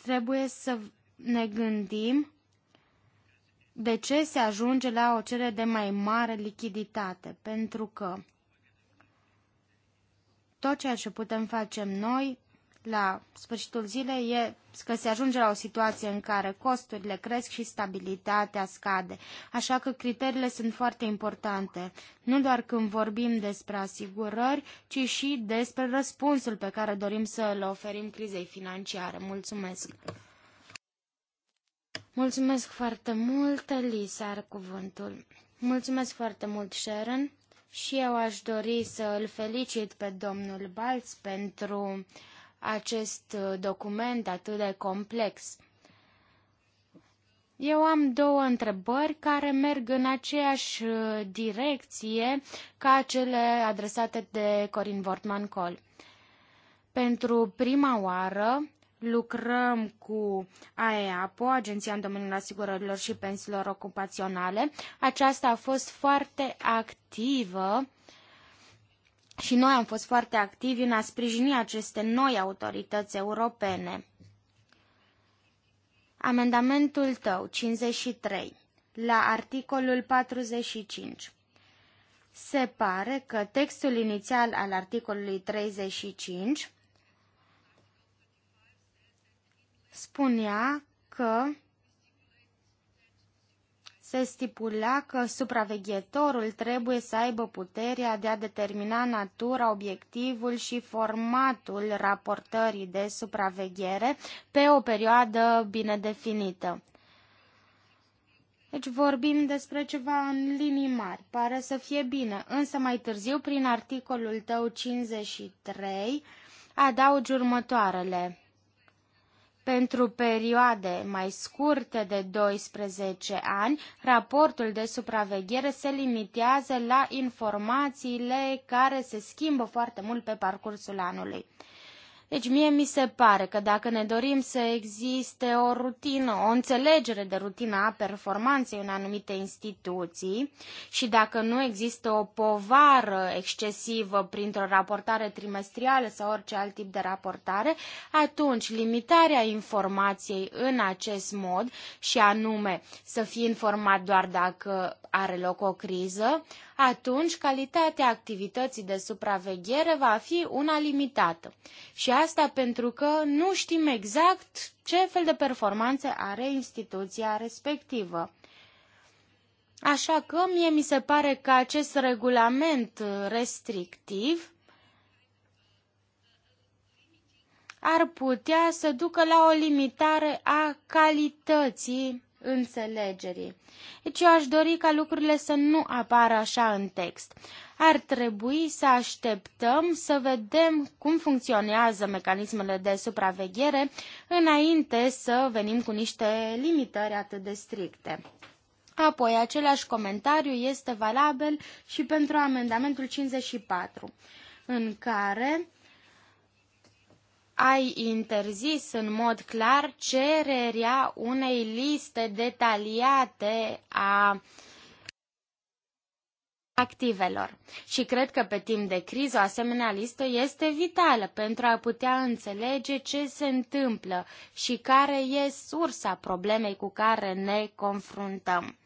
trebuie să ne gândim de ce se ajunge la o cerere de mai mare lichiditate, pentru că tot ceea ce putem face noi la sfârșitul zilei e că se ajunge la o situație în care costurile cresc și stabilitatea scade. Așa că criteriile sunt foarte importante, nu doar când vorbim despre asigurări, ci și despre răspunsul pe care dorim să le oferim crizei financiare. Mulțumesc! Mulțumesc foarte mult, Elisa are cuvântul. Mulțumesc foarte mult, Sharon. Și eu aș dori să îl felicit pe domnul Balț pentru uh, acest uh, document atât de complex. Eu am două întrebări care merg în aceeași uh, direcție ca cele adresate de Corin Wortman Col. Pentru prima oară lucrăm cu AEAPO, Agenția în domeniul asigurărilor și pensiilor ocupaționale. Aceasta a fost foarte activă uh, și noi am fost foarte activi în a sprijini aceste noi autorități europene. Amendamentul tău, 53, la articolul 45. Se pare că textul inițial al articolului 35 spunea că se stipula că supraveghetorul trebuie să aibă puterea de a determina natura, obiectivul și formatul raportării de supraveghere pe o perioadă bine definită. Deci vorbim despre ceva în linii mari, pare să fie bine, însă mai târziu, prin articolul tău 53, adaugi următoarele. Pentru perioade mai scurte de 12 ani, raportul de supraveghere se limitează la informațiile care se schimbă foarte mult pe parcursul anului. Deci mie mi se pare că dacă ne dorim să existe o rutină, o înțelegere de rutină a performanței în anumite instituții și dacă nu există o povară excesivă printr-o raportare trimestrială sau orice alt tip de raportare, atunci limitarea informației în acest mod și anume să fii informat doar dacă are loc o criză, atunci calitatea activității de supraveghere va fi una limitată. Și asta pentru că nu știm exact ce fel de performanțe are instituția respectivă. Așa că mie mi se pare că acest regulament restrictiv ar putea să ducă la o limitare a calității înțelegerii. Deci eu aș dori ca lucrurile să nu apară așa în text. Ar trebui să așteptăm să vedem cum funcționează mecanismele de supraveghere înainte să venim cu niște limitări atât de stricte. Apoi, același comentariu este valabil și pentru amendamentul 54, în care ai interzis în mod clar cererea unei liste detaliate a activelor. Și cred că pe timp de criză o asemenea listă este vitală pentru a putea înțelege ce se întâmplă și care e sursa problemei cu care ne confruntăm.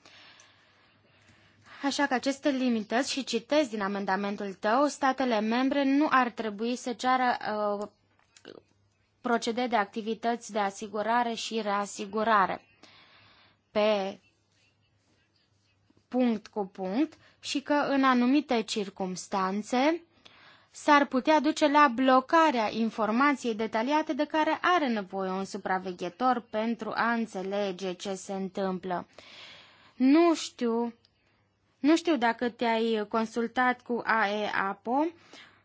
Așa că aceste limități și citesc din amendamentul tău, statele membre nu ar trebui să ceară uh, procede de activități de asigurare și reasigurare pe punct cu punct și că în anumite circumstanțe s-ar putea duce la blocarea informației detaliate de care are nevoie un supraveghetor pentru a înțelege ce se întâmplă. Nu știu, nu știu dacă te-ai consultat cu AEAPO,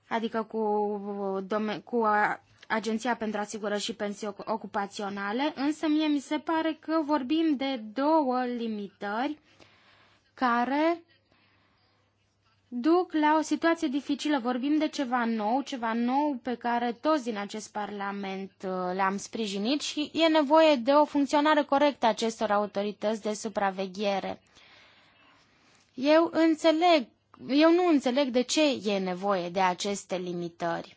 adică cu, cu Agenția pentru Asigurări și Pensii Ocupaționale, însă mie mi se pare că vorbim de două limitări care duc la o situație dificilă. Vorbim de ceva nou, ceva nou pe care toți din acest Parlament uh, l-am sprijinit și e nevoie de o funcționare corectă a acestor autorități de supraveghere. Eu înțeleg, eu nu înțeleg de ce e nevoie de aceste limitări.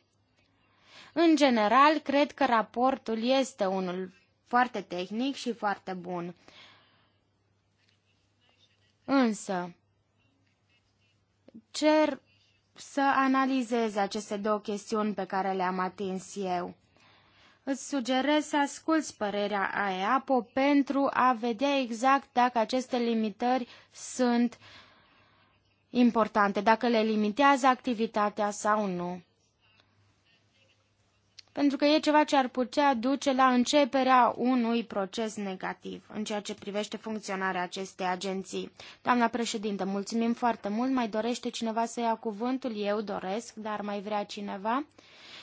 În general, cred că raportul este unul foarte tehnic și foarte bun. Însă, cer să analizez aceste două chestiuni pe care le-am atins eu. Îți sugerez să asculți părerea aia, pentru a vedea exact dacă aceste limitări sunt importante, dacă le limitează activitatea sau nu pentru că e ceva ce ar putea duce la începerea unui proces negativ în ceea ce privește funcționarea acestei agenții. Doamna președintă, mulțumim foarte mult. Mai dorește cineva să ia cuvântul? Eu doresc, dar mai vrea cineva?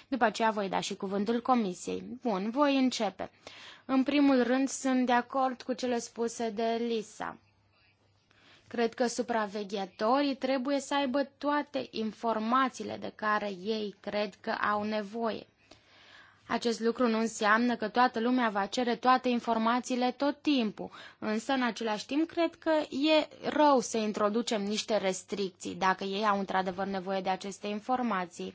După aceea voi da și cuvântul comisiei. Bun, voi începe. În primul rând, sunt de acord cu cele spuse de Lisa. Cred că supraveghetorii trebuie să aibă toate informațiile de care ei cred că au nevoie acest lucru nu înseamnă că toată lumea va cere toate informațiile tot timpul, însă în același timp cred că e rău să introducem niște restricții dacă ei au într-adevăr nevoie de aceste informații.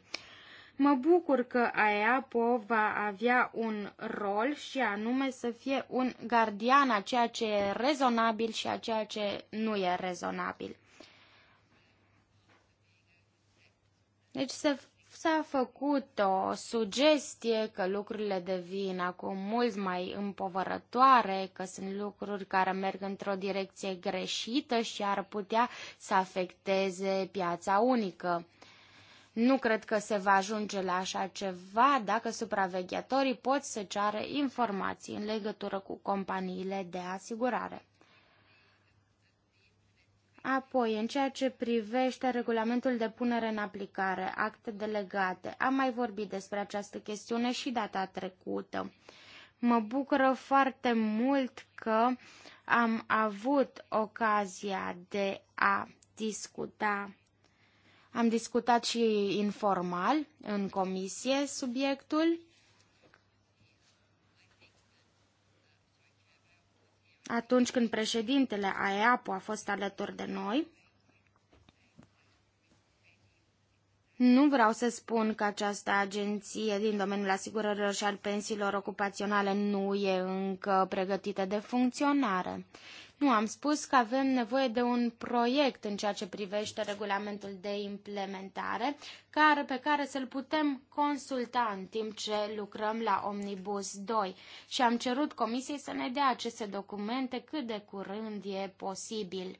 Mă bucur că AEAPO va avea un rol și anume să fie un gardian a ceea ce e rezonabil și a ceea ce nu e rezonabil. Deci să S-a făcut o sugestie că lucrurile devin acum mult mai împovărătoare, că sunt lucruri care merg într-o direcție greșită și ar putea să afecteze piața unică. Nu cred că se va ajunge la așa ceva dacă supraveghetorii pot să ceară informații în legătură cu companiile de asigurare. Apoi, în ceea ce privește regulamentul de punere în aplicare, acte delegate, am mai vorbit despre această chestiune și data trecută. Mă bucură foarte mult că am avut ocazia de a discuta. Am discutat și informal în comisie subiectul atunci când președintele AEAPU a fost alături de noi. Nu vreau să spun că această agenție din domeniul asigurărilor și al pensiilor ocupaționale nu e încă pregătită de funcționare. Nu, am spus că avem nevoie de un proiect în ceea ce privește regulamentul de implementare, care, pe care să-l putem consulta în timp ce lucrăm la Omnibus 2 și am cerut Comisiei să ne dea aceste documente cât de curând e posibil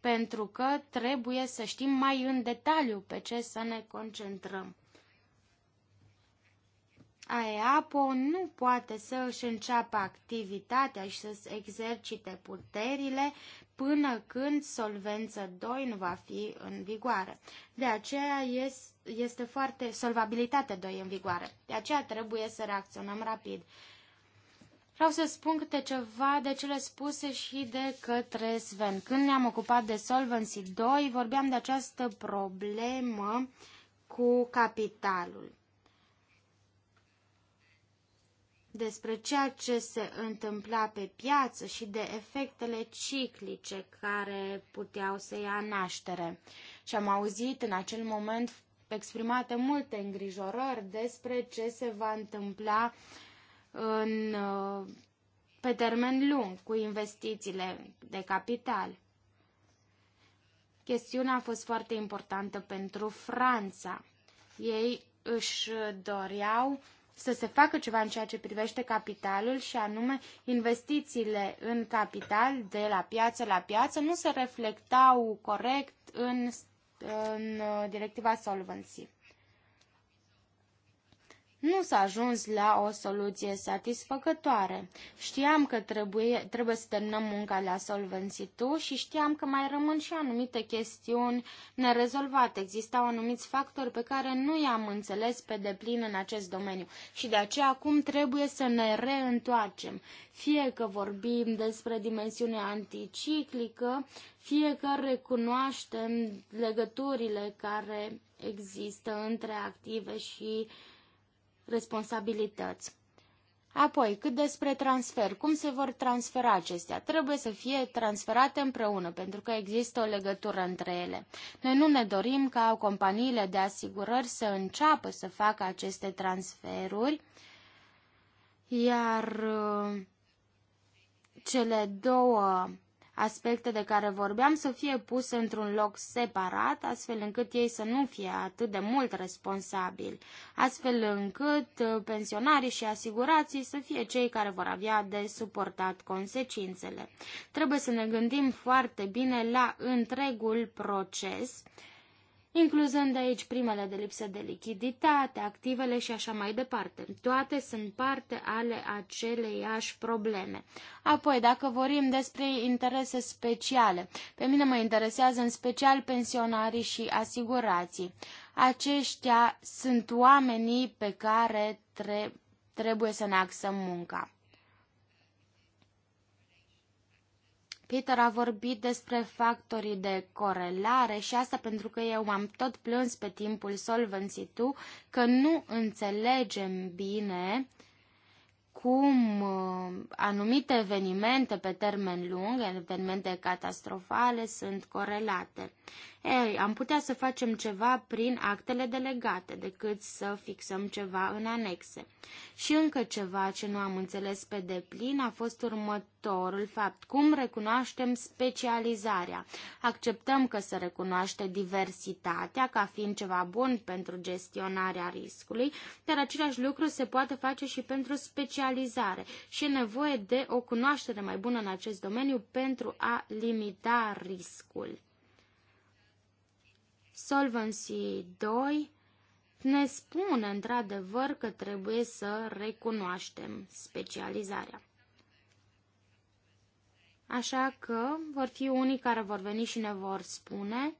pentru că trebuie să știm mai în detaliu pe ce să ne concentrăm. AEAPO nu poate să își înceapă activitatea și să-ți exercite puterile până când solvență 2 nu va fi în vigoare. De aceea este foarte solvabilitate 2 în vigoare. De aceea trebuie să reacționăm rapid. Vreau să spun câte ceva de cele spuse și de către Sven. Când ne-am ocupat de Solvency 2, vorbeam de această problemă cu capitalul. despre ceea ce se întâmpla pe piață și de efectele ciclice care puteau să ia naștere. Și am auzit în acel moment exprimate multe îngrijorări despre ce se va întâmpla în, uh, pe termen lung cu investițiile de capital. Chestiunea a fost foarte importantă pentru Franța. Ei își doreau să se facă ceva în ceea ce privește capitalul și anume investițiile în capital de la piață la piață nu se reflectau corect în, în uh, directiva Solvency. Nu s-a ajuns la o soluție satisfăcătoare. Știam că trebuie, trebuie să terminăm munca la Solvency II și știam că mai rămân și anumite chestiuni nerezolvate. Existau anumiți factori pe care nu i-am înțeles pe deplin în acest domeniu și de aceea acum trebuie să ne reîntoarcem. Fie că vorbim despre dimensiunea anticiclică, fie că recunoaștem legăturile care există între active și uh, responsabilități. Apoi, cât despre transfer, cum se vor transfera acestea? Trebuie să fie transferate împreună, pentru că există o legătură între ele. Noi nu ne dorim ca companiile de asigurări să înceapă să facă aceste transferuri, iar uh, cele două aspecte de care vorbeam să fie puse într-un loc separat, astfel încât ei să nu fie atât de mult responsabili, astfel încât uh, pensionarii și asigurații să fie cei care vor avea de suportat consecințele. Trebuie să ne gândim foarte bine la întregul proces incluzând aici primele de lipsă de lichiditate, activele și așa mai departe. Toate sunt parte ale aceleiași probleme. Apoi, dacă vorbim despre interese speciale, pe mine mă interesează în special pensionarii și asigurații. Aceștia sunt oamenii pe care trebuie să ne axăm munca. Peter a vorbit despre factorii de corelare și asta pentru că eu m-am tot plâns pe timpul Solvency 2 că nu înțelegem bine cum uh, anumite evenimente pe termen lung, evenimente catastrofale, sunt corelate. Ei, am putea să facem ceva prin actele delegate decât să fixăm ceva în anexe. Și încă ceva ce nu am înțeles pe deplin a fost următorul fapt. Cum recunoaștem specializarea? Acceptăm că se recunoaște diversitatea ca fiind ceva bun pentru gestionarea riscului, dar același lucru se poate face și pentru specializare și e nevoie de o cunoaștere mai bună în acest domeniu pentru a limita riscul. Solvency 2 ne spune într-adevăr că trebuie să recunoaștem specializarea. Așa că vor fi unii care vor veni și ne vor spune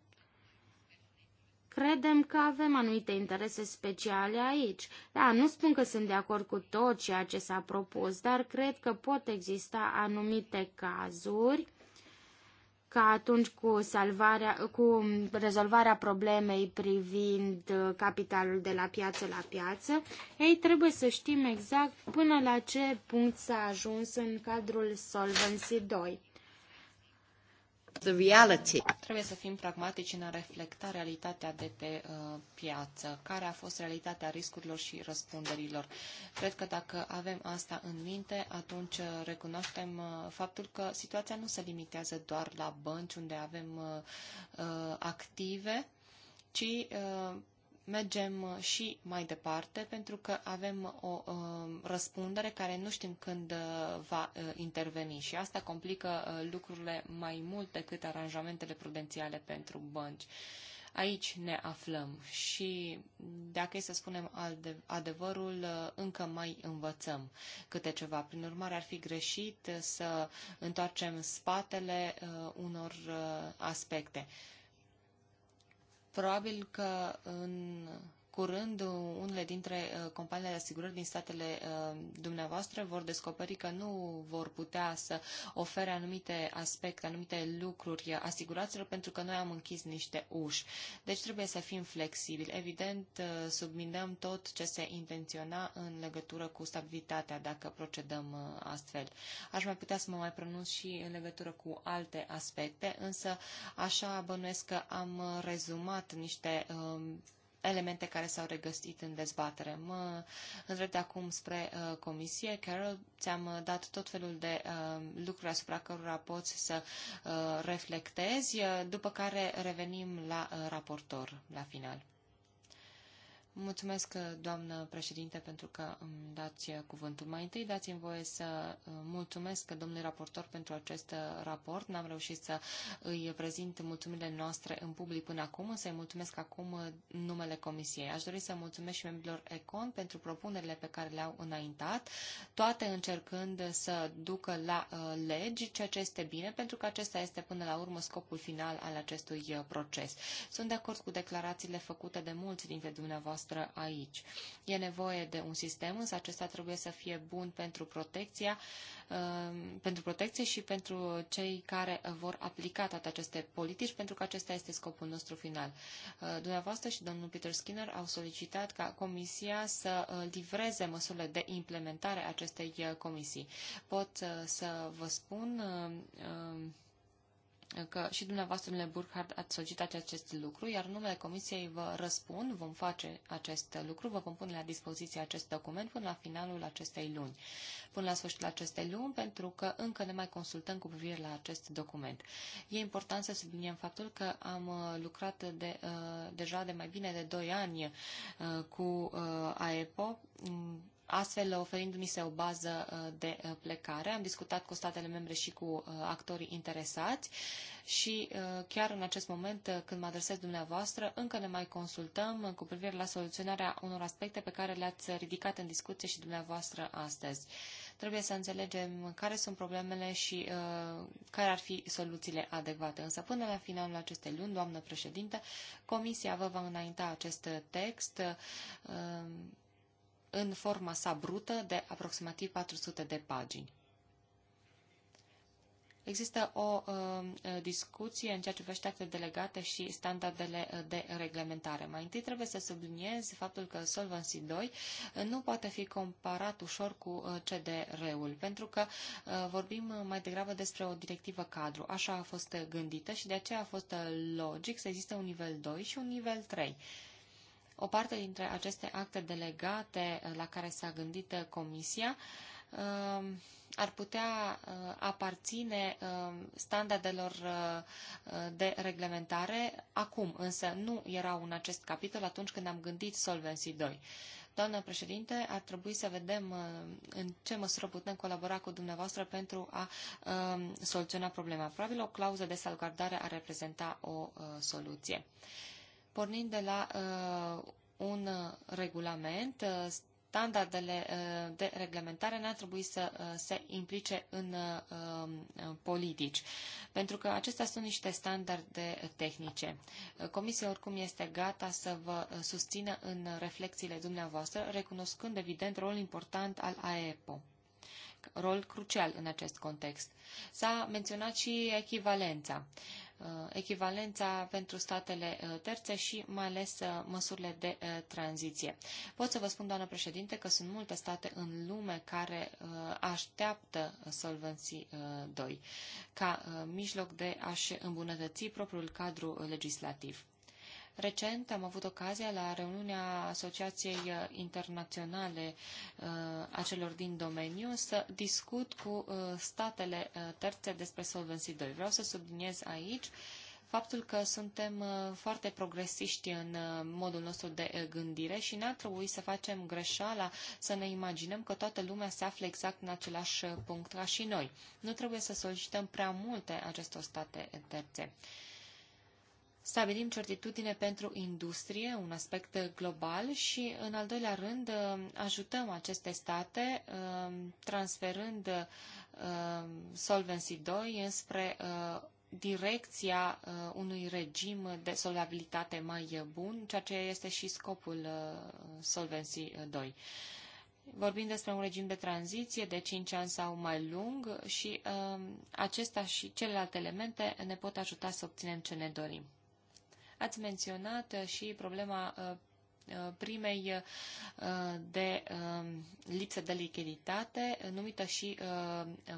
Credem că avem anumite interese speciale aici. Da, nu spun că sunt de acord cu tot ceea ce s-a propus, dar cred că pot exista anumite cazuri ca atunci cu, salvarea, cu rezolvarea problemei privind uh, capitalul de la piață la piață, ei trebuie să știm exact până la ce punct s-a ajuns în cadrul Solvency 2. The reality. Trebuie să fim pragmatici în a reflecta realitatea de pe uh, piață, care a fost realitatea riscurilor și răspunderilor. Cred că dacă avem asta în minte, atunci uh, recunoaștem uh, faptul că situația nu se limitează doar la bănci unde avem uh, uh active, ci uh, mergem uh, și mai departe pentru că avem o uh, răspundere care nu știm când uh, va interveni și asta complică lucrurile mai mult decât aranjamentele prudențiale pentru bănci. Aici ne aflăm și, dacă e să spunem adevărul, încă mai învățăm câte ceva. Prin urmare, ar fi greșit să întoarcem spatele unor aspecte. Probabil că în curând uh, unele dintre uh, companiile de asigurări din statele uh, dumneavoastră vor descoperi că nu vor putea să ofere anumite aspecte, anumite lucruri asiguraților pentru că noi am închis niște uși. Deci trebuie să fim flexibili. Evident, subminăm tot ce se intenționa în legătură cu stabilitatea dacă procedăm astfel. Aș mai putea să mă mai pronunț și în legătură cu alte aspecte, însă așa bănuiesc că am rezumat niște um, elemente care s-au regăsit în dezbatere. Mă întreb de acum spre uh, comisie. Carol, ți-am uh, dat tot felul de uh, lucruri asupra cărora poți să uh, reflectezi, uh, după care revenim la uh, raportor la final. Mulțumesc, doamnă președinte, pentru că îmi dați cuvântul. Mai întâi dați-mi voie să uh, mulțumesc domnului raportor pentru acest uh, raport. N-am reușit să îi prezint mulțumirile noastre în public până acum, însă îi mulțumesc acum uh, numele Comisiei. Aș dori să mulțumesc și membrilor ECON pentru propunerile pe care le-au înaintat, toate încercând să ducă la legi, ceea ce este bine, pentru că acesta este până la urmă scopul final al acestui proces. Sunt de acord cu declarațiile făcute de mulți dintre dumneavoastră noastră aici. E nevoie de un sistem, însă acesta trebuie să fie bun pentru protecția, uh, pentru protecție și pentru cei care vor aplica toate aceste politici, pentru că acesta este scopul nostru final. Uh, dumneavoastră și domnul Peter Skinner au solicitat ca Comisia să uh, livreze măsurile de implementare acestei comisii. Pot să vă spun că și dumneavoastră, domnule Burkhardt, ați solicitat acest lucru, iar numele Comisiei vă răspund, vom face acest lucru, vă vom pune la dispoziție acest document până la finalul acestei luni, până la sfârșitul acestei luni, pentru că încă ne mai consultăm cu privire la acest document. E important să subliniem faptul că am uh, lucrat de, uh, deja de mai bine de 2 ani uh, cu AEPO, mm, astfel oferindu-ni se o bază uh, de uh, plecare. Am discutat cu statele membre și cu uh, actorii interesați și chiar în acest moment, când mă adresez dumneavoastră, încă ne mai consultăm cu privire la soluționarea unor aspecte pe care le-ați ridicat în discuție și dumneavoastră astăzi. Trebuie să înțelegem care sunt problemele și uh, care ar fi soluțiile adecvate. Însă până la finalul acestei luni, doamnă președinte, Comisia vă va înainta acest text uh, în forma sa brută de aproximativ 400 de pagini. Există o uh, uh, discuție în ceea ce privește actele delegate și standardele uh, de reglementare. Mai întâi trebuie să subliniez faptul că Solvency 2 uh, nu poate fi comparat ușor cu CDR-ul, pentru că uh, vorbim mai degrabă despre o directivă cadru. Așa a fost gândită și de aceea a fost logic să existe un nivel 2 și un nivel 3. Uh, o parte dintre aceste acte delegate uh, la care s-a gândit uh, Comisia um, ar putea uh, aparține um, standardelor de reglementare acum, însă nu erau în acest capitol atunci când am gândit Solvency 2. Doamnă președinte, ar trebui să vedem în ce măsură putem colabora cu dumneavoastră pentru a um, soluționa problema. Probabil o clauză de salvgardare ar reprezenta o soluție pornind de la uh, un uh, regulament, uh, standardele uh, de reglementare n-ar trebui să uh, se implice în uh, um, uh politici, pentru că acestea sunt niște standarde tehnice. Uh, comisia oricum este gata să vă susțină în reflexiile dumneavoastră, recunoscând evident rolul important al AEPO rol crucial în acest context. S-a menționat și echivalența. Uh, Uh, echivalența pentru statele uh, terțe și mai ales uh, măsurile de tranziție. Pot să vă spun, doamnă președinte, că sunt multe state în lume care așteaptă solvenții 2 ca mijloc de a-și îmbunătăți propriul cadru legislativ. Recent am avut ocazia la reuniunea Asociației uh, Internaționale uh, a celor din domeniu să discut cu uh, statele terțe despre Solvency 2. Vreau să subliniez aici faptul că suntem foarte progresiști în modul nostru de gândire și n-ar trebui să facem greșeala să ne imaginăm că toată lumea se află exact în același punct ca și noi. Nu trebuie să solicităm prea multe acestor state terțe stabilim certitudine pentru industrie, un aspect global și, în al doilea rând, ajutăm aceste state um, transferând um, Solvency 2 înspre uh, direcția uh, unui regim de solvabilitate mai bun, ceea ce este și scopul uh, Solvency 2. Vorbim despre un regim de tranziție de 5 ani sau mai lung și um, acesta și celelalte elemente ne pot ajuta să obținem ce ne dorim. Ați menționat uh, și problema uh, uh, primei de um, lipsă de lichiditate, numită și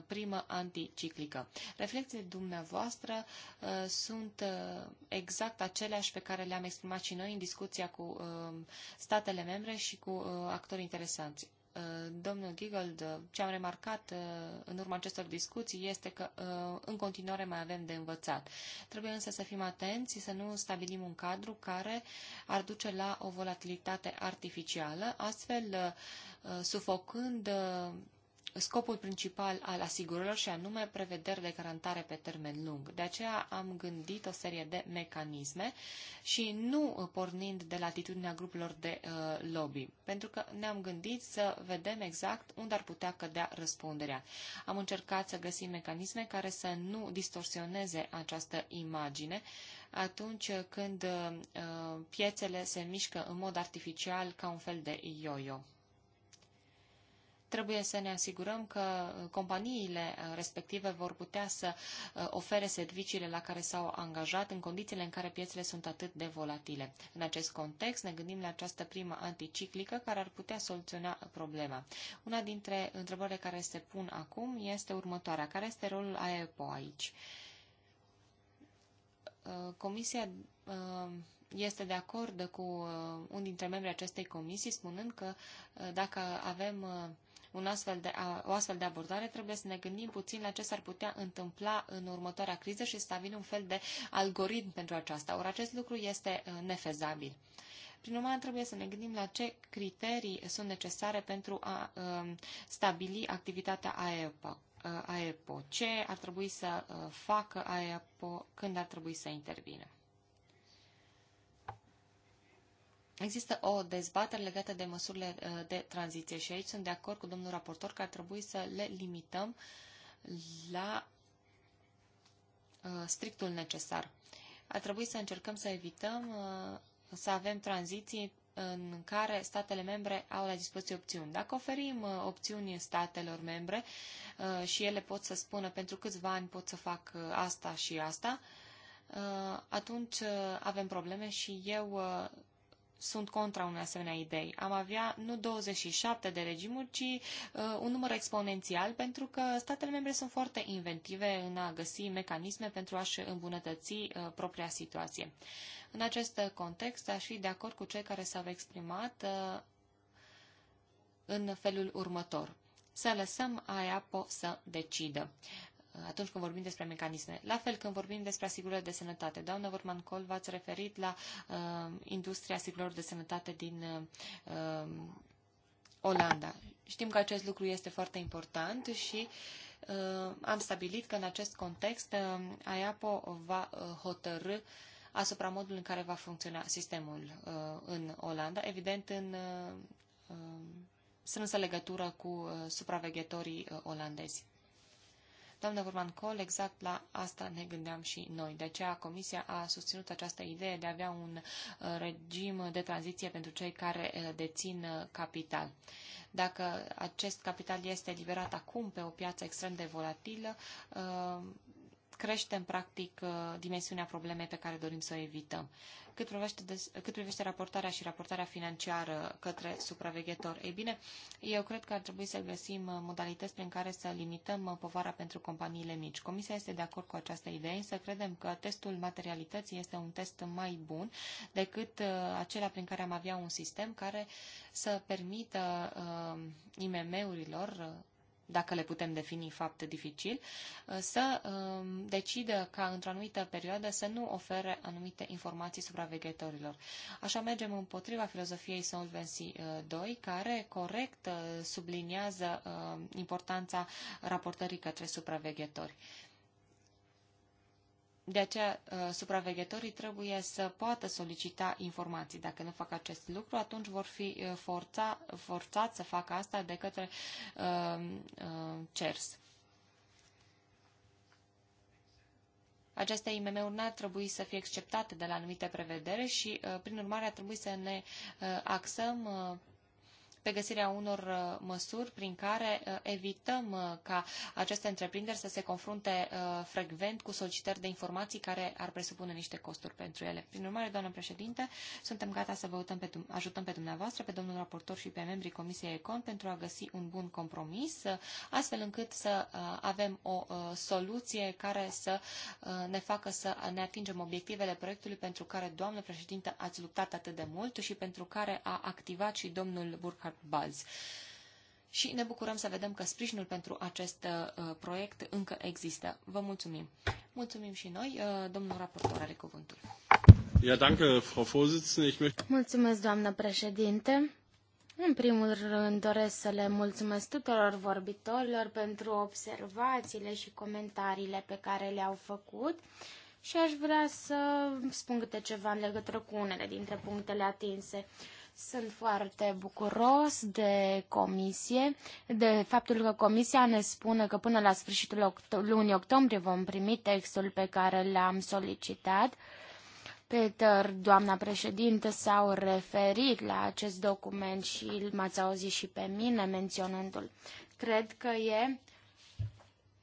primă anticiclică. Reflecțiile dumneavoastră sunt exact aceleași pe care le-am exprimat și noi în discuția cu um, statele membre și cu actori interesanți. Uh, domnul Giggold, uh, ce am remarcat uh, în urma acestor discuții este că în continuare mai avem de învățat. Trebuie însă să fim atenți, să nu stabilim un cadru care ar duce la o volatilitate artificială, astfel sufocând scopul principal al asigurărilor și anume prevederi de garantare pe termen lung. De aceea am gândit o serie de mecanisme și nu pornind de la atitudinea grupurilor de uh, lobby, pentru că ne-am gândit să vedem exact unde ar putea cădea răspunderea. Am încercat să găsim mecanisme care să nu distorsioneze această imagine atunci când uh, uh piețele se mișcă în mod artificial ca un fel de yo-yo. Trebuie să ne asigurăm că uh, companiile uh, respective vor putea să uh, ofere serviciile la care s-au angajat în condițiile în care piețele sunt atât de volatile. În acest context ne gândim la această primă anticiclică care ar putea soluționa problema. Una dintre întrebările care se pun acum este următoarea. Care este rolul AEPO aici? Comisia este de acord cu un dintre membrii acestei comisii, spunând că dacă avem un astfel de, o astfel de abordare, trebuie să ne gândim puțin la ce s-ar putea întâmpla în următoarea criză și să avem un fel de algoritm pentru aceasta. Ori acest lucru este uh, nefezabil. Prin urmare, trebuie să ne gândim la ce criterii sunt necesare pentru a um, stabili activitatea AEPA. Uh, AEPO, ce ar trebui să uh, facă AEPO, când ar trebui să intervină. Există o dezbatere legată de măsurile uh, de tranziție și aici sunt de acord cu domnul raportor că ar trebui să le limităm la uh, strictul necesar. Ar trebui să încercăm să evităm uh, să avem tranziții în care statele membre au la dispoziție opțiuni. Dacă oferim opțiuni statelor membre și ele pot să spună pentru câțiva ani pot să fac asta și asta, atunci avem probleme și eu sunt contra unei asemenea idei. Am avea nu 27 de regimuri, ci uh, un număr exponențial, pentru că statele membre sunt foarte inventive în a găsi mecanisme pentru a-și îmbunătăți uh, propria situație. În acest context, aș fi de acord cu cei care s-au exprimat uh, în felul următor. Să lăsăm aia po să decidă. Uh, atunci când vorbim despre mecanisme. La fel când vorbim despre asigurări de sănătate. Doamna Vorman Col, v-ați referit la uh, industria asigurărilor de sănătate din uh, Olanda. Știm că acest lucru este foarte important și uh, am stabilit că în acest context uh, AIAPO va uh, hotărâ asupra modului în care va funcționa sistemul uh, în Olanda, evident în uh, uh strânsă legătură cu uh, supraveghetorii uh, olandezi. Doamna Gurman Col, exact la asta ne gândeam și noi. De aceea Comisia a susținut această idee de a avea un uh, regim de tranziție pentru cei care uh, dețin uh, capital. Dacă acest capital este liberat acum pe o piață extrem de volatilă, creștem, practic, uh, dimensiunea problemei pe care dorim să o evităm. Cât, privește des, cât privește raportarea și raportarea financiară către supraveghetor, ei bine, eu cred că ar trebui să găsim uh, modalități prin care să limităm uh, povara pentru companiile mici. Comisia este de acord cu această idee, însă credem că testul materialității este un test mai bun decât acela prin care am avea un sistem care să permită IMM-urilor dacă le putem defini fapt dificil, uh, să um, decidă ca într-o anumită perioadă să nu ofere anumite informații supraveghetorilor. Așa mergem împotriva filozofiei Solvency 2, uh, care corect uh, subliniază importanța raportării către supraveghetori. De aceea, uh, supraveghetorii trebuie să poată solicita informații. Dacă nu fac acest lucru, atunci vor fi uh, forța, forțați să facă asta de către uh, uh, CERS. Aceste IMM-uri n-ar trebui să fie exceptate de la anumite prevedere și, uh, prin urmare, ar trebui să ne uh, axăm uh, pe găsirea unor uh, măsuri prin care uh, evităm uh, ca aceste întreprinderi să se confrunte frecvent cu solicitări de informații care ar presupune niște costuri pentru ele. Prin urmare, doamnă președinte, suntem gata să vă pe, ajutăm pe dumneavoastră, pe domnul raportor și pe membrii Comisiei Econ pentru a găsi un bun compromis, astfel încât să avem o soluție care să ne facă să ne atingem obiectivele proiectului pentru care, doamnă președinte, ați luptat atât de mult și pentru care a activat și domnul Burkhard Balz. Și ne bucurăm să vedem că sprijinul pentru acest uh, proiect încă există. Vă mulțumim. Mulțumim și noi. Uh, domnul raportor are cuvântul. Ja, danke, Frau Ich möchte... Mulțumesc, doamnă președinte. În primul rând doresc să le mulțumesc tuturor vorbitorilor pentru observațiile și comentariile pe care le-au făcut și aș vrea să spun câte ceva în legătură cu unele dintre punctele atinse. Sunt foarte bucuros de comisie, de faptul că comisia ne spune că până la sfârșitul oct- lunii octombrie vom primi textul pe care l-am solicitat. Peter, doamna președinte, s-au referit la acest document și m-ați auzit și pe mine menționându-l. Cred că e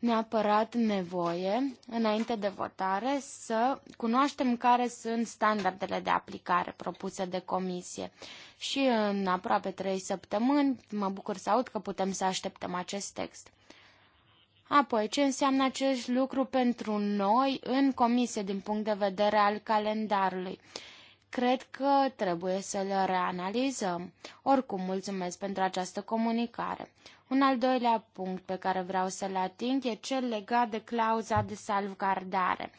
neapărat nevoie, înainte de votare, să cunoaștem care sunt standardele de aplicare propuse de comisie. Și în aproape trei săptămâni, mă bucur să aud că putem să așteptăm acest text. Apoi, ce înseamnă acest lucru pentru noi în comisie din punct de vedere al calendarului? Cred că trebuie să le reanalizăm. Oricum, mulțumesc pentru această comunicare. Un al doilea punct pe care vreau să-l ating e cel legat de clauza de salvgardare.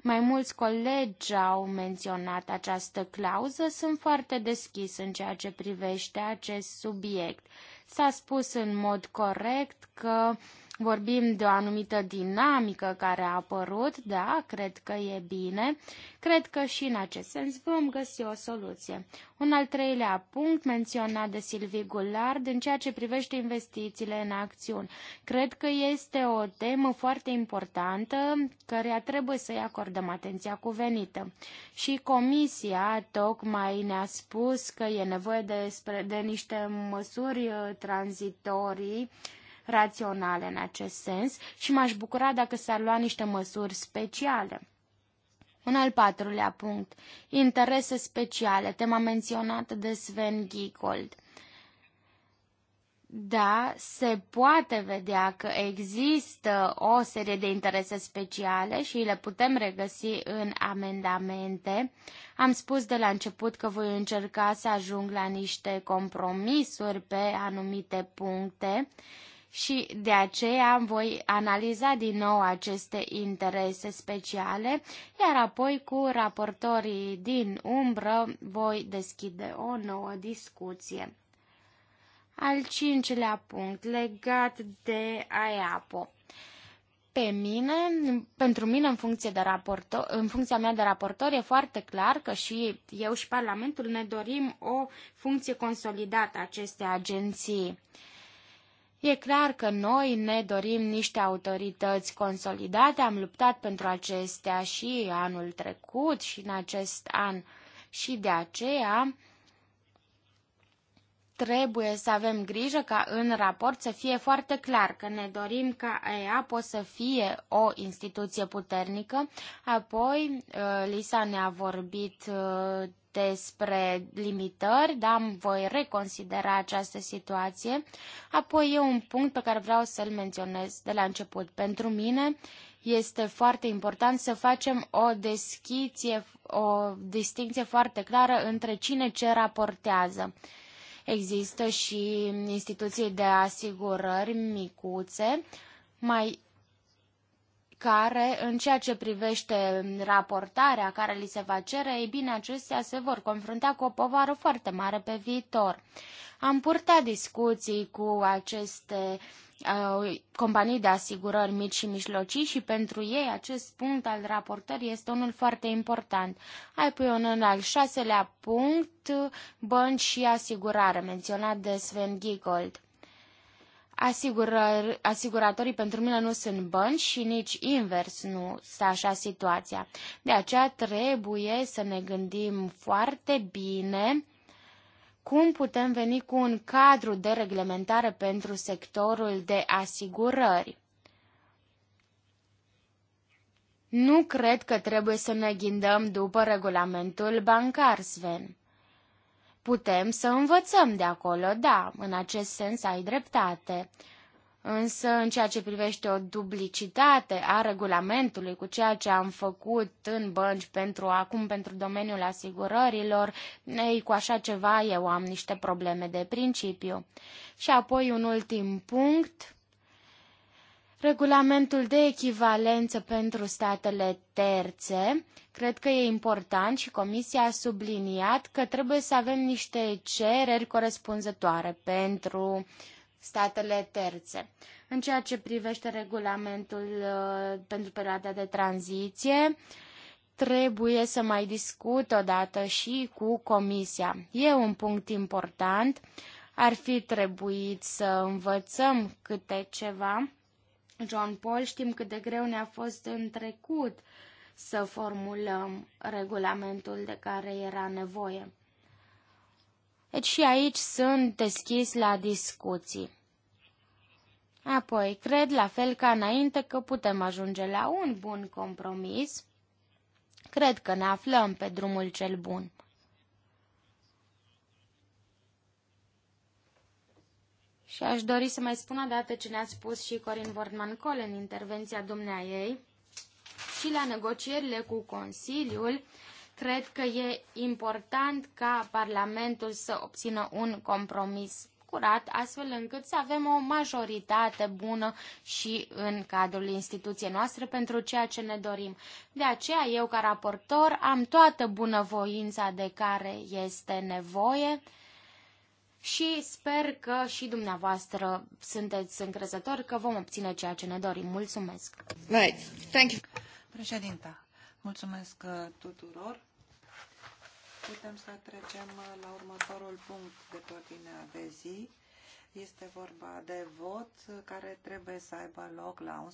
Mai mulți colegi au menționat această clauză, sunt foarte deschis în ceea ce privește acest subiect. S-a spus în mod corect că uh, Vorbim de o anumită dinamică care a apărut, da, cred că e bine. Cred că și în acest sens vom găsi o soluție. Un al treilea punct menționat de Silvi Gullard în ceea ce privește investițiile în acțiuni. Cred că este o temă foarte importantă care trebuie să-i acordăm atenția cuvenită. Și Comisia tocmai ne-a spus că e nevoie de, de niște măsuri uh, tranzitorii raționale în acest sens și m-aș bucura dacă s-ar lua niște măsuri speciale. Un al patrulea punct. Interese speciale, tema menționată de Sven Giegold. Da, se poate vedea că există o serie de interese speciale și le putem regăsi în amendamente. Am spus de la început că voi încerca să ajung la niște compromisuri pe anumite puncte și de aceea voi analiza din nou aceste interese speciale, iar apoi cu raportorii din umbră voi deschide o nouă discuție. Al cincilea punct legat de AEAPO. Pe mine, pentru mine, în, funcție de raportor, în funcția mea de raportor, e foarte clar că și eu și Parlamentul ne dorim o funcție consolidată a acestei agenții. Uh, E clar că noi ne dorim niște autorități consolidate, am luptat pentru acestea și anul trecut și în acest an și de aceea trebuie să avem grijă ca în raport să fie foarte clar că ne dorim ca EAPO să fie o instituție puternică. Apoi, uh, Lisa ne-a vorbit uh, despre limitări, dar voi reconsidera această situație. Apoi e un punct pe care vreau să-l menționez de la început. Pentru mine este foarte important să facem o deschiție, o distinție foarte clară între cine ce raportează. Există și instituții de asigurări micuțe, mai care, în ceea ce privește raportarea care li se va cere, ei bine, acestea se vor confrunta cu o povară foarte mare pe viitor. Am purtat discuții cu aceste uh, companii de asigurări mici și mijlocii și pentru ei acest punct al raportării este unul foarte important. Apoi păi, un al șaselea punct, bănci și asigurare, menționat de Sven Giegold. Asigură, asiguratorii pentru mine nu sunt bănci și nici invers nu stă așa situația. De aceea trebuie să ne gândim foarte bine cum putem veni cu un cadru de reglementare pentru sectorul de asigurări. Nu cred că trebuie să ne ghindăm după regulamentul bancar, Sven. Putem să învățăm de acolo, da, în acest sens ai dreptate. Însă, în ceea ce privește o duplicitate a regulamentului cu ceea ce am făcut în bănci pentru acum pentru domeniul asigurărilor, ei, cu așa ceva eu am niște probleme de principiu. Și apoi un ultim punct Regulamentul de echivalență pentru statele terțe, cred că e important și Comisia a subliniat că trebuie să avem niște cereri corespunzătoare pentru statele terțe. În ceea ce privește regulamentul uh, pentru perioada de tranziție, trebuie să mai discut odată și cu Comisia. E un punct important. Ar fi trebuit să învățăm câte ceva John Paul, știm cât de greu ne-a fost în trecut să formulăm regulamentul de care era nevoie. Deci și aici sunt deschis la discuții. Apoi, cred, la fel ca înainte, că putem ajunge la un bun compromis. Cred că ne aflăm pe drumul cel bun. Și aș dori să mai spun dată ce ne-a spus și Corin vortman Cole în intervenția dumnea ei. Și la negocierile cu Consiliul, cred că e important ca Parlamentul să obțină un compromis curat, astfel încât să avem o majoritate bună și în cadrul instituției noastre pentru ceea ce ne dorim. De aceea, eu ca raportor am toată bunăvoința de care este nevoie și sper că și dumneavoastră sunteți încrezători că vom obține ceea ce ne dorim. Mulțumesc! Right. Thank you. Președinta, mulțumesc uh, tuturor. Putem să trecem uh, la următorul punct de pe ordinea de zi. Este vorba de vot uh, care trebuie să aibă loc la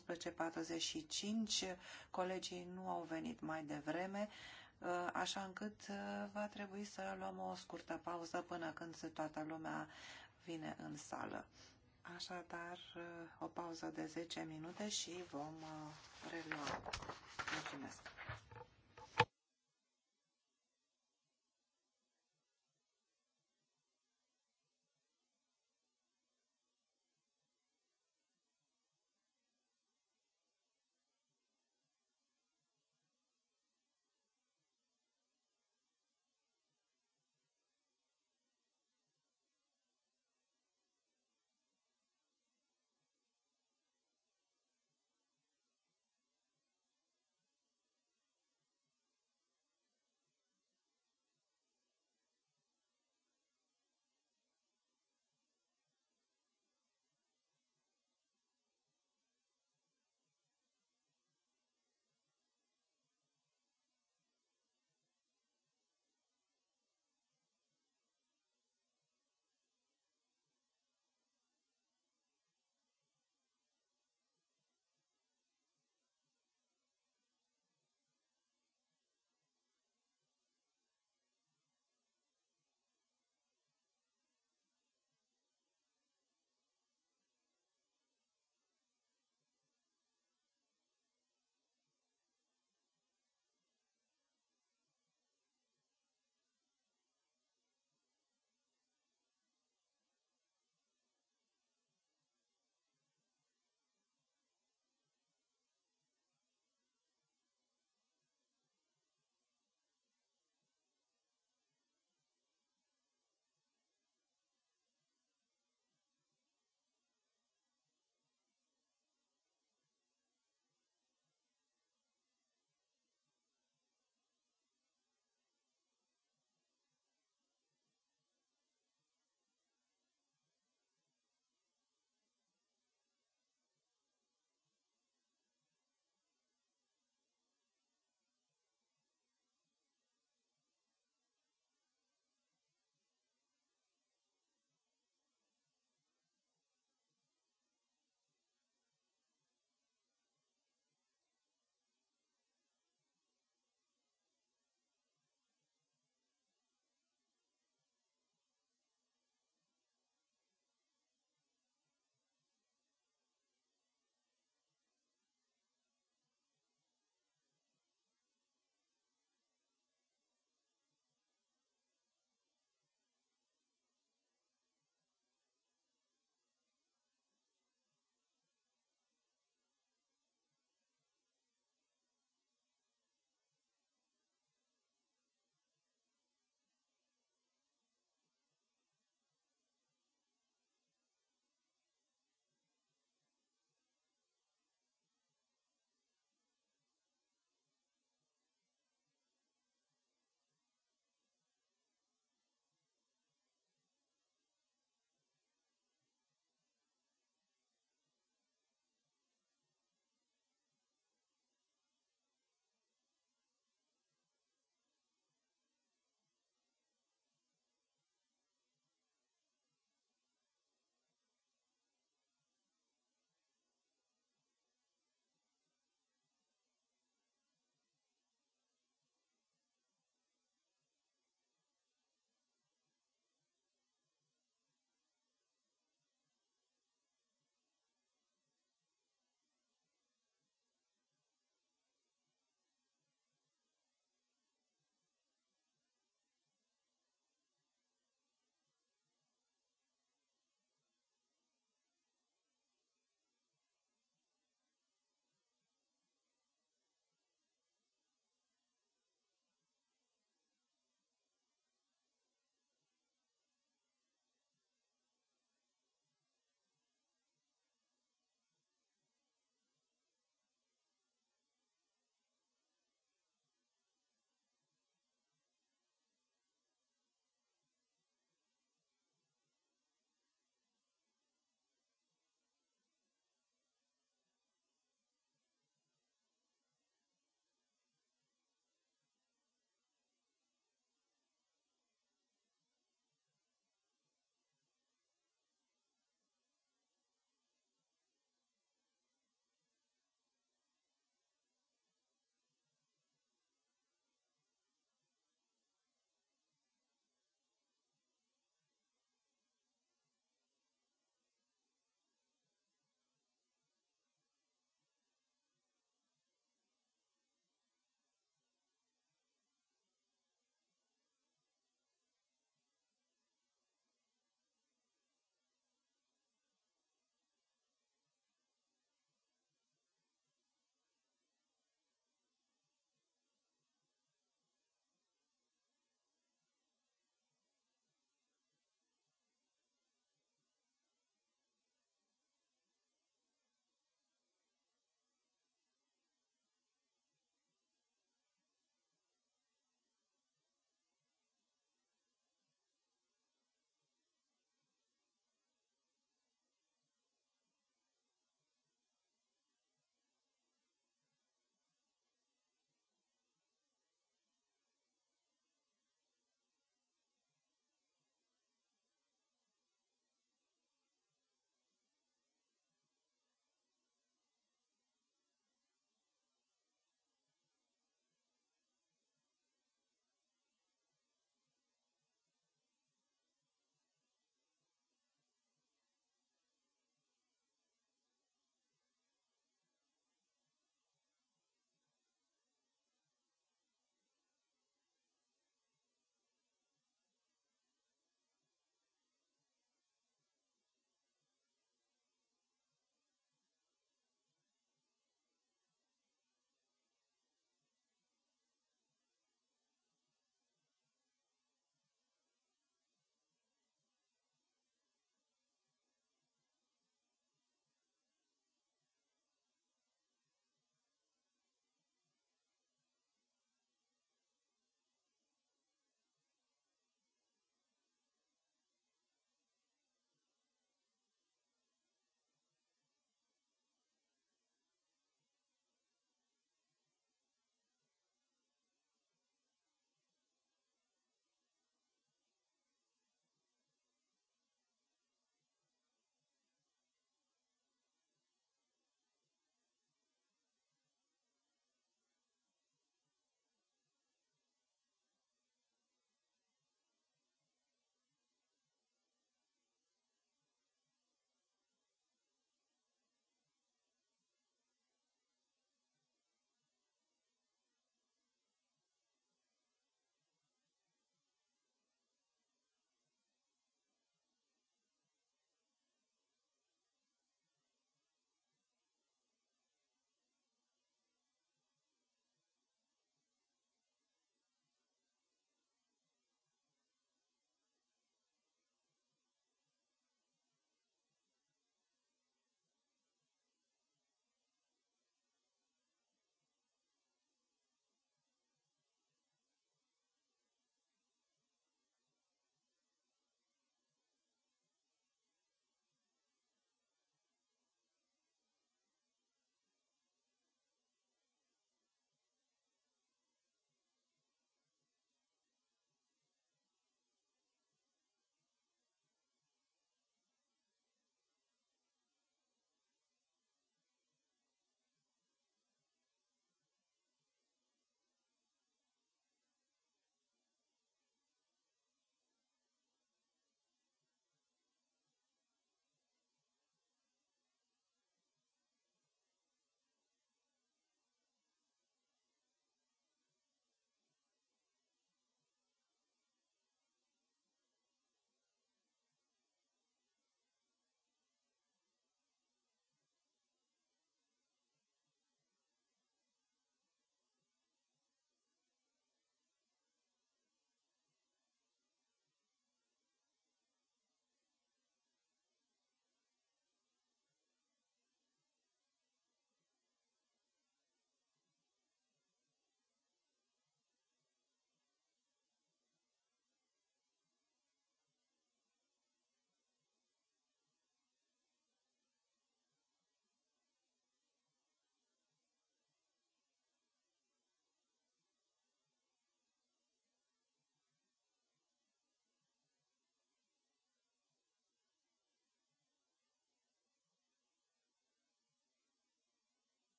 11.45. Colegii nu au venit mai devreme. Uh, așa încât uh, va trebui să luăm o scurtă pauză până când toată lumea vine în sală. Așadar, uh, o pauză de 10 minute și vom relua. Mulțumesc!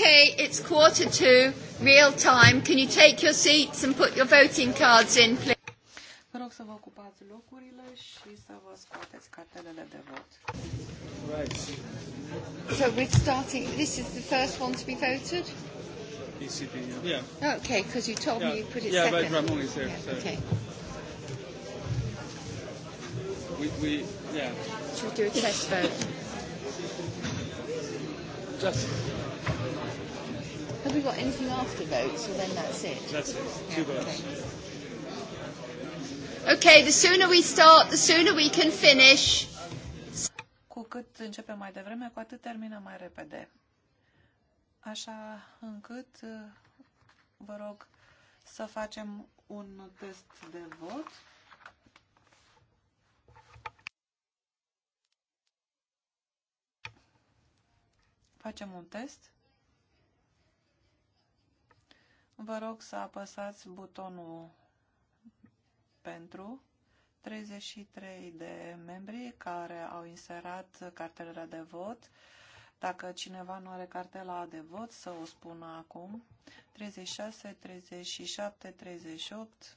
Okay, it's quarter to real time. Can you take your seats and put your voting cards in, please? Vă rog să vă ocupați locurile și să vă scoateți cartelele de vot. Right. So we're starting. This is the first one to be voted. ECB, yeah. yeah. Okay, because you told yeah. me you put it yeah, second. Yeah, but Ramon is there. Yeah, so. Okay. We, we, yeah. Should we do a test vote? Just. Have we got anything after votes, or then that's it? That's it. Two yeah, votes. Okay, the sooner we start, the sooner we can finish. Cu cât începem mai devreme, cu atât terminăm mai repede. Așa încât vă rog să facem un test de vot. Facem un test. Vă rog să apăsați butonul pentru 33 de membri care au inserat cartelele de vot. Dacă cineva nu are cartela de vot, să o spună acum. 36, 37, 38,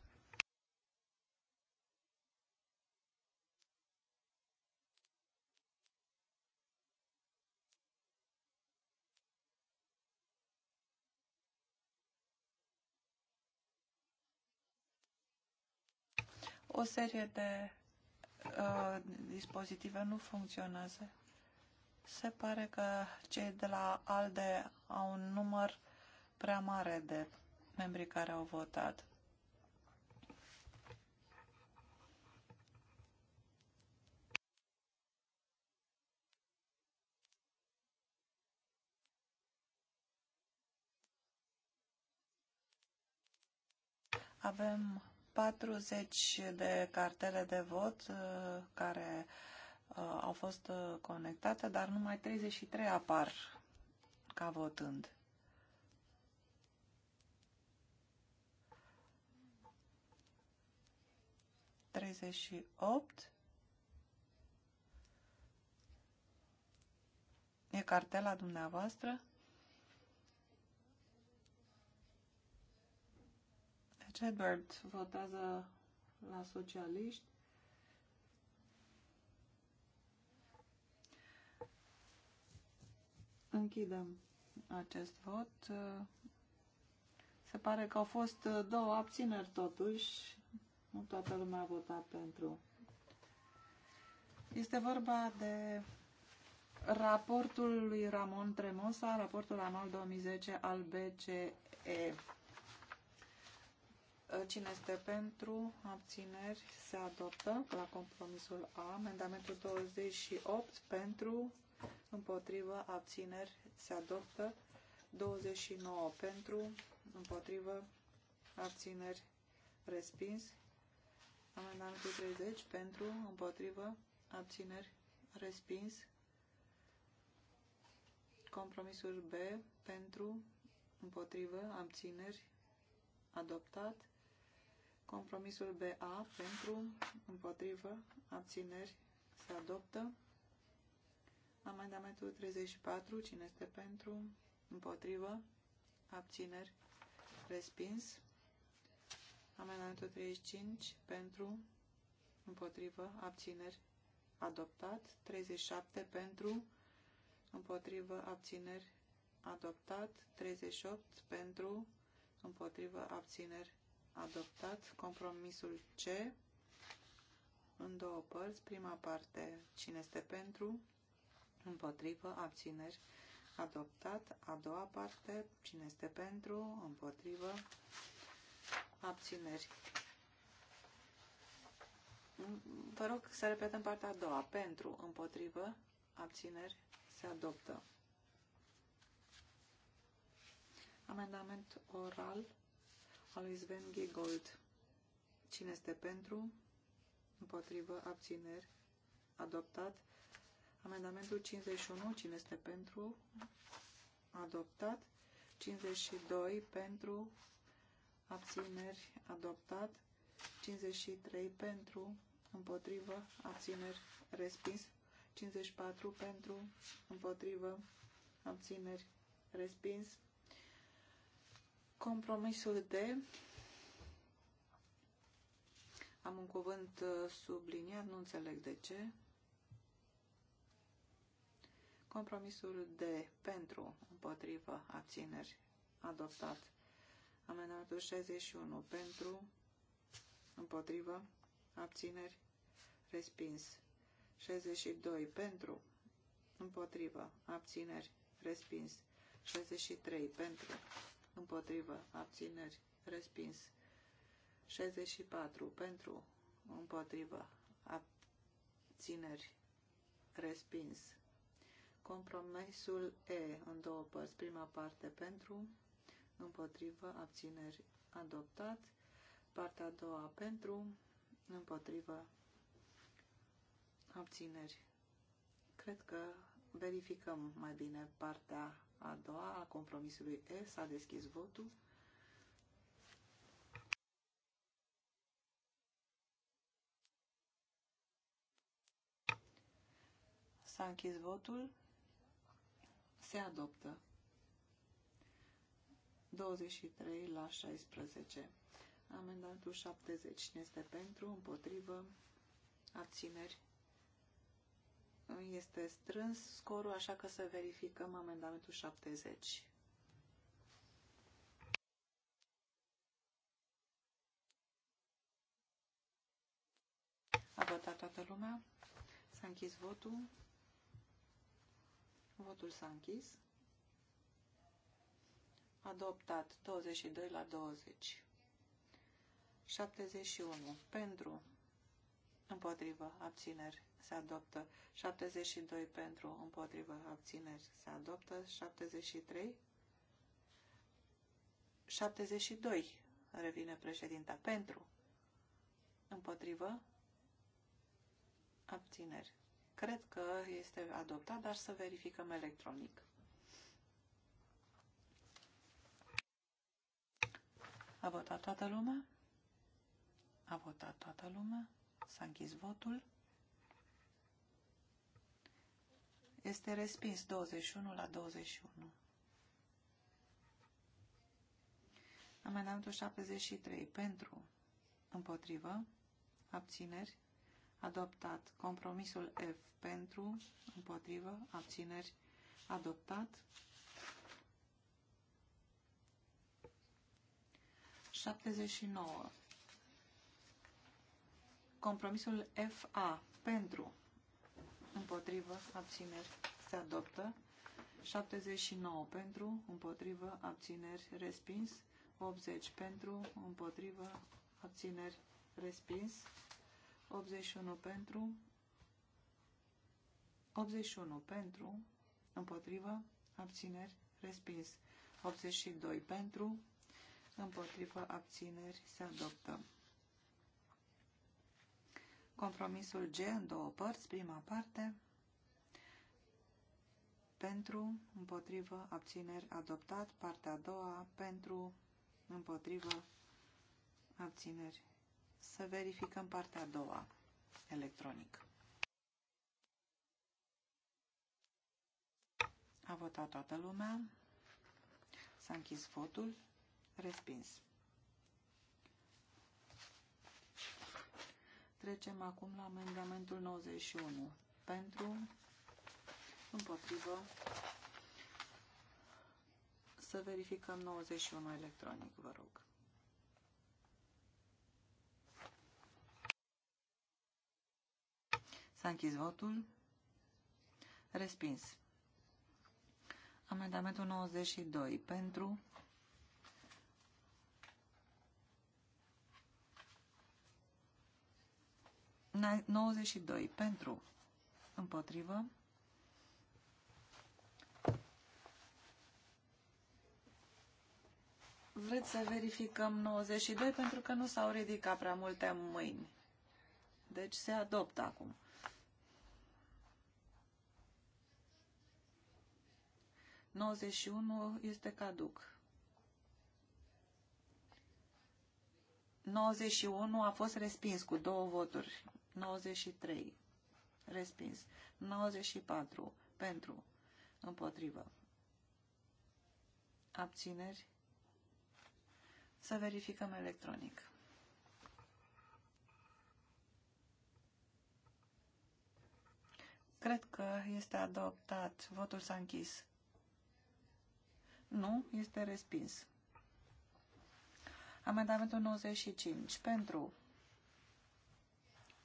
O serie de uh, dispozitive nu funcționează. Se pare că cei de la ALDE au un număr prea mare de membrii care au votat. Avem 40 de cartele de vot uh, care uh, au fost uh, conectate, dar numai 33 apar ca votând. Treizeci și opt. E cartela dumneavoastră? Chadbert votează la socialiști. Închidem acest vot. Se pare că au fost două abțineri totuși. Nu toată lumea a votat pentru. Este vorba de raportul lui Ramon Tremosa, raportul anual 2010 al BCE. Uh, cine este pentru? Abțineri. Se adoptă la compromisul A. Amendamentul 28 pentru. Împotrivă. Abțineri. Se adoptă. 29 pentru. Împotrivă. Abțineri. Respins. Amendamentul 30 pentru. Împotrivă. Abțineri. Respins. Compromisul B pentru. Împotrivă. Abțineri. Adoptat. Compromisul BA pentru, împotrivă, abțineri se adoptă. Amendamentul 34, cine este pentru, împotrivă, abțineri, respins. Amendamentul 35, pentru, împotrivă, abțineri, adoptat. 37, pentru, împotrivă, abțineri, adoptat. 38, pentru, împotrivă, abțineri, adoptat compromisul C în două părți. Prima parte, cine este pentru, împotrivă, abțineri, adoptat. A doua parte, cine este pentru, împotrivă, abțineri. Vă rog să repetăm partea a doua. Pentru, împotrivă, abțineri, se adoptă. Amendament oral a lui Sven Giegold. Cine este pentru? Împotrivă, abțineri, adoptat. Amendamentul 51, cine este pentru? Adoptat. 52, pentru, abțineri, adoptat. 53, pentru, împotrivă, abțineri, respins. 54, pentru, împotrivă, abțineri, respins. Compromisul de, Am un cuvânt uh, subliniat, nu înțeleg de ce. Compromisul de Pentru, împotrivă, abțineri, adoptat. Amendamentul 61. Pentru, împotrivă, abțineri, respins. 62. Pentru, împotrivă, abțineri, respins. 63. Pentru, împotrivă, abțineri, respins. 64 pentru, împotrivă, abțineri, respins. Compromisul E în două părți, prima parte pentru, împotrivă, abțineri, adoptat. Partea a doua pentru, împotrivă, abțineri. Cred că verificăm mai bine partea a doua a compromisului E. S-a deschis votul. S-a închis votul. Se adoptă. 23 la 16. Amendamentul 70. Cine este pentru? Împotrivă? Abțineri? Este strâns scorul, așa că să verificăm amendamentul 70. A votat toată lumea? S-a închis votul? Votul s-a închis. Adoptat 22 la 20. 71. Pentru. Împotrivă. Abțineri se adoptă. 72 pentru, împotrivă, abțineri, se adoptă. 73. 72, revine președinta, pentru, împotrivă, abțineri. Cred că este adoptat, dar să verificăm electronic. A votat toată lumea? A votat toată lumea? S-a închis votul? Este respins 21 la 21. Amendamentul 73 pentru, împotrivă, abțineri, adoptat. Compromisul F pentru, împotrivă, abțineri, adoptat. 79. Compromisul FA pentru, împotrivă, abțineri, se adoptă. 79 pentru, împotrivă, abțineri, respins. 80 pentru, împotrivă, abțineri, respins. 81 pentru, 81 pentru, împotrivă, abțineri, respins. 82 pentru, împotrivă, abțineri, se adoptă. Compromisul G în două părți, prima parte, pentru, împotrivă, abțineri, adoptat, partea a doua, pentru, împotrivă, abțineri. Să verificăm partea a doua, electronic. A votat toată lumea, s-a închis votul, respins. Trecem acum la amendamentul 91. Pentru, împotrivă, să verificăm 91 electronic, vă rog. S-a închis votul. Respins. Amendamentul 92. Pentru, 92 pentru împotrivă. Vreți să verificăm 92 pentru că nu s-au ridicat prea multe mâini. Deci se adoptă acum. Nouăzeci este caduc. 91 a fost respins cu două voturi. 93. Respins. 94. Pentru. Împotrivă. Abțineri. Să verificăm electronic. Cred că este adoptat. Votul s-a închis. Nu, este respins. Amendamentul 95. Pentru.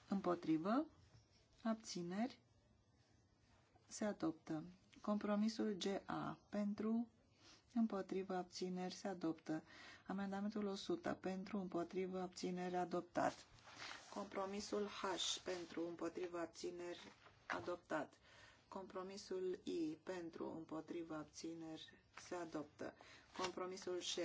Împotrivă. Abțineri. Se adoptă. Compromisul GA pentru Împotrivă abțineri se adoptă. Amendamentul 100 pentru împotrivă abțineri adoptat. Compromisul H pentru împotrivă abțineri adoptat. Compromisul I pentru împotrivă abțineri se adoptă. Compromisul J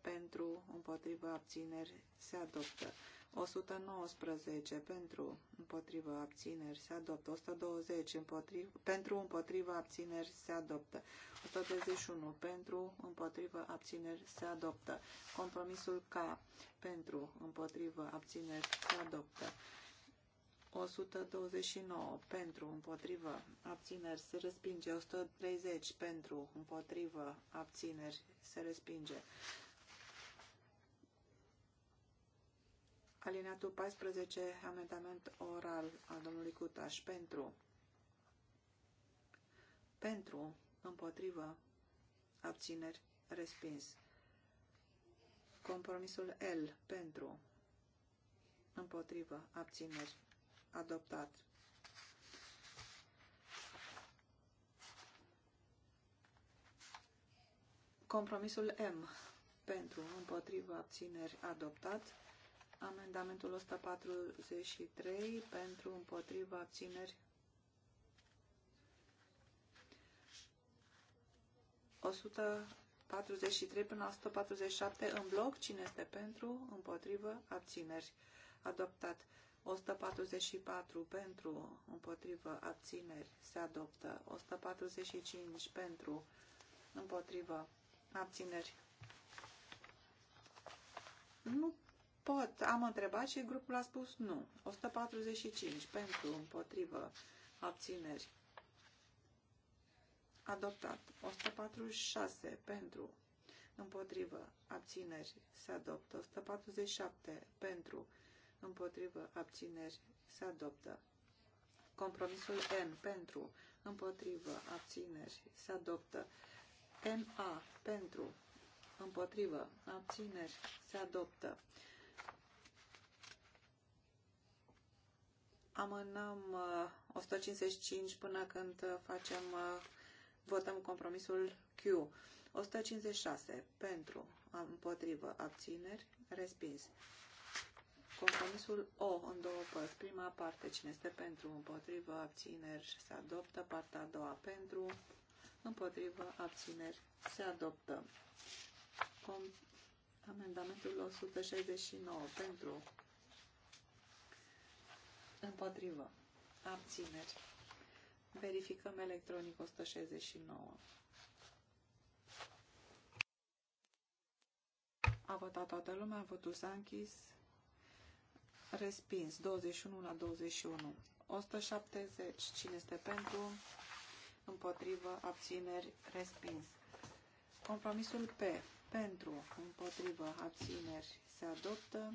pentru împotrivă abțineri se adoptă. 119 pentru împotriva abțineri se adoptă, 120 împotriva, pentru împotriva abțineri se adoptă, 131 pentru împotriva abțineri se adoptă, compromisul K pentru împotriva abțineri se adoptă, 129 pentru împotriva abțineri se respinge, 130 pentru împotriva abțineri se respinge, Alineatul 14, amendament oral al domnului Cutaș pentru pentru, împotrivă, abțineri, respins. Compromisul L pentru, împotrivă, abțineri, adoptat. Compromisul M pentru, împotrivă, abțineri, adoptat. Amendamentul 143 pentru împotriva abțineri. 143 până la 147 în bloc. Cine este pentru? Împotrivă? Abțineri. Adoptat. 144 pentru, împotrivă, abțineri, se adoptă. 145 pentru, împotrivă, abțineri. Nu Pot, am întrebat și grupul a spus nu. 145 pentru, împotrivă, abțineri. Adoptat. 146 pentru, împotrivă, abțineri. Se adoptă. 147 pentru, împotrivă, abțineri. Se adoptă. Compromisul N pentru, împotrivă, abțineri. Se adoptă. NA pentru, împotrivă, abțineri. Se adoptă. amânăm 155 uh, până când uh, facem, uh, votăm compromisul Q. 156 pentru, împotrivă, abțineri, respins. Compromisul O în două părți. Prima parte, cine este pentru, împotrivă, abțineri, se adoptă. Partea a doua, pentru, împotrivă, abțineri, se adoptă. Com Amendamentul 169 pentru, Împotrivă. Abțineri. Verificăm electronic 169. A votat toată lumea, votul s-a închis. Respins. 21 la 21. 170. Cine este pentru? Împotrivă. Abțineri. Respins. Compromisul P. Pentru. Împotrivă. Abțineri. Se adoptă.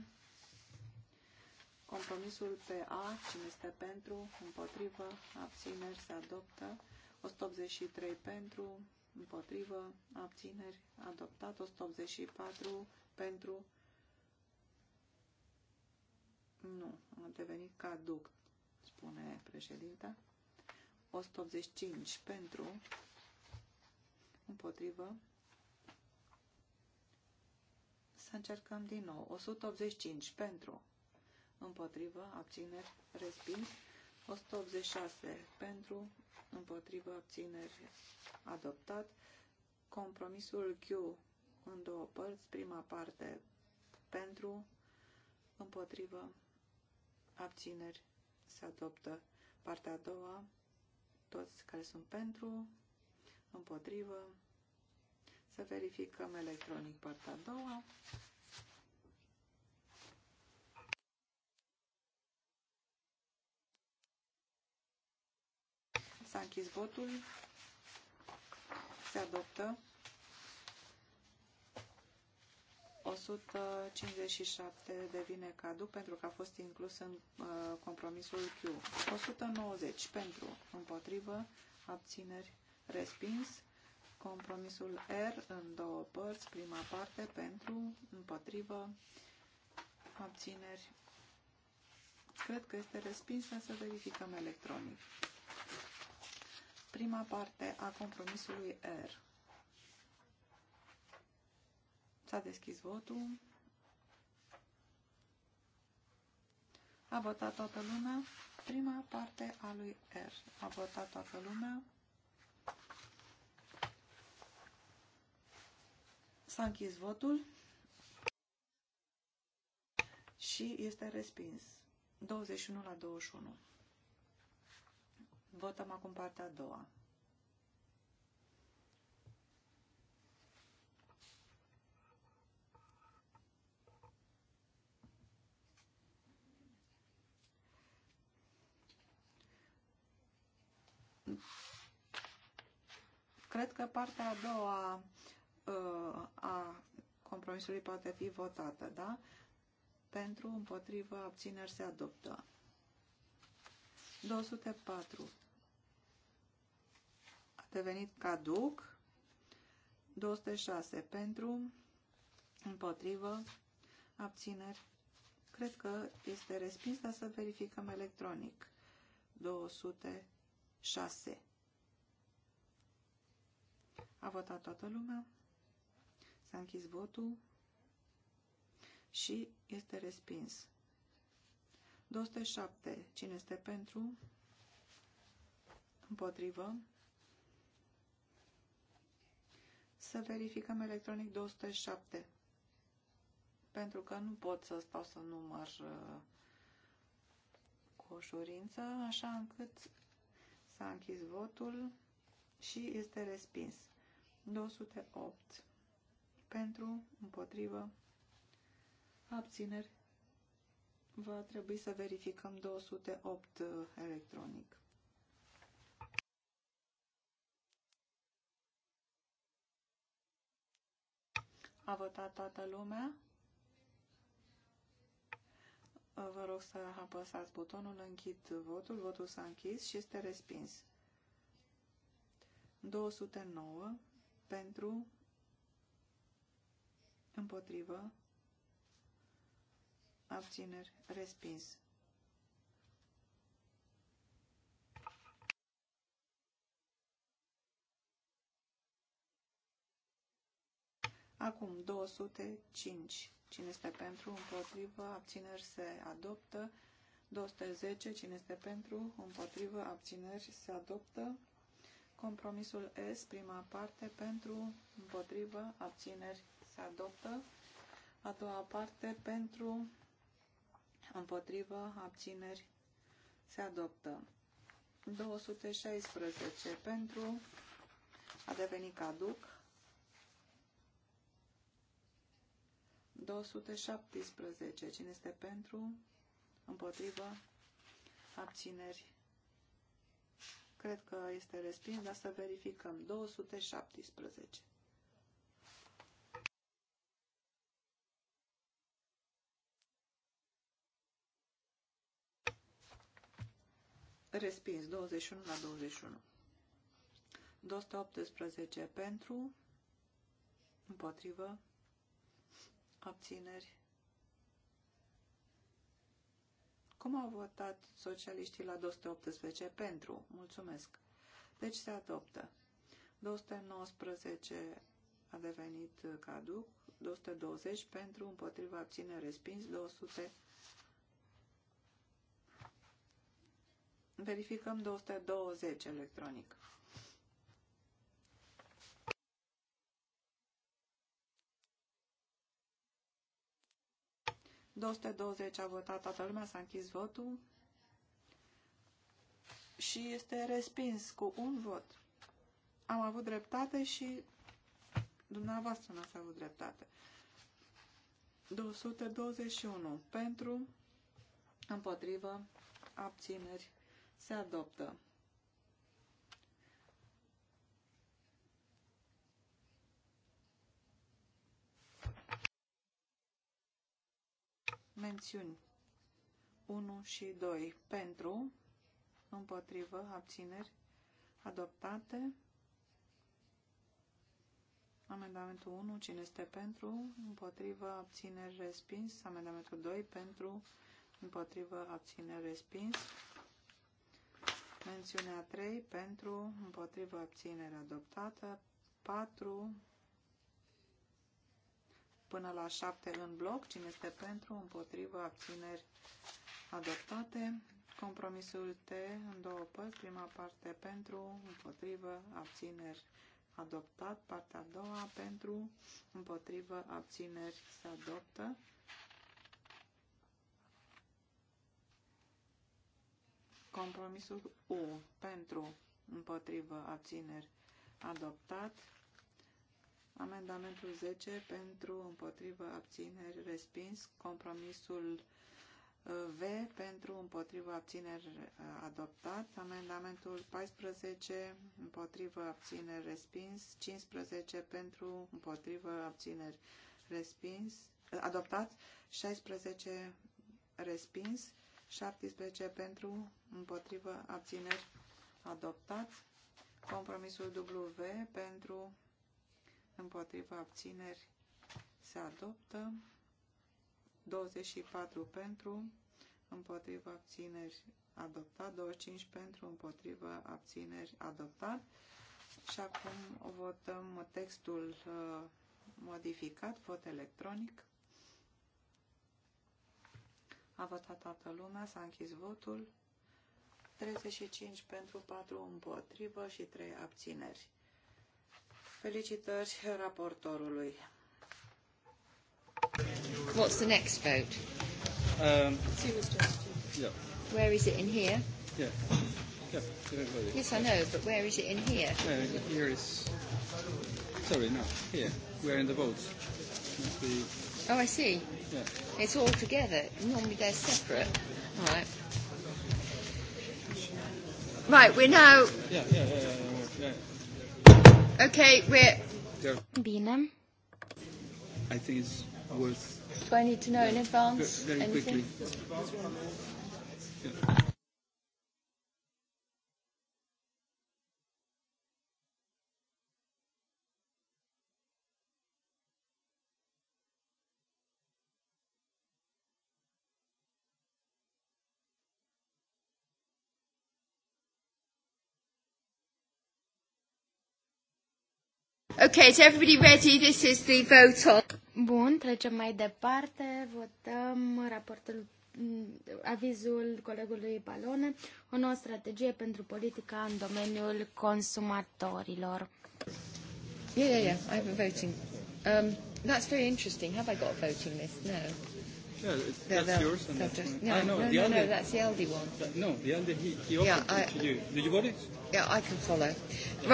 Compromisul pe A, cine este pentru, împotrivă, abțineri, se adoptă. 183 pentru, împotrivă, abțineri, adoptat. 184 pentru, nu, a devenit caduc, spune președinta. 185 pentru, împotrivă, să încercăm din nou. 185 pentru, împotrivă, abțineri, respins. 186 pentru, împotrivă, abțineri, adoptat. Compromisul Q în două părți, prima parte pentru, împotrivă, abțineri, se adoptă. Partea a doua, toți care sunt pentru, împotrivă, să verificăm electronic partea a doua. S-a închis votul. Se adoptă. 157 devine cadu pentru că a fost inclus în uh, compromisul Q. 190 pentru, împotrivă, abțineri, respins. Compromisul R în două părți, prima parte pentru, împotrivă, abțineri. Cred că este respins, să verificăm electronic prima parte a compromisului R. S-a deschis votul. A votat toată lumea. Prima parte a lui R. A votat toată lumea. S-a închis votul și este respins. 21 la 21. Votăm acum partea a doua. Cred că partea a doua uh, a compromisului poate fi votată, da? Pentru, împotrivă, abțineri se adoptă. 204 devenit caduc. 206 pentru, împotrivă, abțineri. Cred că este respins, dar să verificăm electronic. 206. A votat toată lumea. S-a închis votul și este respins. 207. Cine este pentru? Împotrivă. să verificăm electronic 207. Pentru că nu pot să stau să număr uh, cu ușurință, așa încât s-a închis votul și este respins. 208 pentru, împotrivă, abțineri. Va trebui să verificăm 208 uh, electronic. A votat toată lumea? Vă rog să apăsați butonul, închid votul, votul s-a închis și este respins. 209 pentru, împotrivă, abțineri, respins. Acum, 205. Cine este pentru, împotrivă, abțineri se adoptă. 210. Cine este pentru, împotrivă, abțineri se adoptă. Compromisul S, prima parte, pentru, împotrivă, abțineri se adoptă. A doua parte, pentru, împotrivă, abțineri se adoptă. 216. Pentru a deveni caduc. 217. Cine este pentru? Împotrivă? Abțineri? Cred că este respins, dar să verificăm. 217. Respins, 21 la 21. 218 pentru, împotrivă, abțineri. Cum au votat socialiștii la 218? Pentru. Mulțumesc. Deci se adoptă. 219 a devenit caduc, 220 pentru, împotriva abține respins, 200 verificăm 220 electronic. 220 a votat toată lumea, s-a închis votul și este respins cu un vot. Am avut dreptate și dumneavoastră n-ați avut dreptate. 221 pentru, împotrivă, abțineri, se adoptă. mențiuni 1 și 2 pentru, împotrivă, abțineri, adoptate. Amendamentul 1, cine este pentru, împotrivă, abțineri, respins. Amendamentul 2, pentru, împotrivă, abțineri, respins. Mențiunea 3, pentru, împotrivă, abțineri, adoptată. 4, până la 7 în bloc. Cine este pentru, împotrivă, abțineri adoptate. Compromisul T în două părți. Prima parte pentru, împotrivă, abțineri adoptat. Partea a doua pentru, împotrivă, abțineri se adoptă. Compromisul U pentru, împotrivă, abțineri adoptat. Amendamentul 10 pentru împotrivă abțineri respins. Compromisul uh, V pentru împotrivă abțineri uh, adoptat. Amendamentul 14 împotrivă abțineri respins. 15 pentru împotrivă abțineri respins. Uh, adoptat. 16 respins. 17 pentru împotrivă abțineri adoptat. Compromisul W pentru împotriva abțineri se adoptă, 24 pentru, împotriva abțineri adoptat, 25 pentru, împotriva abțineri adoptat. Și acum votăm textul uh, modificat, vot electronic. A votat toată lumea, s-a închis votul. 35 pentru, 4 împotrivă și 3 abțineri. Felicitări raportorului. What's the next vote? Um, yeah. Where is it in here? Yeah. Yeah, yes, I know, but where is it in here? No, here is. Sorry, no, here. We're in the votes. The... Oh, I see. Yeah. It's all together. Normally they're separate. All right. Right, we're now. Yeah, yeah, yeah, yeah. yeah. Okay, we're... Bine. I think it's worth... Do I need to know in advance? Very quickly. Yeah. Okay, is everybody ready? This is the vote on. Bun, trecem mai departe. Votăm raportul mm, avizul colegului Balone, o nouă strategie pentru politica în domeniul consumatorilor. Yeah, yeah, yeah. I have a voting. Um, that's very interesting. Have I got a voting list? No. Yeah, that's yours and that's just, no, I know, no, the no, Aldi, no, that's the Aldi one. no, the Aldi, he, he offered yeah, I, it to you. Did you want it? Yeah, I can follow.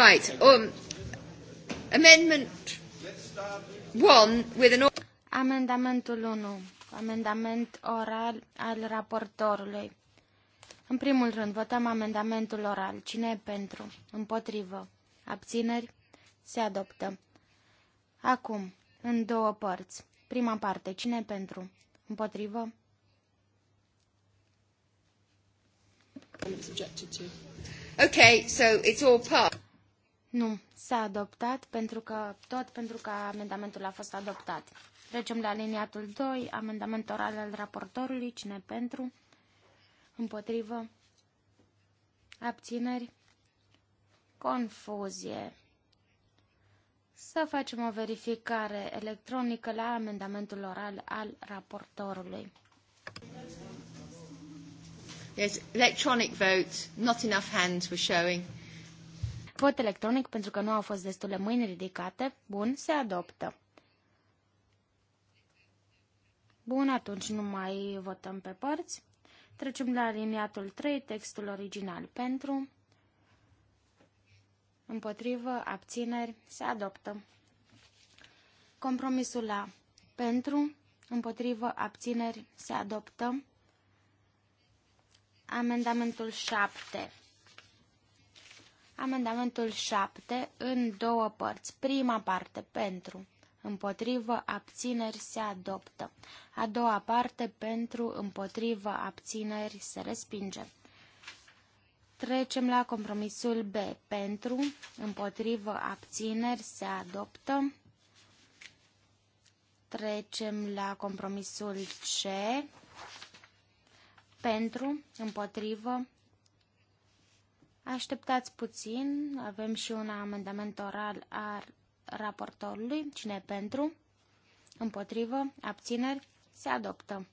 Right, um, 1 Amendamentul 1. Amendament oral al raportorului. În primul rând, votăm amendamentul oral. Cine e pentru? Împotrivă. Abțineri? Se adoptă. Acum, în două părți. Prima parte. Cine e pentru? Împotrivă? Okay, so it's all part. Nu, s-a adoptat pentru că, tot pentru că amendamentul a fost adoptat. Trecem la liniatul 2, amendament oral al raportorului, cine pentru, împotrivă, abțineri, confuzie. Să facem o verificare electronică la amendamentul oral al raportorului. Yes, electronic vote, not enough hands were showing. Vot electronic pentru că nu au fost destule mâini ridicate. Bun, se adoptă. Bun, atunci nu mai votăm pe părți. Trecem la aliniatul 3, textul original pentru, împotrivă, abțineri, se adoptă. Compromisul la pentru, împotrivă, abțineri, se adoptă. Amendamentul 7 Amendamentul 7 în două părți. Prima parte pentru, împotrivă, abțineri se adoptă. A doua parte pentru, împotrivă, abțineri se respinge. Trecem la compromisul B. Pentru, împotrivă, abțineri se adoptă. Trecem la compromisul C. Pentru, împotrivă, Așteptați puțin, avem și un amendament oral al raportorului. Cine pentru? Împotrivă? Abțineri? Se adoptă.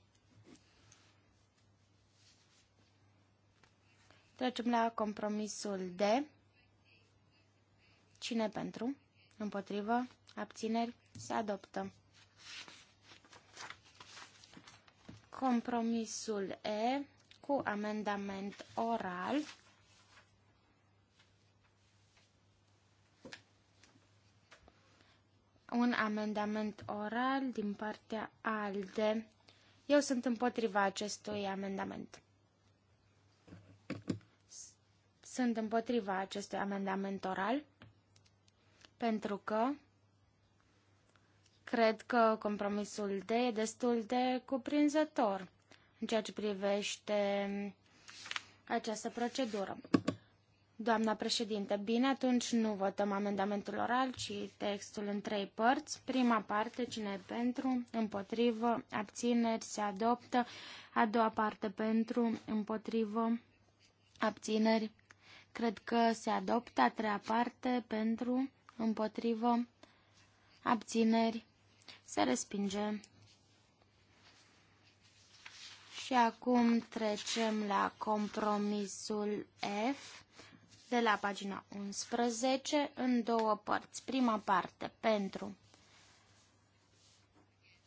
Trecem la compromisul D. Cine pentru? Împotrivă? Abțineri? Se adoptă. Compromisul E cu amendament oral un amendament oral din partea ALDE. Eu sunt împotriva acestui amendament. Sunt împotriva acestui amendament oral pentru că cred că compromisul D e destul de cuprinzător în ceea ce privește această procedură. Doamna președinte, bine, atunci nu votăm amendamentul oral, ci textul în trei părți. Prima parte, cine e pentru, împotrivă, abțineri, se adoptă. A doua parte, pentru, împotrivă, abțineri, cred că se adoptă. A treia parte, pentru, împotrivă, abțineri, se respinge. Și acum trecem la compromisul F de la pagina 11 în două părți. Prima parte pentru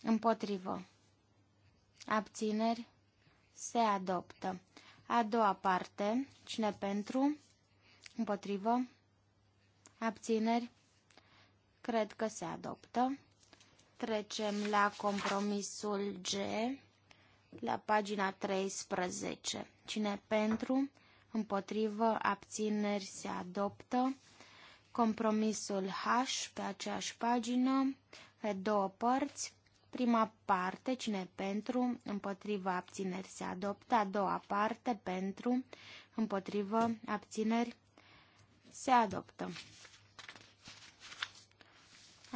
împotrivă abțineri se adoptă. A doua parte, cine pentru împotrivă abțineri cred că se adoptă. Trecem la compromisul G la pagina 13. Cine pentru? împotrivă, abțineri se adoptă. Compromisul H pe aceeași pagină, pe două părți. Prima parte, cine pentru, împotrivă, abțineri se adoptă. A doua parte, pentru, împotrivă, abțineri se adoptă.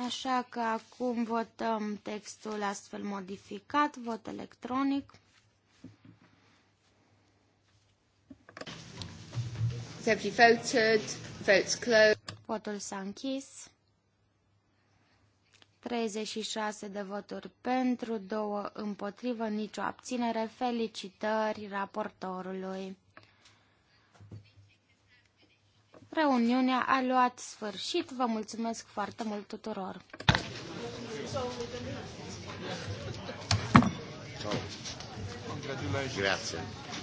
Așa că acum votăm textul astfel modificat, vot electronic. Has everybody voted? Votes closed. Votul s-a închis. 36 de voturi pentru, 2 împotrivă, nicio abținere. Felicitări raportorului. Reuniunea a luat sfârșit. Vă mulțumesc foarte mult tuturor. Congratulations. Grazie.